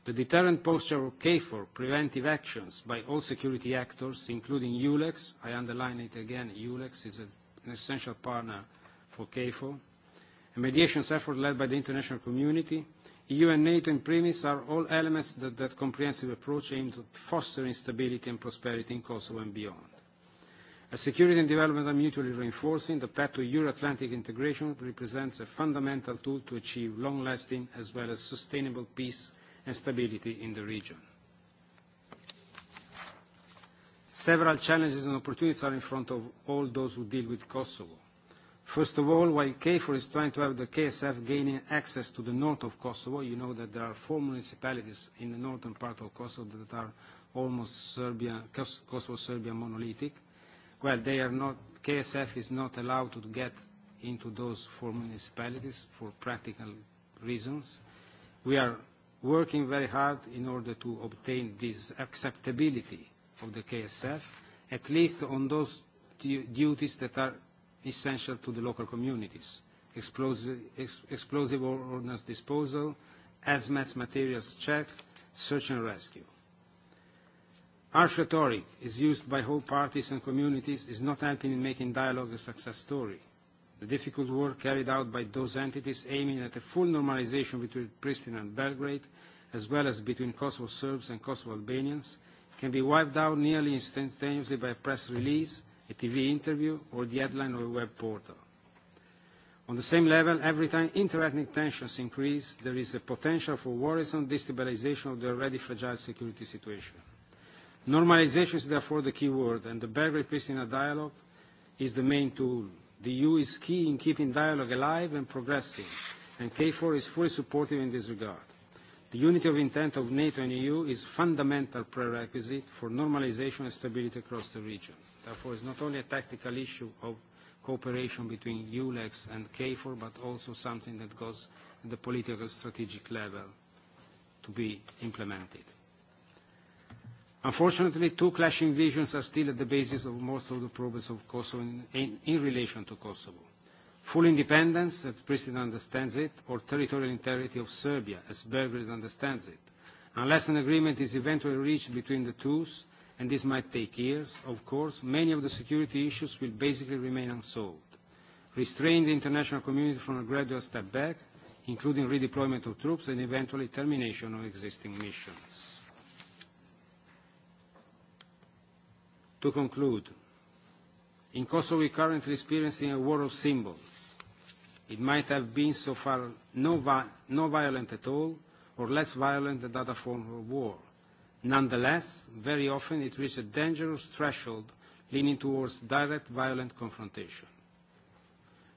The deterrent posture of KFOR, preventive actions by all security actors, including ULEX, I underline it again, ULEX is a an essential partner for KFOR. A mediation effort led by the international community, EU and NATO in premise are all elements that that comprehensive approach aimed at fostering stability and prosperity in Kosovo and beyond. As security and development are mutually reinforcing, the path to Euro-Atlantic integration represents a fundamental tool to achieve long-lasting as well as sustainable peace and stability in the region. Several challenges and opportunities are in front of all those who deal with Kosovo. First of all, while KFOR is trying to have the KSF gaining access to the north of Kosovo, you know that there are four municipalities in the northern part of Kosovo that are almost Serbia, Kosovo-Serbia monolithic. Well, they are not, KSF is not allowed to get into those four municipalities for practical reasons. We are working very hard in order to obtain this acceptability of the KSF, at least on those duties that are essential to the local communities, explosive, ex explosive ordnance disposal, hazmat materials check, search and rescue. Harsh rhetoric is used by whole parties and communities is not helping in making dialogue a success story. The difficult work carried out by those entities aiming at a full normalization between Pristina and Belgrade, as well as between Kosovo Serbs and Kosovo Albanians, can be wiped out nearly instantaneously by a press release, a TV interview, or the headline of a web portal. On the same level, every time interethnic tensions increase, there is a potential for worrisome destabilization of the already fragile security situation. Normalization is therefore the key word, and the Belgrade-Pristina dialogue is the main tool. The EU is key in keeping dialogue alive and progressing, and KFOR is fully supportive in this regard. The unity of intent of NATO and EU is fundamental prerequisite for normalization and stability across the region. Therefore, it's not only a tactical issue of cooperation between ULEX and KFOR, but also something that goes at the political strategic level to be implemented. Unfortunately, two clashing visions are still at the basis of most of the progress of Kosovo in, in, in relation to Kosovo. Full independence, as Pristina understands it, or territorial integrity of Serbia, as Belgrade understands it. Unless an agreement is eventually reached between the two, and this might take years, of course, many of the security issues will basically remain unsolved. Restrain the international community from a gradual step back, including redeployment of troops and eventually termination of existing missions. To conclude, in Kosovo we are currently experiencing a war of symbols It might have been so far no, vi no violent at all, or less violent than other forms of war. Nonetheless, very often it reached a dangerous threshold leaning towards direct violent confrontation.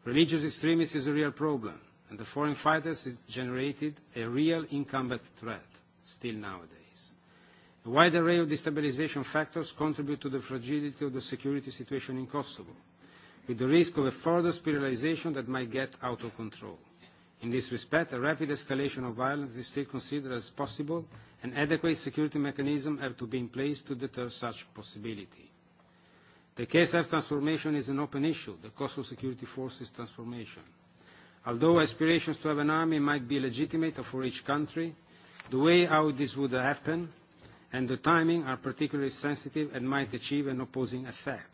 Religious extremism is a real problem, and the foreign fighters has generated a real incumbent threat, still nowadays. A wide array of destabilization factors contribute to the fragility of the security situation in Kosovo with the risk of a further spiralization that might get out of control. In this respect, a rapid escalation of violence is still considered as possible, and adequate security mechanisms have to be in place to deter such possibility. The KSF transformation is an open issue, the Kosovo Security Forces transformation. Although aspirations to have an army might be legitimate for each country, the way how this would happen and the timing are particularly sensitive and might achieve an opposing effect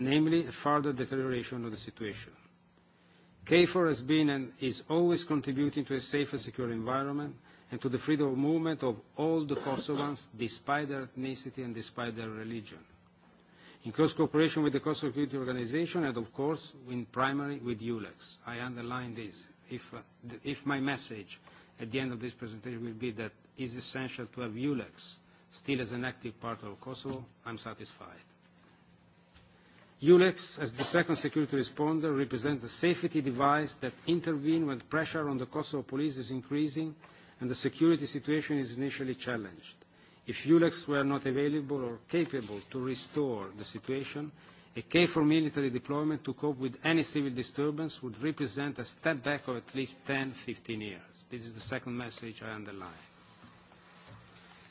namely a further deterioration of the situation. KFOR has been and is always contributing to a safe and secure environment and to the freedom of movement of all the Kosovans despite their ethnicity and despite their religion. In close cooperation with the Kosovo Security Organization and of course in primary with ULEX. I underline this. If, uh, if my message at the end of this presentation will be that it is essential to have ULEX still as an active part of Kosovo, I'm satisfied. ULEX, as the second security responder, represents a safety device that intervenes when pressure on the Kosovo police is increasing and the security situation is initially challenged. If ULEX were not available or capable to restore the situation, a K 4 military deployment to cope with any civil disturbance would represent a step back of at least 10-15 years. This is the second message I underline.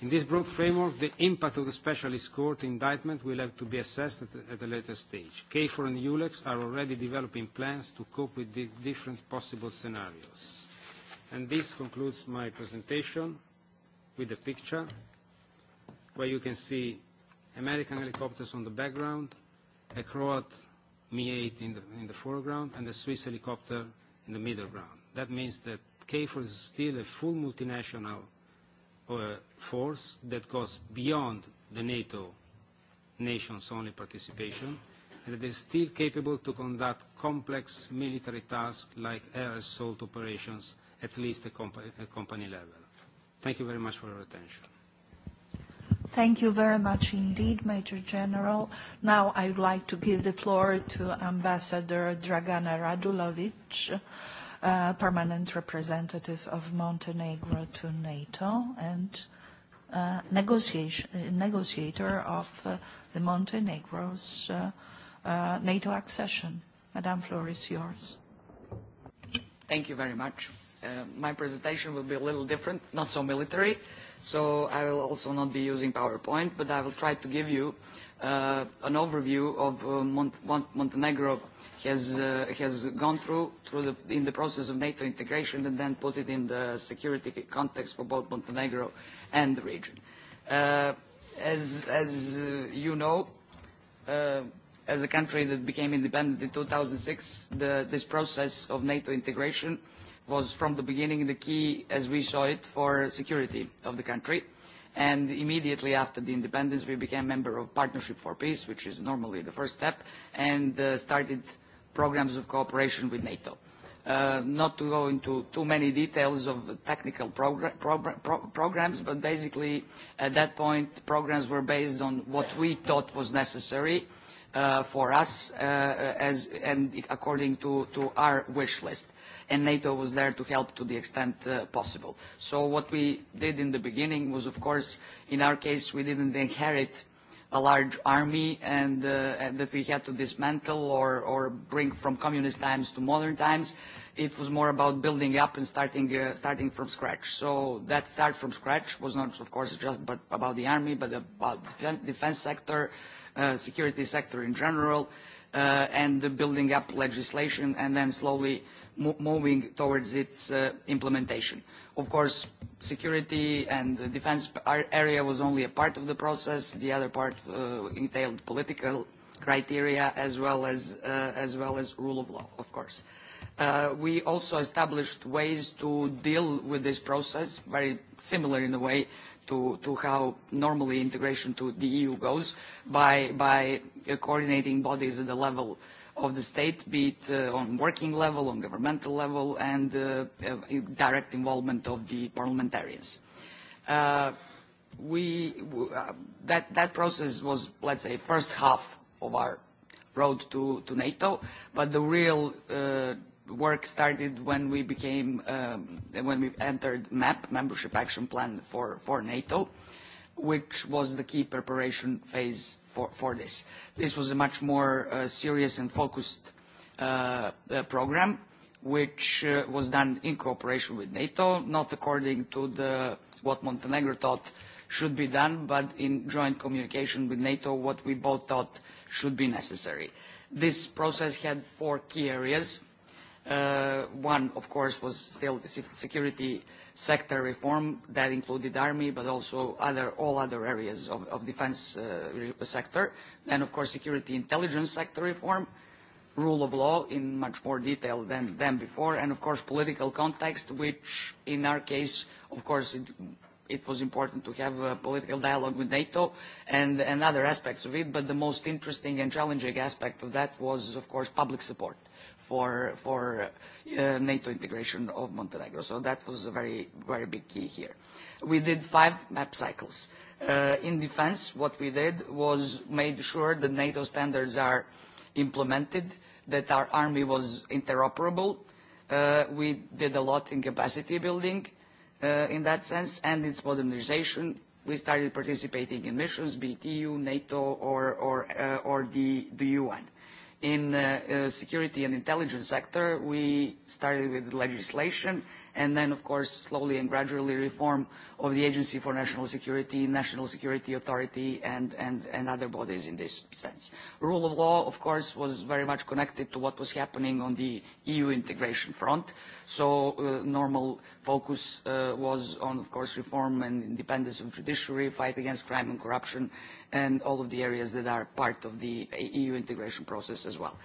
In this broad framework, the impact of the specialist court indictment will have to be assessed at, at a later stage. KFOR and ULEX are already developing plans to cope with the different possible scenarios. And this concludes my presentation with a picture where you can see American helicopters on the background, a Croat Mi-8 in the, in the foreground, and a Swiss helicopter in the middle ground. That means that KFOR is still a full multinational uh, force that goes beyond the NATO nations only participation and that is still capable to conduct complex military tasks like air assault operations at least at comp company level. Thank you very much for your attention. Thank you very much indeed, Major General. Now I would like to give the floor to Ambassador Dragana Radulovic permanent representative of Montenegro to NATO and uh, negotiator of uh, the Montenegro's uh, uh, NATO accession. Madame Floor is yours. Thank you very much. Uh, my presentation will be a little different, not so military, so I will also not be using PowerPoint, but I will try to give you uh, an overview of uh, Mont Mont Montenegro has, uh, has gone through, through the, in the process of NATO integration and then put it in the security context for both Montenegro and the region. Uh, as as uh, you know, uh, as a country that became independent in 2006, the, this process of NATO integration uh, was from the beginning the key, as we saw it, for security of the country. And immediately after the independence, we became member of Partnership for Peace, which is normally the first step, and uh, started programs of cooperation with NATO. Uh, not to go into too many details of technical progr progr pro programs, but basically at that point programs were based on what we thought was necessary uh, for us uh, as, and according to, to our wish list and NATO was there to help to the extent uh, possible. So what we did in the beginning was, of course, in our case, we didn't inherit a large army and, uh, and that we had to dismantle or, or bring from communist times to modern times. It was more about building up and starting, uh, starting from scratch. So that start from scratch was not, of course, just but about the army, but about defense, defense sector, uh, security sector in general, uh, and the building up legislation, and then slowly uh, moving towards its uh, implementation. Of course, security and the defense area was only a part of the process. The other part uh, entailed political criteria as well as, uh, as well as rule of law, of course. Uh, we also established ways to deal with this process, very similar in a way to, to how normally integration to the EU goes, by, by coordinating bodies at the level uh, of the state, be it uh, on working level, on governmental level, and uh, uh, direct involvement of the parliamentarians. Uh, we, uh, that, that process was, let's say, first half of our road to, to NATO, but the real uh, work started when we became, um, when we entered MAP, Membership Action Plan for, for NATO, which was the key preparation phase for, for this. This was a much more uh, serious and focused uh, uh, program, which uh, was done in cooperation with NATO, not according to the, what Montenegro thought should be done, but in joint communication with NATO, what we both thought should be necessary. This process had four key areas. Uh, one, of course, was still the security uh, sector reform that included army, but also other, all other areas of, of defense uh, sector. Then, of course, security intelligence sector reform, rule of law in much more detail than, than before, and of course, political context, which in our case, of course, it, it was important to have a political dialogue with NATO and, and other aspects of it, but the most interesting and challenging aspect of that was, of course, public support. Uh, for, for uh, NATO integration of Montenegro. So that was a very, very big key here. We did five map cycles. Uh, in defense, what we did was made sure that NATO standards are implemented, that our army was interoperable. Uh, we did a lot in capacity building uh, in that sense and its modernization. We started participating in missions, be it EU, NATO, or, or, uh, or the, the UN in uh, security and intelligence sector, we started with legislation and then, of course, slowly and gradually reform of the Agency for National Security, National Security Authority, and, and, and other bodies in this sense. Rule of law, of course, was very much connected to what was happening on the EU integration front. So uh, normal focus uh, was on, of course, reform and independence of judiciary, fight against crime and corruption, and all of the areas that are part of the EU integration process as well.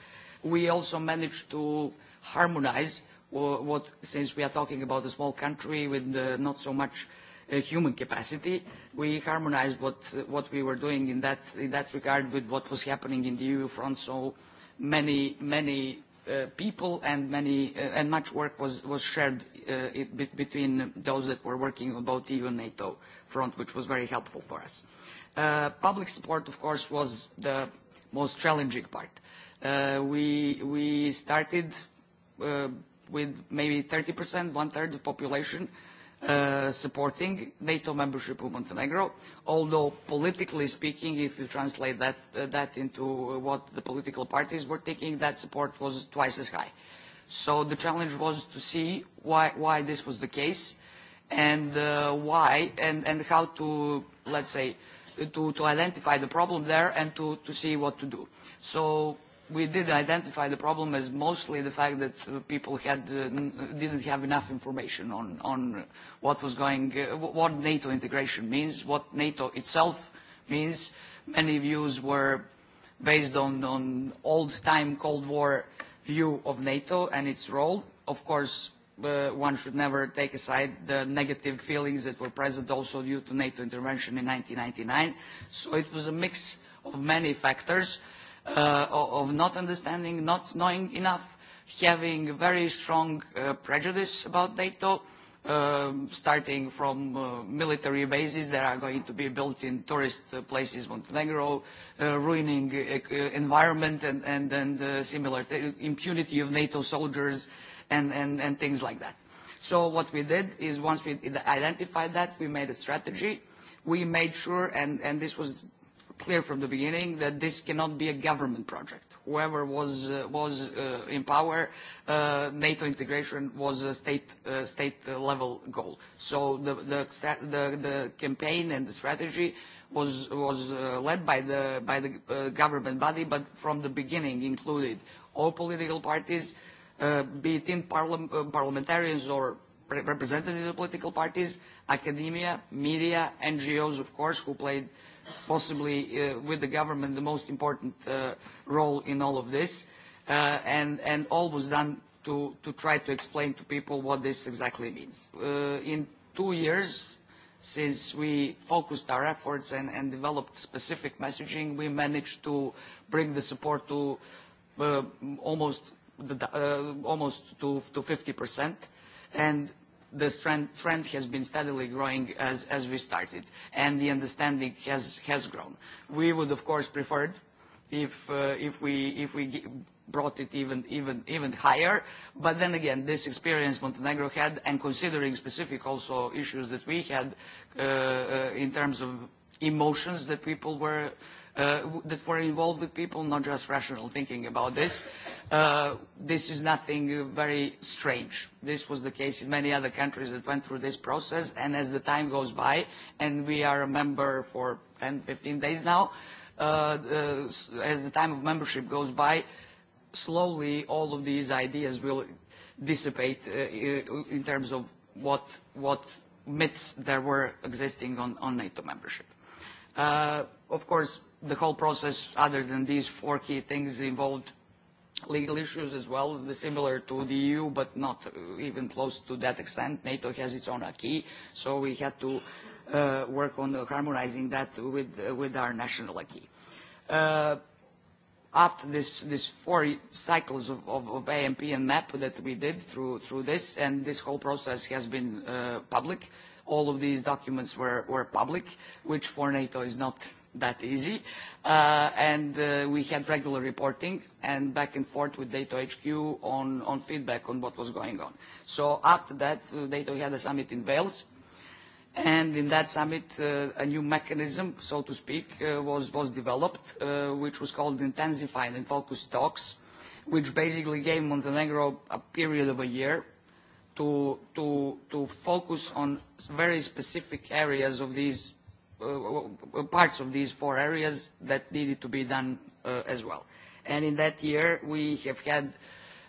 We also managed to harmonize uh, what, since we are talking about a small country with uh, not so much uh, human capacity, we harmonized what, what we were doing in that, in that regard with what was happening in the EU front. So many, many uh, people and, many, uh, and much work was, was shared uh, it, be, between those that were working on both EU and NATO front, which was very helpful for us. Uh, public support, of course, was the most challenging part. Uh, we, we started uh, with maybe 30%, one-third of the population uh, supporting NATO membership of Montenegro, although politically speaking, if you translate that, uh, that into what the political parties were taking, that support was twice as high. So the challenge was to see why, why this was the case and uh, why and, and how to, let's say, to, to identify the problem there and to, to see what to do. So we did identify the problem as mostly the fact that uh, people had uh, uh didn't have enough information on on what was going uh, what NATO integration means, what NATO itself means. Many views were based on on old-time Cold War view of NATO and its role. Of course, uh, one should never take aside the negative feelings that were present also due to NATO intervention in 1999. So it was a mix of many factors. Uh, uh, of not understanding, not knowing enough, having very strong uh, prejudice about NATO, uh, starting from uh, military bases that are going to be built in tourist places, Montenegro, uh, ruining uh, environment and, and, and uh, similar impunity of NATO soldiers and, and, and things like that. So what we did is once we identified that, we made a strategy. We made sure, and, and this was clear from the beginning that this cannot be a government project. Whoever was, uh, was uh, in power, uh, NATO integration was a state, uh, state level goal. So the, the, the, the campaign and the strategy was, was uh, led by the, by the uh, government body, but from the beginning included all political parties, uh, be it in parliament, uh, parliamentarians or representatives of political parties, academia, media, NGOs, of course, who played possibly uh, with the government the most important uh, role in all of this uh, and, and all was done to, to try to explain to people what this exactly means. Uh, in two years since we focused our efforts and, and developed specific messaging, we managed to bring the support to uh, almost, the, uh, almost to, to 50%. And this strength, trend has been steadily growing as, as we started, and the understanding has, has grown. We would, of course, preferred if, uh, if we, if we brought it even, even, even higher. But then again, this experience Montenegro had, and considering specific also issues that we had uh, uh, in terms of emotions that people were uh, that were involved with people, not just rational thinking about this. Uh, this is nothing very strange. This was the case in many other countries that went through this process, and as the time goes by, and we are a member for 10, 15 days now, uh, as the time of membership goes by, slowly all of these ideas will dissipate uh, in terms of what, what myths there were existing on, on NATO membership. Uh, of course, the whole process, other than these four key things, involved legal issues as well, similar to the EU, but not uh, even close to that extent. NATO has its own acquis, so we had to uh, work on harmonizing that with, uh, our national acquis. after these four cycles of, AMP and MAP that we did through, this, and this whole process has been public. All of these documents were public, which for NATO is not that easy. Uh, and uh, we had regular reporting and back and forth with Data HQ on, on feedback on what was going on. So after that, uh, Data had a summit in Wales. And in that summit, uh, a new mechanism, so to speak, uh, was, was developed, uh, which was called Intensified and Focused Talks, which basically gave Montenegro a period of a year to, to, to focus on very specific areas of these Uh, uh, parts of these four areas that needed to be done uh, as well. And in that year, we have had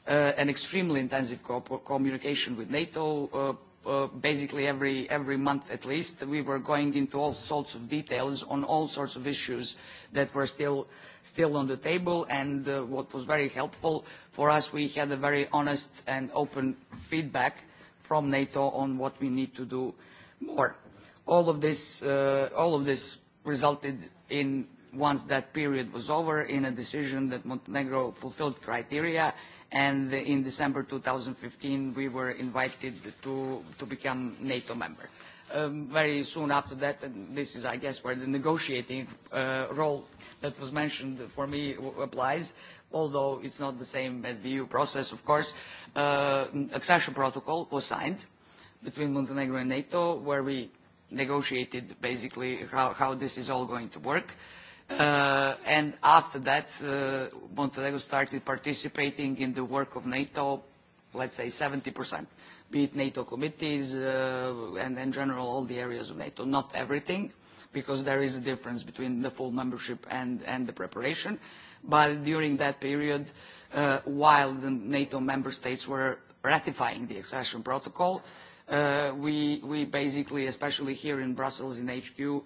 uh, an extremely intensive co communication with NATO. Uh, uh, basically, every, every month at least, we were going into all sorts of details on all sorts of issues that were still still on the table. And uh, what was very helpful for us, we had a very honest and open feedback from NATO on what we need to do more all of this, uh, all of this resulted in, once that period was over, in a decision that Montenegro fulfilled criteria, and in December 2015 we were invited to, to become NATO member. Um, very soon after that, and this is, I guess, where the negotiating uh, role that was mentioned for me w applies, although it's not the same as the EU process, of course. Uh, accession protocol was signed between Montenegro and NATO, where we negotiated basically how, how this is all going to work. Uh, and after that, uh, Montenegro started participating in the work of NATO, let's say 70%, be it NATO committees uh, and in general all the areas of NATO, not everything, because there is a difference between the full membership and, and the preparation. But during that period, uh, while the NATO member states were ratifying the accession protocol, uh, Uh, we, we basically, especially here in Brussels in HQ,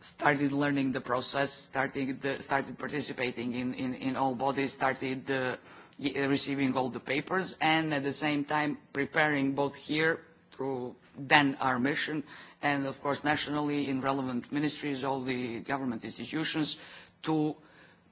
started learning the process, started, the, started participating in, in, in all bodies, started uh, receiving all the papers, and at the same time preparing both here through then our mission, and of course nationally in relevant ministries, all the government institutions, to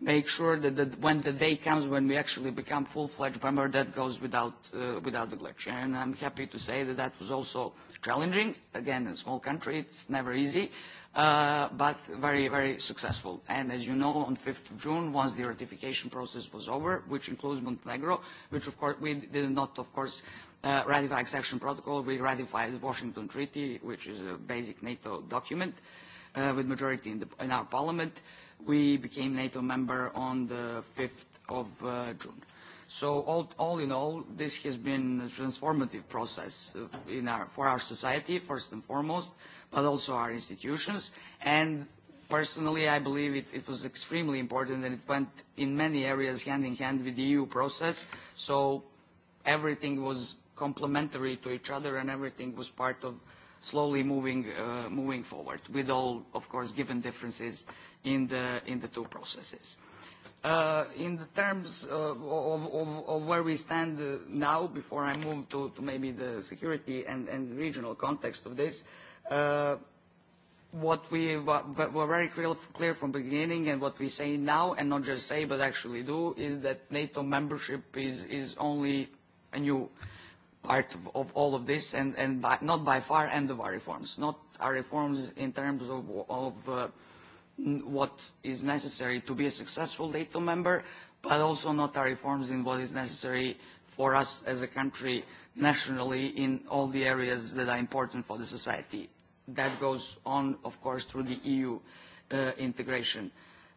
make sure that the, when the day comes when we actually become full-fledged member, that goes without, uh, without glitch. And I'm happy to say that that was also challenging. Again, in a small country, it's never easy, uh, but very, very successful. And as you know, on 5th of June, once the ratification process was over, which includes Montenegro, which of course we did not, of course, uh, ratify accession protocol, we ratified the Washington Treaty, which is a basic NATO document uh, with majority in, the, in our parliament. Uh, we became NATO member on the 5th of uh, June. So all, all in all, this has been a transformative process in our, for our society, first and foremost, but also our institutions. And personally, I believe it, it was extremely important and it went in many areas hand in hand with the EU process. So everything was complementary to each other and everything was part of slowly moving, uh, moving forward, with all, of course, given differences in the, in the two processes. Uh, in the terms uh, of, where we stand now, before I move to, maybe the security and, and regional context of this, what we were very clear from the beginning and what we say now, and not just say, but actually do, is that NATO membership is, is only a new part of, of all of this, and, and by, not by far end of our reforms, not our reforms in terms of, of uh, what is necessary to be a successful NATO member, but also not our reforms in what is necessary for us as a country nationally in all the areas that are important for the society. That goes on, of course, through the EU uh, integration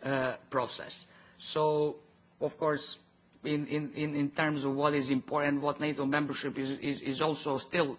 uh, process. So, of course, in, in, in terms of what is important, what NATO membership is, is, is also still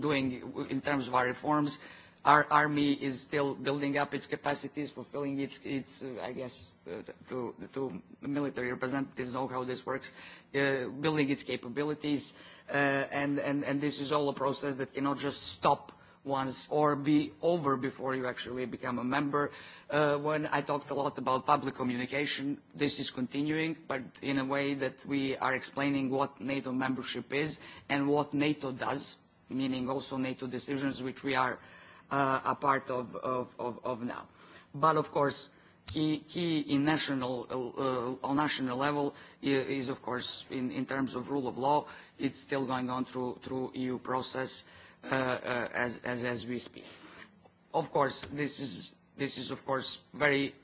doing in terms of our reforms. Our army is still building up its capacities, fulfilling its, its uh, I guess, uh, to, to military representatives know how this works, uh, building its capabilities. Uh, and, and, and this is all a process that cannot just stop once or be over before you actually become a member. Uh, when I talked a lot about public communication, this is continuing, but in a way that we are explaining what NATO membership is and what NATO does, meaning also NATO decisions, which we are uh, a part of, of, of, of now. But of course, key, key in national, uh, on national level is, of course, in, in terms of rule of law, it's still going on through, through EU process uh, uh, as, as, as we speak. Of course, this is This is, of course, very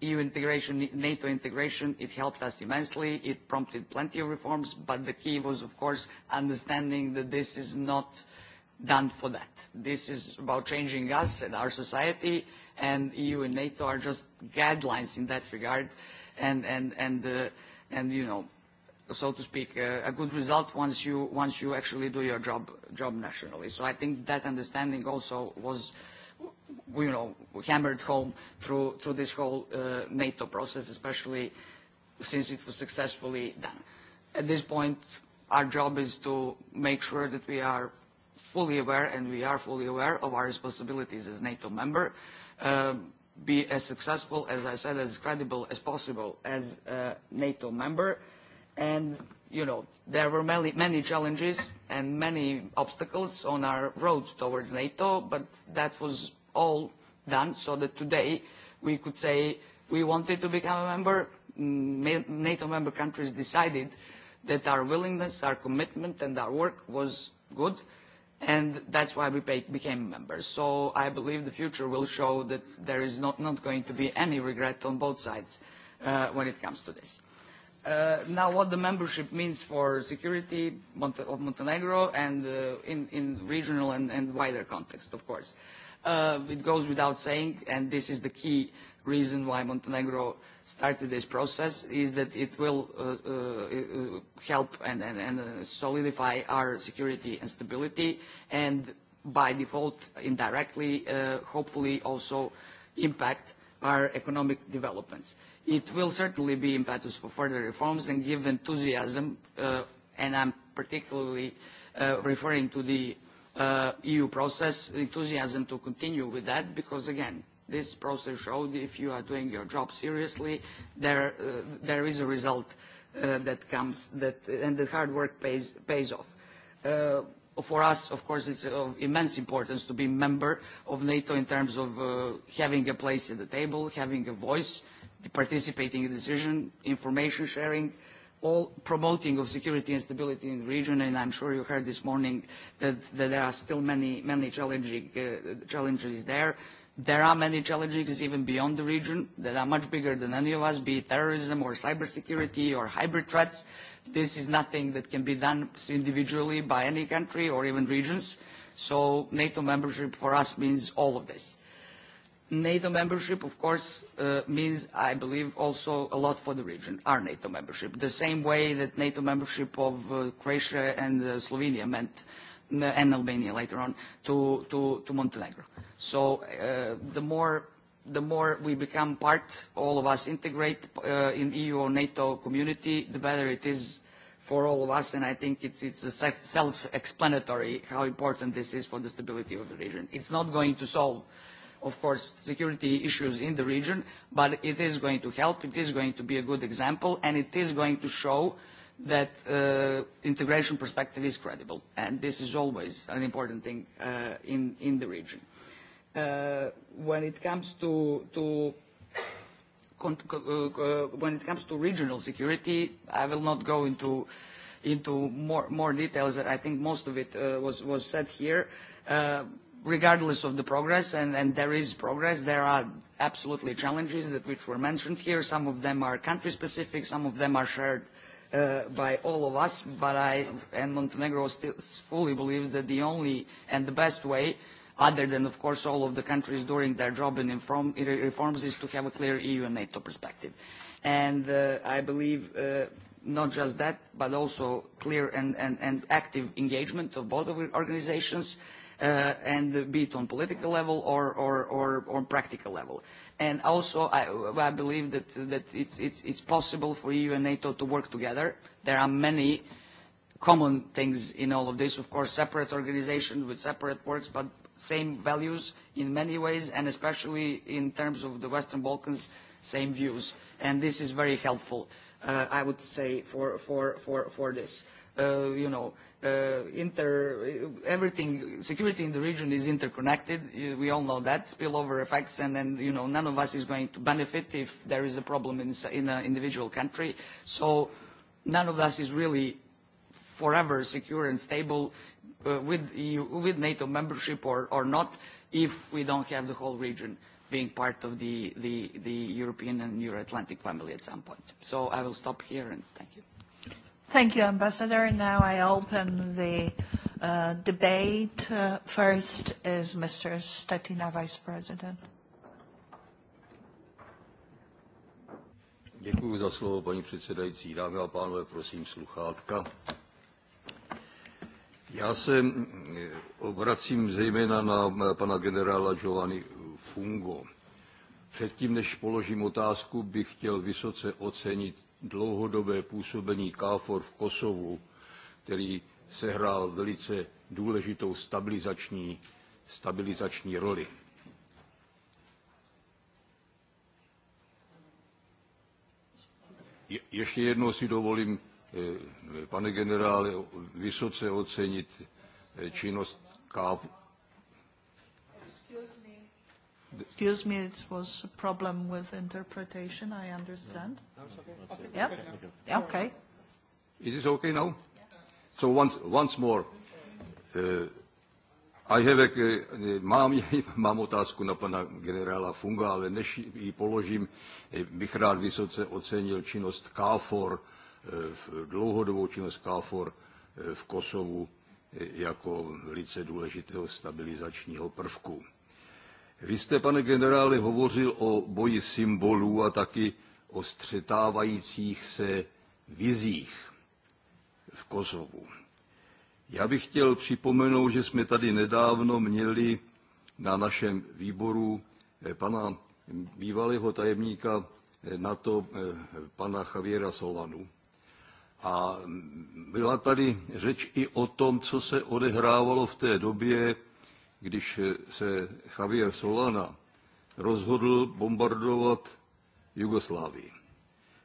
EU integration, NATO integration, it helped us immensely. It prompted plenty of reforms, but the key was, of course, understanding that this is not done for that. This is about changing us and our society, and EU and NATO are just guidelines in that regard. And, and, and, uh, and you know, so to speak, uh, a good result once you, once you actually do your job, job nationally. So I think that understanding also was you know, hammered home through, through this whole uh, NATO process, especially since it was successfully done. At this point, our job is to make sure that we are fully aware, and we are fully aware of our responsibilities as NATO member, uh, be as successful, as I said, as credible as possible as a NATO member. And, you know, there were many, many challenges and many obstacles on our road towards NATO, but that was all done so that today we could say we wanted to become a member. Mm, NATO member countries decided that our willingness, our commitment and our work was good and that's why we became members. So I believe the future will show that there is not, not going to be any regret on both sides uh, when it comes to this. Uh, now, what the membership means for security of Montenegro and uh, in, in regional and, and wider context, of course. Uh, Uh, it goes without saying, and this is the key reason why Montenegro started this process, is that it will uh, uh, uh help and, and, and uh, solidify our security and stability, and by default, indirectly, uh, hopefully also impact our economic developments. It will certainly be impetus for further reforms and give enthusiasm, and I'm particularly referring to the uh, EU process, enthusiasm to continue with that, because again, this process showed if you are doing your job seriously, there, uh, there is a result uh, that comes, that, and the hard work pays, pays off. Uh, for us, of course, it's of immense importance to be member of NATO in terms of uh, having a place at the table, having a voice, participating in decision, information sharing, uh, all promoting of security and stability in the region, and I'm sure you heard this morning that, that there are still many, many challenging, uh, challenges there. There are many challenges even beyond the region that are much bigger than any of us, be it terrorism or cybersecurity or hybrid threats. This is nothing that can be done individually by any country or even regions. So NATO membership for us means all of this. NATO membership, of course, uh, means, I believe, also a lot for the region, our NATO membership, the same way that NATO membership of uh, Croatia and uh, Slovenia meant, and Albania later on, to, to, to Montenegro. So uh, the, more, the more we become part, all of us integrate uh, in EU or NATO community, the better it is for all of us, and I think it's, it's self-explanatory how important this is for the stability of the region. It's not going to solve uh, of course, security issues in the region, but it is going to help, it is going to be a good example, and it is going to show that uh, integration perspective is credible. And this is always an important thing uh, in, in the region. Uh, when it comes to, to con uh, uh, when it comes to regional security, I will not go into into more more details. I think most of it uh, was was said here. Uh, regardless of the progress, and, and there is progress, there are absolutely challenges that which were mentioned here. Some of them are country-specific, some of them are shared uh, by all of us, but I and Montenegro still fully believes that the only and the best way, other than, of course, all of the countries doing their job in inform, reforms, is to have a clear EU and NATO perspective. And uh, I believe uh, not just that, but also clear and, and, and active engagement of both of organizations, uh, uh, and be it on political level or, or, or, or practical level. And also, I, I believe that, that it's, it's, it's possible for EU and NATO to work together. There are many common things in all of this. Of course, separate organizations with separate words, but same values in many ways, and especially in terms of the Western Balkans, same views. And this is very helpful, uh, I would say, for, for, for, for this. Uh, you know, uh, inter uh, everything security in the region is interconnected uh, we all know that spillover effects and then you know none of us is going to benefit if there is a problem in in an individual country so none of us is really forever secure and stable uh, with EU, with NATO membership or or not if we don't have the whole region being part of the the, the European and Euro-Atlantic family at some point so I will stop here and thank you Thank you, Ambassador. Now I open the uh, debate. Uh, first is Mr. Stetina, Vice President. Děkuji za slovo, paní předsedající. Dámy a pánové, prosím sluchátka. Já se obracím zejména na pana generála Giovanni Fungo. Předtím, než položím otázku, bych chtěl vysoce ocenit dlouhodobé působení KFOR v Kosovu, který sehrál velice důležitou stabilizační, stabilizační roli. Je, ještě jednou si dovolím, eh, pane generále, vysoce ocenit eh, činnost KFOR Excuse me, it was a problem with interpretation, I understand. No, it's okay. Yeah? Okay. yeah, okay. It is okay now? Yeah. So once, once more, uh, I have a, mám, mám otázku na pana generála Funga, ale než ji položím, eh, bych rád vysoce ocenil činnost KFOR, eh, dlouhodobou činnost KFOR eh, v Kosovu jako velice důležitého stabilizačního prvku. Vy jste, pane generále, hovořil o boji symbolů a taky o střetávajících se vizích v Kosovu. Já bych chtěl připomenout, že jsme tady nedávno měli na našem výboru eh, pana bývalého tajemníka eh, NATO, eh, pana Javiera Solanu. A byla tady řeč i o tom, co se odehrávalo v té době když eh, se Javier Solana rozhodl bombardovat Jugoslávii.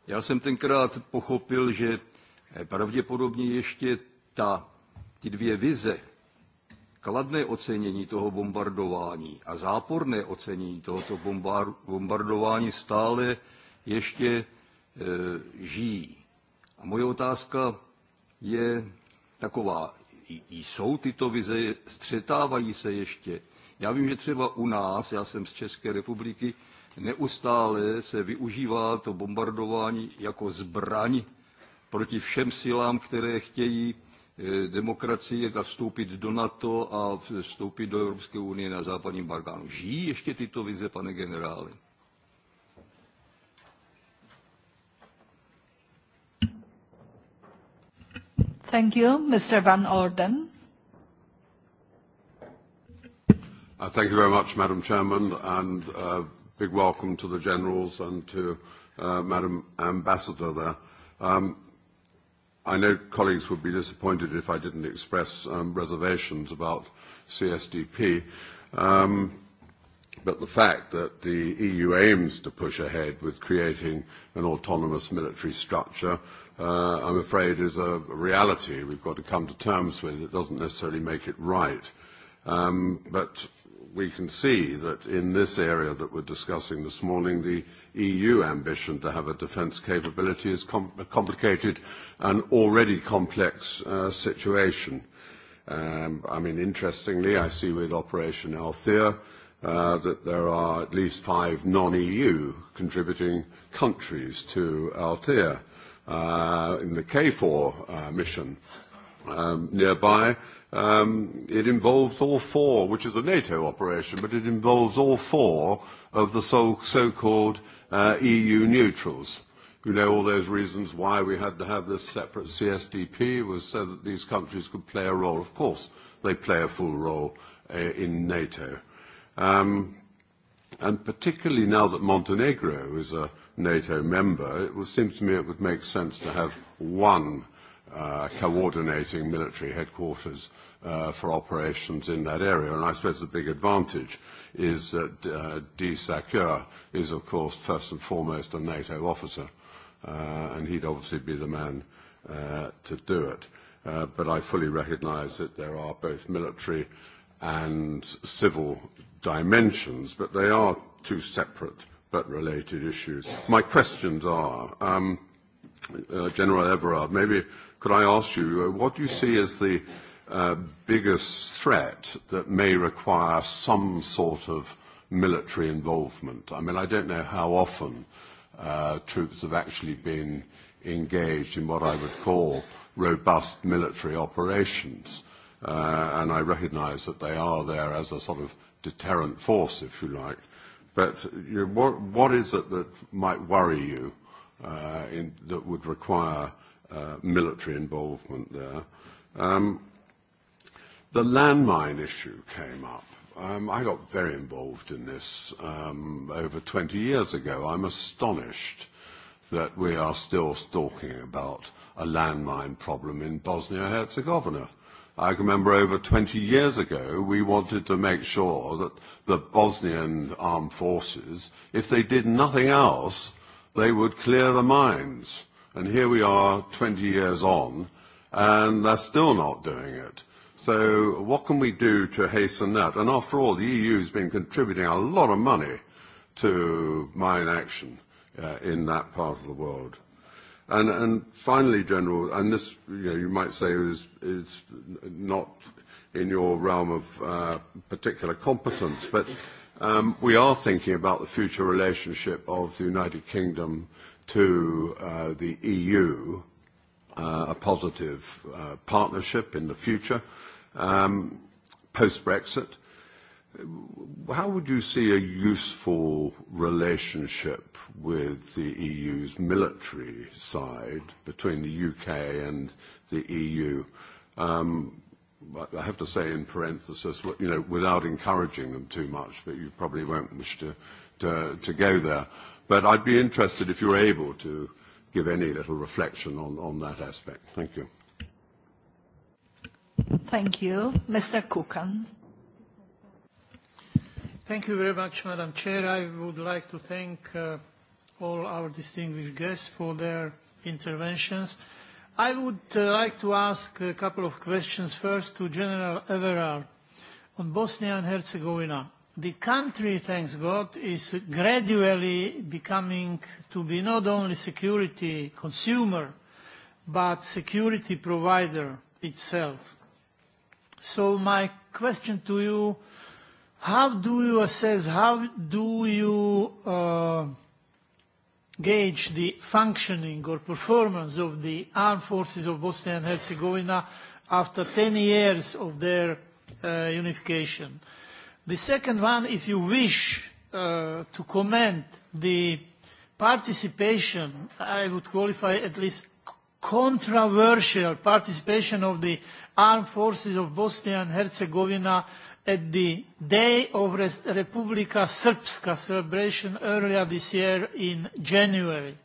Já jsem tenkrát pochopil, že eh, pravděpodobně ještě ta, ty dvě vize, kladné ocenění toho bombardování a záporné ocenění tohoto bombardování stále ještě e, žijí. A moje otázka je taková, jsou tyto vize, střetávají se ještě. Já vím, že třeba u nás, já jsem z České republiky, neustále se využívá to bombardování jako zbraň proti všem silám, které chtějí eh, demokracii a vstoupit do NATO a vstoupit do Evropské unie na západním Balkánu. Žijí ještě tyto vize, pane generále? Thank you. Mr. Van Orden. Uh, thank you very much, Madam Chairman, and a uh, big welcome to the generals and to uh, Madam Ambassador there. Um, I know colleagues would be disappointed if I didn't express um, reservations about CSDP, um, but the fact that the EU aims to push ahead with creating an autonomous military structure uh, I'm afraid, is a reality. We've got to come to terms with it. It doesn't necessarily make it right. Um, but we can see that in this area that we're discussing this morning, the EU ambition to have a defence capability is com- a complicated and already complex uh, situation. Um, I mean, interestingly, I see with Operation Althea uh, that there are at least five non-EU contributing countries to Althea uh, in the K4 uh, mission um, nearby. Um, it involves all four, which is a NATO operation, but it involves all four of the so- so-called uh, EU neutrals. You know all those reasons why we had to have this separate CSDP was so that these countries could play a role. Of course, they play a full role uh, in NATO. Um, and particularly now that Montenegro is a NATO member, it would seem to me it would make sense to have one uh, coordinating military headquarters uh, for operations in that area. And I suppose the big advantage is that uh, Sacur is, of course, first and foremost a NATO officer, uh, and he'd obviously be the man uh, to do it. Uh, but I fully recognize that there are both military and civil dimensions, but they are two separate but related issues. My questions are, um, uh, General Everard, maybe could I ask you, uh, what do you see as the uh, biggest threat that may require some sort of military involvement? I mean, I don't know how often uh, troops have actually been engaged in what I would call robust military operations. Uh, and I recognize that they are there as a sort of deterrent force, if you like. But you know, what, what is it that might worry you uh, in, that would require uh, military involvement there? Um, the landmine issue came up. Um, I got very involved in this um, over 20 years ago. I'm astonished that we are still talking about a landmine problem in Bosnia-Herzegovina. Uh, I can remember over 20 years ago, we wanted to make sure that the Bosnian armed forces, if they did nothing else, they would clear the mines. And here we are 20 years on, and they're still not doing it. So what can we do to hasten that? And after all, the EU has been contributing a lot of money to mine action uh, in that part of the world. And, finally, General, and this, you know, you might say is, is not in your realm of uh, particular competence, but um, we are thinking about the future relationship of the United Kingdom to uh, the EU, uh, a positive uh, partnership in the future, um, post-Brexit how would you see a useful relationship with the EU's military side between the UK and the EU? Um, I have to say in parenthesis, you know, without encouraging them too much, but you probably won't wish to, to, to go there. But I'd be interested if you're able to give any little reflection on, on that aspect. Thank you. Thank you. Mr. Kukan. Thank you very much, Madam Chair. I would like to thank uh, all our distinguished guests for their interventions. I would uh, like to ask a couple of questions first to General Everard on Bosnia and Herzegovina. The country, thanks God, is gradually becoming to be not only security consumer, but security provider itself. So my question to you How do you assess, how do you uh, gauge the functioning or performance of the armed forces of Bosnia and Herzegovina after 10 years of their uh, unification? The second one, if you wish uh, to comment the participation, I would qualify at least controversial participation of the armed forces of Bosnia and Herzegovina at the day of Republika Srpska celebration earlier this year in January.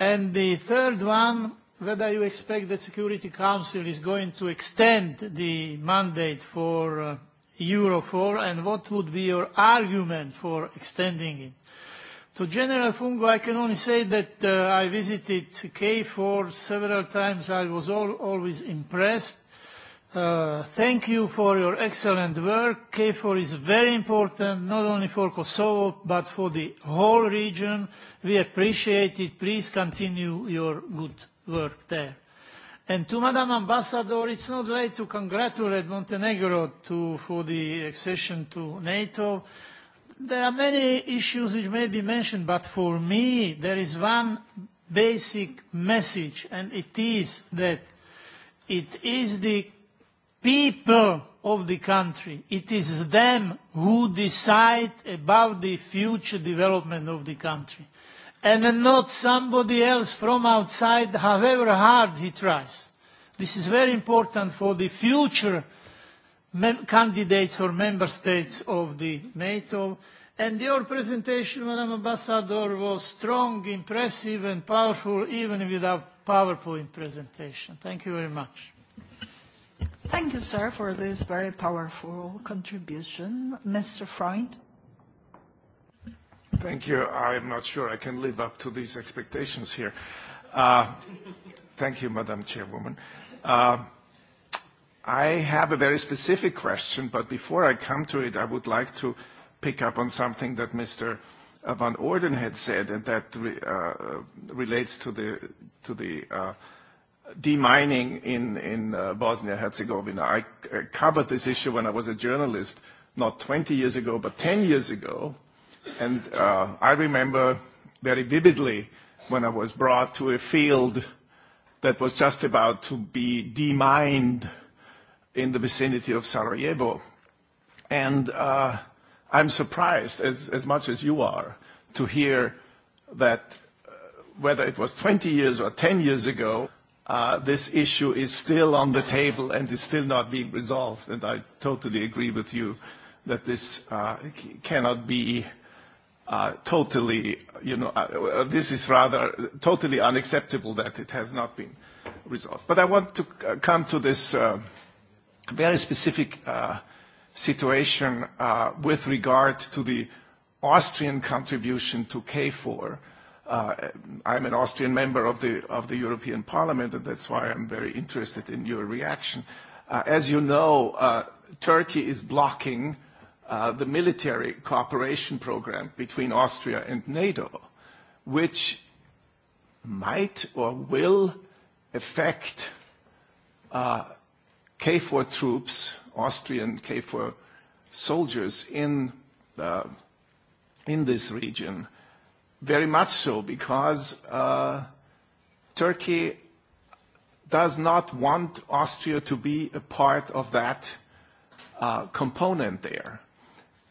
And the third one, whether you expect that Security Council is going to extend the mandate for uh, Eurofor and what would be your argument for extending it. To General Fungo, I can only say that uh, I visited K4 several times. I was all, always impressed Uh, thank you for your excellent work. KFOR is very important, not only for Kosovo, but for the whole region. We appreciate it. Please continue your good work there. And to Madam Ambassador, it's not late to congratulate Montenegro to, for the accession to NATO. There are many issues which may be mentioned, but for me, there is one basic message, and it is that it is the people of the country. It is them who decide about the future development of the country. And not somebody else from outside, however hard he tries. This is very important for the future candidates or member states of the NATO. And your presentation, Madam Ambassador, was strong, impressive and powerful, even without PowerPoint presentation. Thank you very much. Thank you, sir, for this very powerful contribution. Mr. Freund? Thank you. I'm not sure I can live up to these expectations here. Uh, thank you, Madam Chairwoman. Uh, I have a very specific question, but before I come to it, I would like to pick up on something that Mr. Van Orden had said, and that re, uh, relates to the, to the uh, demining in, in uh, Bosnia-Herzegovina. I uh, covered this issue when I was a journalist, not 20 years ago, but 10 years ago. And uh, I remember very vividly when I was brought to a field that was just about to be demined in the vicinity of Sarajevo. And uh, I'm surprised, as, as much as you are, to hear that uh, whether it was 20 years or 10 years ago, Uh, this issue is still on the table and is still not being resolved. And I totally agree with you that this uh, cannot be uh, totally, you know, uh, uh, this is rather totally unacceptable that it has not been resolved. But I want to uh, come to this uh, very specific uh, situation uh, with regard to the Austrian contribution to K4. Uh, I'm an Austrian member of the, of the European Parliament, and that's why I'm very interested in your reaction. Uh, as you know, uh, Turkey is blocking uh, the military cooperation program between Austria and NATO, which might or will affect uh, K4 troops, Austrian K4 soldiers in, uh, in this region. Very much so, because uh, Turkey does not want Austria to be a part of that uh, component there.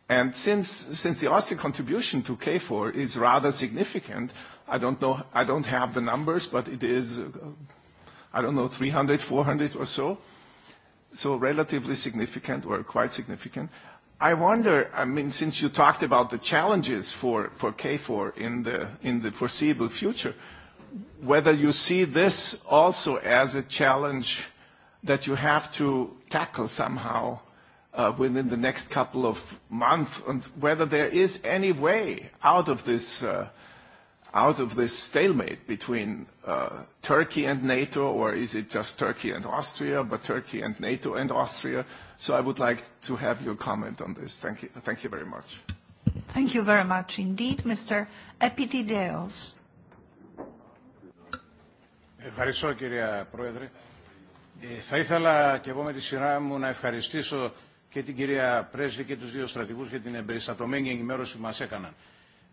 And since, since the Austrian contribution to KFOR is rather significant, I don't know, I don't have the numbers, but it is, uh, I don't know, 300, 400 or so. So relatively significant or quite significant. I wonder, I mean, since you talked about the challenges for, K4 in the, foreseeable future, whether you see this also as a challenge that you have to tackle somehow uh, within the next couple of months, and whether there is any way out of this uh, out of this stalemate between uh, Turkey and NATO, or is it just Turkey and Austria, but Turkey and NATO and Austria? So I would like to have your comment on this. Thank you, thank you very much. Thank you very much indeed, Mr. Epitideos. Ευχαριστώ κυρία Πρόεδρε. Θα ήθελα και εγώ με τη σειρά μου να ευχαριστήσω και την κυρία Πρέσβη και τους δύο στρατηγούς για την εμπεριστατωμένη ενημέρωση που μας έκαναν.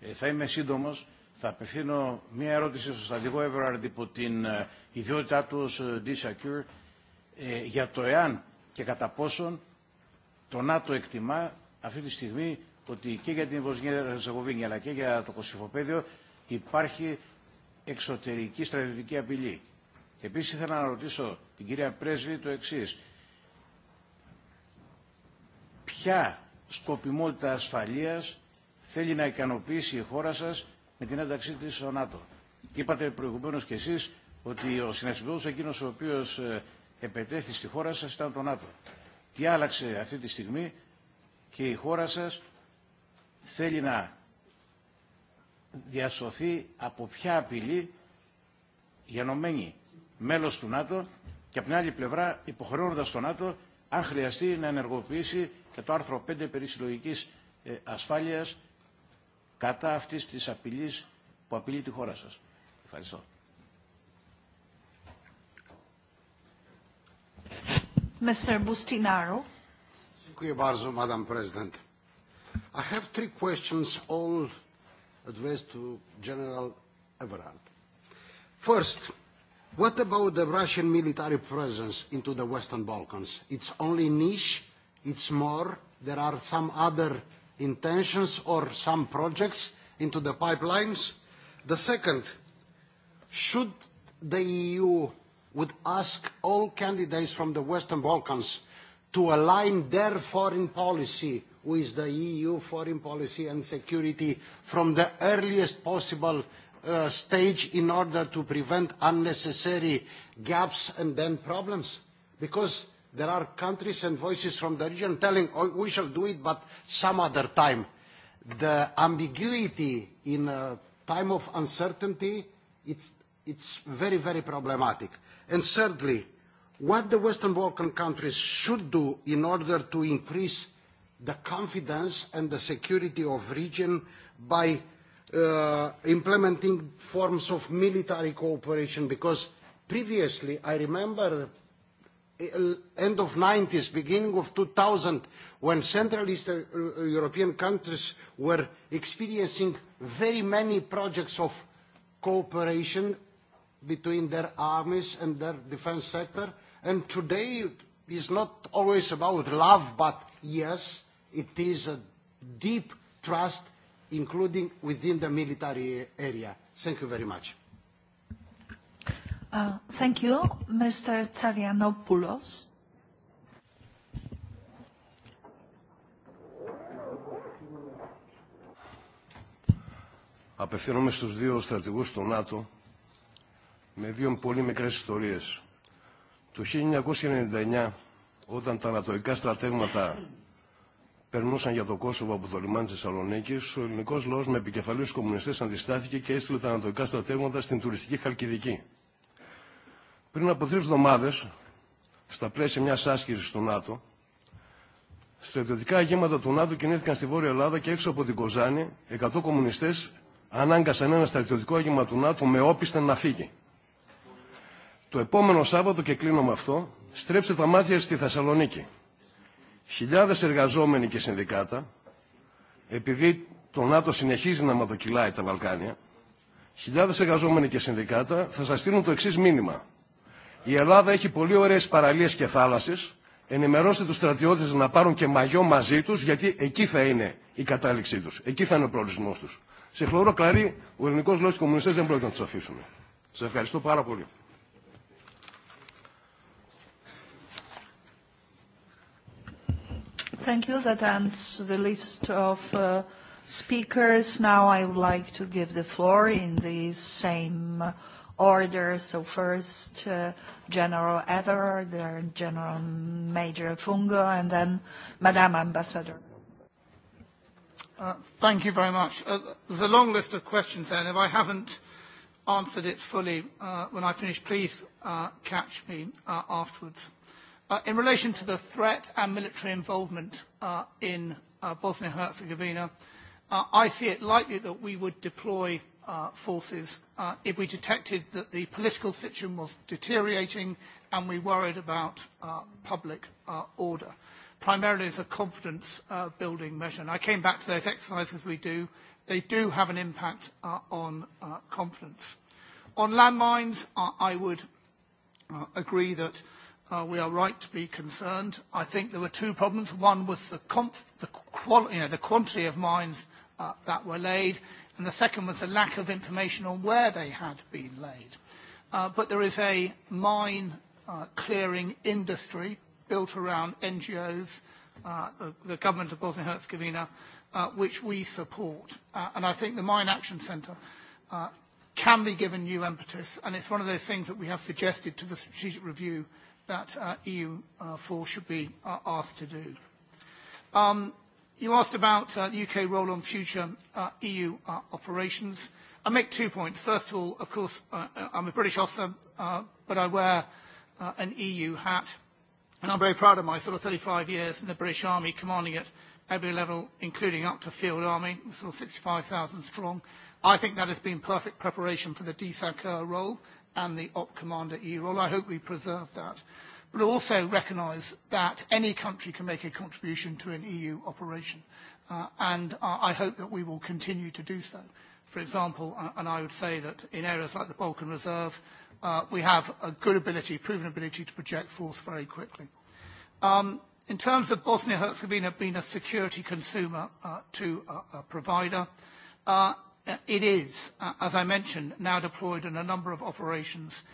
Ε, Θα είμαι σύντομος. Θα απευθύνω μία ερώτηση στον Στρατηγό Εύρωαρντ υπό την ιδιότητά του ως D-Secure για το εάν και κατά πόσον το ΝΑΤΟ εκτιμά αυτή τη στιγμή ότι και για την Βοσνία Ερζεγοβίνη αλλά και για το Κωσυφοπαίδιο υπάρχει εξωτερική στρατιωτική απειλή. Επίσης ήθελα να ρωτήσω την κυρία Πρέσβη το εξής. Ποια σκοπιμότητα ασφαλείας θέλει να ικανοποιήσει η χώρα σας με την ένταξή τη στο ΝΑΤΟ. Είπατε προηγουμένω κι εσεί ότι ο συνασπισμό εκείνο ο οποίο επετέθη στη χώρα σα ήταν το ΝΑΤΟ. Τι άλλαξε αυτή τη στιγμή και η χώρα σα θέλει να διασωθεί από ποια απειλή γενομένη μέλο του ΝΑΤΟ και από την άλλη πλευρά υποχρεώνοντα το ΝΑΤΟ αν χρειαστεί να ενεργοποιήσει και το άρθρο 5 περί συλλογική ασφάλειας κατά αυτής της απειλής που απειλεί τη χώρα σας. Ευχαριστώ. Mr. Bustinaro. Thank you, Barzo, Madam President. I have three questions, all addressed to General Everard. First, what about the Russian military presence into the Western Balkans? It's only niche, it's more, there are some other intentions or some projects into the pipelines? The second, should the EU would ask all candidates from the Western Balkans to align their foreign policy with the EU foreign policy and security from the earliest possible uh, stage in order to prevent unnecessary gaps and then problems? Because There are countries and voices from the region telling, oh, we shall do it, but some other time. The ambiguity in a time of uncertainty, it's, it's very, very problematic. And thirdly, what the Western Balkan countries should do in order to increase the confidence and the security of region by uh, implementing forms of military cooperation because previously I remember end of 90s, beginning of 2000, when Central Eastern uh, uh, European countries were experiencing very many projects of cooperation between their armies and their defense sector. And today is not always about love, but yes, it is a deep trust, including within the military area. Thank you very much. Uh, thank you. Mr. Tsarianopoulos. Απευθύνομαι στους δύο στρατηγούς του ΝΑΤΟ με δύο πολύ μικρές ιστορίες. Το 1999, όταν τα ανατοϊκά στρατεύματα περνούσαν για το Κόσοβο από το λιμάνι της Θεσσαλονίκη, ο ελληνικός λαός με επικεφαλής κομμουνιστές αντιστάθηκε και έστειλε τα ανατοϊκά στρατεύματα στην τουριστική Χαλκιδική. Πριν από τρει εβδομάδε, στα πλαίσια μια άσκηση του ΝΑΤΟ, στρατιωτικά αγήματα του ΝΑΤΟ κινήθηκαν στη Βόρεια Ελλάδα και έξω από την Κοζάνη 100 κομμουνιστέ ανάγκασαν ένα στρατιωτικό αγήμα του ΝΑΤΟ με όπιστε να φύγει. Το επόμενο Σάββατο, και κλείνω με αυτό, στρέψτε τα μάτια στη Θεσσαλονίκη. Χιλιάδε εργαζόμενοι και συνδικάτα, επειδή το ΝΑΤΟ συνεχίζει να ματοκυλάει τα Βαλκάνια, χιλιάδε εργαζόμενοι και συνδικάτα θα σα στείλουν το εξή μήνυμα. Η Ελλάδα έχει πολύ ωραίες παραλίες και θάλασσες. Ενημερώστε τους στρατιώτες να πάρουν και μαγιό μαζί τους, γιατί εκεί θα είναι η κατάληξή τους. Εκεί θα είναι ο προορισμός τους. Σε χλωρό κλαρί, ο ελληνικός λόγος κομμουνιστές δεν πρόκειται να τους αφήσουμε. Σας ευχαριστώ πάρα πολύ. Thank you. That ends the list of uh, speakers. Now I would like to give the floor in the same order. So first, uh, General Everard, their General Major Fungo, and then Madame Ambassador. Uh, thank you very much. Uh, there's a long list of questions and If I haven't answered it fully uh, when I finish, please uh, catch me uh, afterwards. Uh, in relation to the threat and military involvement uh, in uh, Bosnia-Herzegovina, uh, I see it likely that we would deploy uh, forces uh, if we detected that the political situation was deteriorating and we worried about uh, public uh, order, primarily as a confidence uh, building measure. And I came back to those exercises we do. They do have an impact uh, on uh, confidence. On landmines, uh, I would uh, agree that uh, we are right to be concerned. I think there were two problems. One was the, conf- the, qual- you know, the quantity of mines uh, that were laid and the second was a lack of information on where they had been laid. Uh, but there is a mine uh, clearing industry built around NGOs, uh, the, the government of Bosnia-Herzegovina, uh, which we support. Uh, and I think the Mine Action Centre uh, can be given new impetus, and it's one of those things that we have suggested to the strategic review that uh, EU4 uh, should be uh, asked to do. Um, You asked about uh, the UK role on future uh, EU uh, operations. I make two points. First of all, of course, uh, uh I'm a British officer, uh, but I wear uh, an EU hat, and I'm very proud of my sort of 35 years in the British Army, commanding at every level, including up to field army, sort of 65,000 strong. I think that has been perfect preparation for the DSAC role and the op commander EU role. I hope we preserve that but also recognise that any country can make a contribution to an EU operation. Uh, and uh, I hope that we will continue to do so. For example, uh, and I would say that in areas like the Balkan Reserve, uh, we have a good ability, proven ability to project force very quickly. Um, in terms of Bosnia-Herzegovina being a security consumer uh, to a, a provider, uh, it is, uh, as I mentioned, now deployed in a number of operations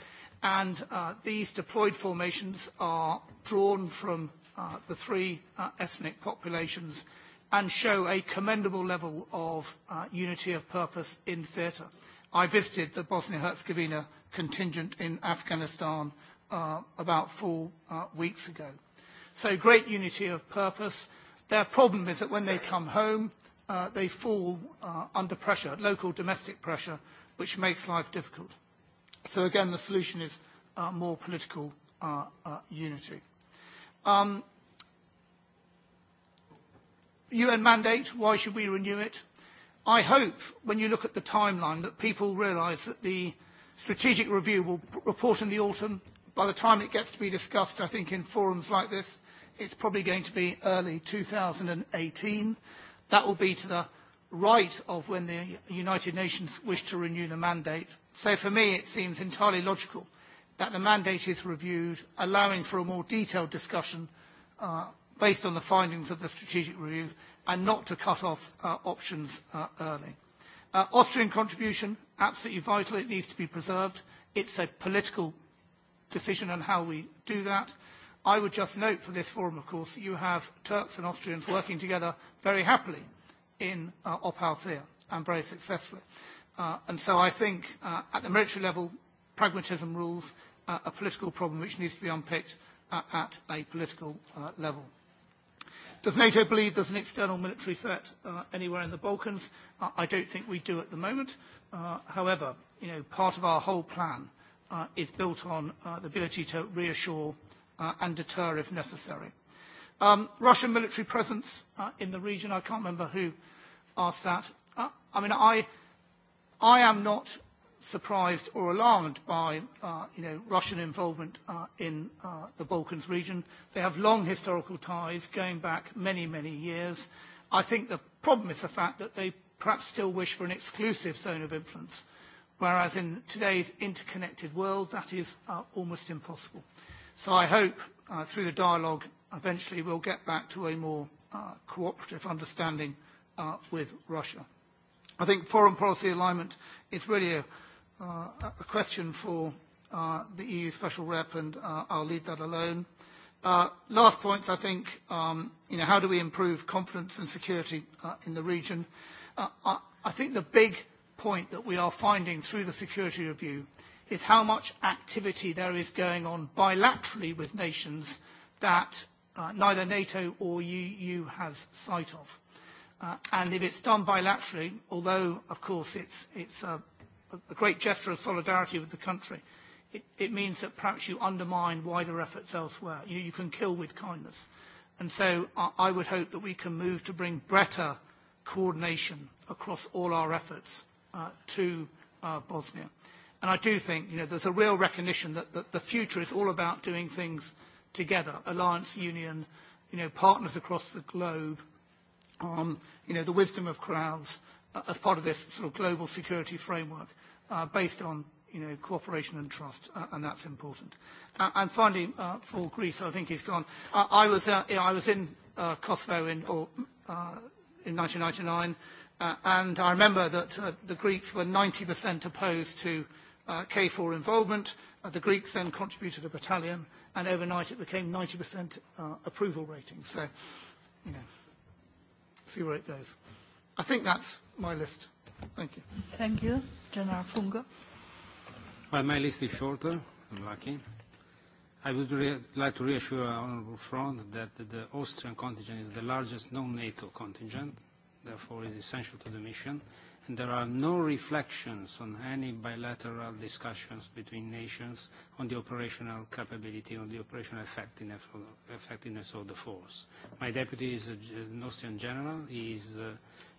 and uh, these deployed formations are drawn from uh, the three uh, ethnic populations and show a commendable level of uh, unity of purpose in theatre. I visited the Bosnia-Herzegovina contingent in Afghanistan uh, about four uh, weeks ago. So great unity of purpose. Their problem is that when they come home, uh, they fall uh, under pressure, local domestic pressure, which makes life difficult. So again, the solution is uh, more political uh, uh, unity. Um, UN mandate, why should we renew it? I hope, when you look at the timeline, that people realise that the strategic review will report in the autumn. By the time it gets to be discussed, I think, in forums like this, it's probably going to be early 2018. That will be to the right of when the United Nations wish to renew the mandate. So for me, it seems entirely logical that the mandate is reviewed, allowing for a more detailed discussion uh, based on the findings of the strategic review and not to cut off uh, options uh, early. Uh, Austrian contribution, absolutely vital. It needs to be preserved. It's a political decision on how we do that. I would just note for this forum, of course, that you have Turks and Austrians working together very happily in uh, Opal-Thea and very successfully. Uh, and so I think uh, at the military level, pragmatism rules uh, a political problem which needs to be unpicked uh, at a political uh, level. Does NATO believe there's an external military threat uh, anywhere in the Balkans? Uh, I don't think we do at the moment. Uh, however, you know, part of our whole plan uh, is built on uh, the ability to reassure uh, and deter if necessary. Um, Russian military presence uh, in the region, I can't remember who asked that. Uh, I mean, I, I am not surprised or alarmed by uh, you know, Russian involvement uh, in uh, the Balkans region. They have long historical ties going back many, many years. I think the problem is the fact that they perhaps still wish for an exclusive zone of influence, whereas in today's interconnected world, that is uh, almost impossible. So I hope uh, through the dialogue eventually we'll get back to a more uh, cooperative understanding uh, with Russia. I think foreign policy alignment is really a, uh, a question for uh, the EU Special Rep, and uh, I'll leave that alone. Uh, last point, I think, um, you know, how do we improve confidence and security uh, in the region? Uh, I, I think the big point that we are finding through the security review is how much activity there is going on bilaterally with nations that Uh, neither NATO or EU has sight of. Uh, and if it's done bilaterally, although, of course, it's, it's a, a great gesture of solidarity with the country, it, it means that perhaps you undermine wider efforts elsewhere. You, you can kill with kindness. And so I, I would hope that we can move to bring better coordination across all our efforts uh, to uh, Bosnia. And I do think you know, there's a real recognition that, that the future is all about doing things – together, alliance, union, you know, partners across the globe, um, you know, the wisdom of crowds uh, as part of this sort of global security framework uh, based on, you know, cooperation and trust, uh, and that's important. Uh, and finally, uh, for Greece, I think he's gone. Uh, I, was, uh, you know, I was in uh, Kosovo in, or, uh, in 1999, uh, and I remember that uh, the Greeks were 90% opposed to uh, K4 involvement. Uh, the Greeks then contributed a battalion, and overnight it became 90% uh, approval rating. So, you know, see where it goes. I think that's my list. Thank you. Thank you. General Fungo. Well, my list is shorter. I'm lucky. I would like to reassure Honourable Front that the Austrian contingent is the largest non-NATO contingent, therefore is essential to the mission, there are no reflections on any bilateral discussions between nations on the operational capability, on the operational effectiveness, effectiveness of the force. My deputy is an Austrian general. He is uh,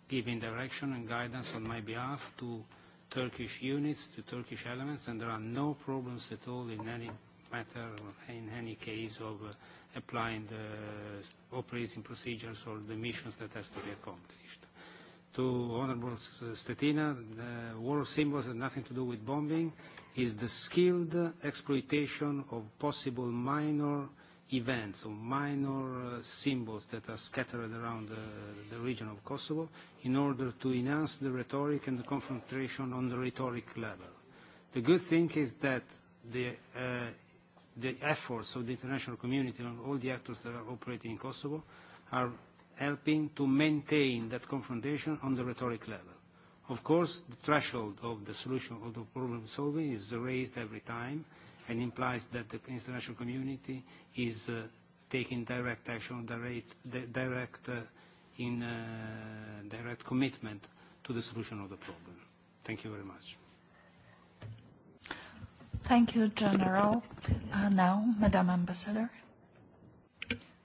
giving direction and guidance on my behalf to Turkish units, to Turkish elements, and there are no problems at all in any matter or in any case of uh, applying the uh, operating procedures or the missions that has to be accomplished to Honorable Stetina, the war symbols have nothing to do with bombing, is the skilled exploitation of possible minor events or minor uh, symbols that are scattered around uh, the region of Kosovo in order to enhance the rhetoric and the confrontation on the rhetoric level. The good thing is that the, uh, the efforts of the international community and all the actors that are operating in Kosovo are helping to maintain that confrontation on the rhetoric level. Of course, the threshold of the solution of the problem solving is raised every time and implies that the international community is uh, taking direct action, direct, direct, uh, in, uh, direct commitment to the solution of the problem. Thank you very much. Thank you, General. Uh, now, Madam Ambassador.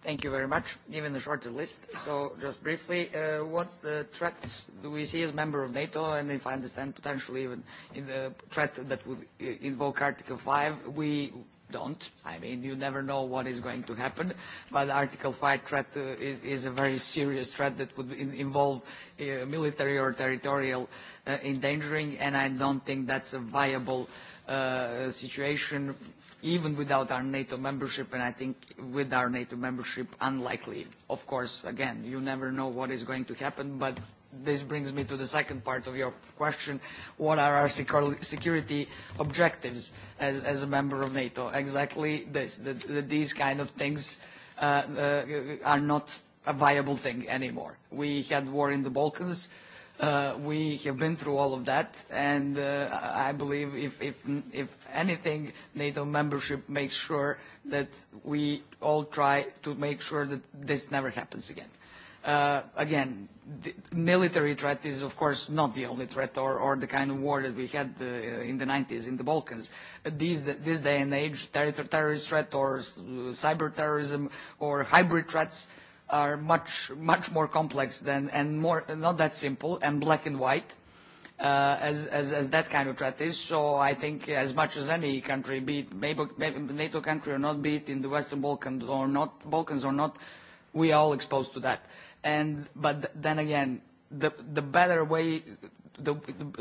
Thank you very much. Given the shorter list, so just briefly, uh, what the threats do we see as member of NATO, and if I understand, potentially even in the threat that would invoke Article 5, we don't. I mean, you never know what is going to happen, but Article 5 threat uh, is, is a very serious threat that would in, involve uh, military or territorial uh, endangering, and I don't think that's a viable uh, situation even without our NATO membership, and I think with our NATO membership, unlikely. Of course, again, you never know what is going to happen, but this brings me to the second part of your question. What are our security objectives as, as a member of NATO? Exactly this, that, that these kind of things uh, uh, are not a viable thing anymore. We had war in the Balkans. Uh, we have been through all of that, and uh, I believe if, if, if anything, NATO membership makes sure that we all try to make sure that this never happens again uh, again, the military threat is, of course, not the only threat or, or the kind of war that we had uh, in the 90s in the Balkans. These, this day and age, ter terrorist threat or cyber terrorism or hybrid threats are much, much more complex than, and more, not that simple and black and white. Uh, as, as, as that kind of threat is. So I think as much as any country, be it maybe, maybe NATO country or not, be it in the Western Balkans or not, Balkans or not, we are all exposed to that. Uh, and but then again, the the better way the,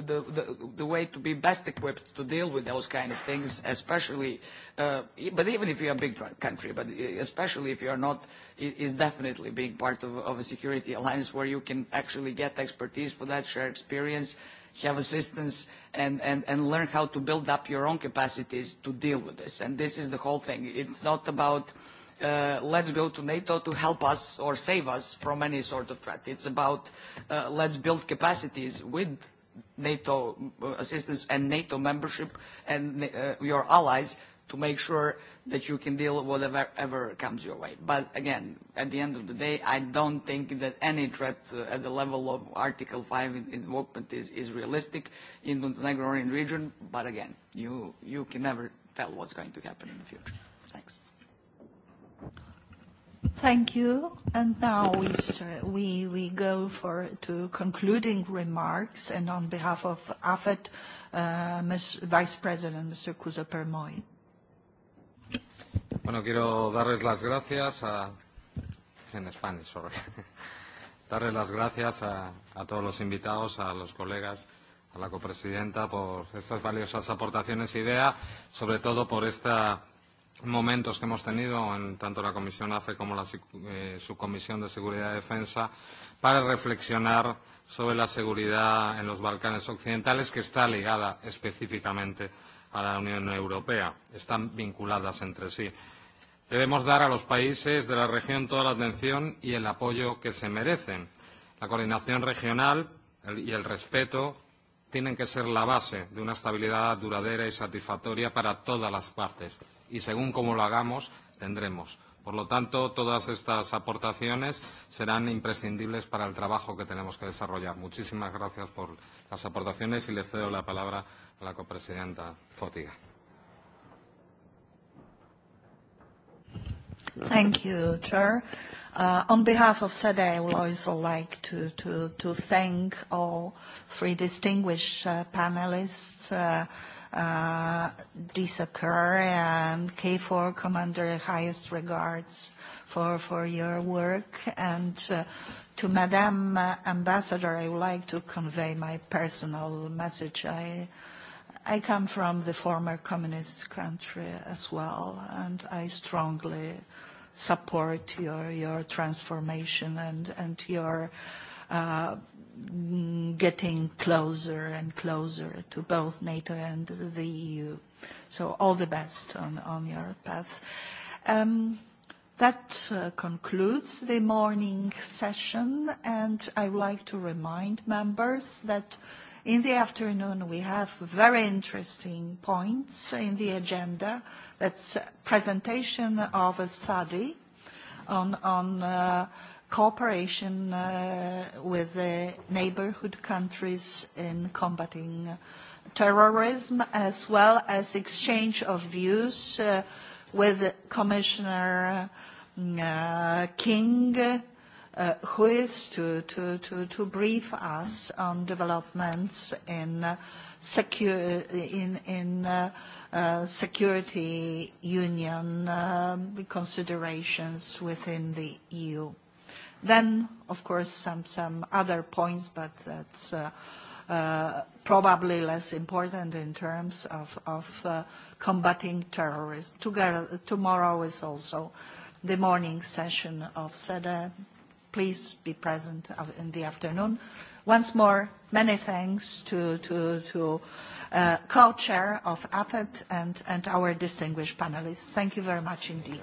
the, the, the way to be best equipped to deal with those kind of things, especially, uh, e, but even if you're a big country, but e, especially if you are not, is definitely being part of, of a security alliance where you can actually get expertise for that, share experience, have assistance, and, and, and learn how to build up your own capacities to deal with this. And this is the whole thing. It's not about uh, let's go to NATO to help us or save us from any sort of threat. It's about uh, let's build capacities with NATO uh, assistance and NATO membership and uh, your allies to make sure that you can deal whatever ever comes your way. But again, at the end of the day, I don't think that any threat uh, at the level of Article 5 involvement is, is realistic in the Montenegro region. But again, you, you can never tell what's going to happen in the future. Thanks. Thank you. And now we, go for, to concluding remarks, and on behalf of AFET, uh, Vice President, Mr. Couso Permoy. Bueno, quiero darles las gracias a... En Spanish, sorry. darles las gracias a, a todos los invitados, a los colegas, a la copresidenta por estas valiosas aportaciones e ideas, sobre todo por esta momentos que hemos tenido en tanto la Comisión AFE como la eh, Subcomisión de Seguridad y Defensa para reflexionar sobre la seguridad en los Balcanes Occidentales, que está ligada específicamente a la Unión Europea. Están vinculadas entre sí. Debemos dar a los países de la región toda la atención y el apoyo que se merecen. La coordinación regional y el respeto tienen que ser la base de una estabilidad duradera y satisfactoria para todas las partes y según cómo lo hagamos tendremos. Por lo tanto, todas estas aportaciones serán imprescindibles para el trabajo que tenemos que desarrollar. Muchísimas gracias por las aportaciones y le cedo la palabra a la copresidenta Fotiga. Thank you, Chair. Uh, on behalf of SEDE, e, I would also like to, to, to thank all three distinguished uh, panelists. Uh, this uh, occur and K4 Commander highest regards for, for your work and uh, to Madam Ambassador I would like to convey my personal message. I, I come from the former communist country as well and I strongly support your, your transformation and, and your uh, getting closer and closer to both NATO and the EU. So all the best on, on your path. Um, that uh, concludes the morning session, and I would like to remind members that in the afternoon we have very interesting points in the agenda. That's presentation of a study on, on uh, cooperation uh, with the neighborhood countries in combating terrorism, as well as exchange of views uh, with Commissioner uh, King, uh, who is to, to, to, to brief us on developments in, uh, secure, in, in uh, uh, security union uh, considerations within the EU. Then, of course, some, some other points, but that's uh, uh, probably less important in terms of, of uh, combating terrorism. Together, tomorrow is also the morning session of SEDA. Please be present in the afternoon. Once more, many thanks to, to, to uh, co-chair of AFET and, and our distinguished panelists. Thank you very much indeed.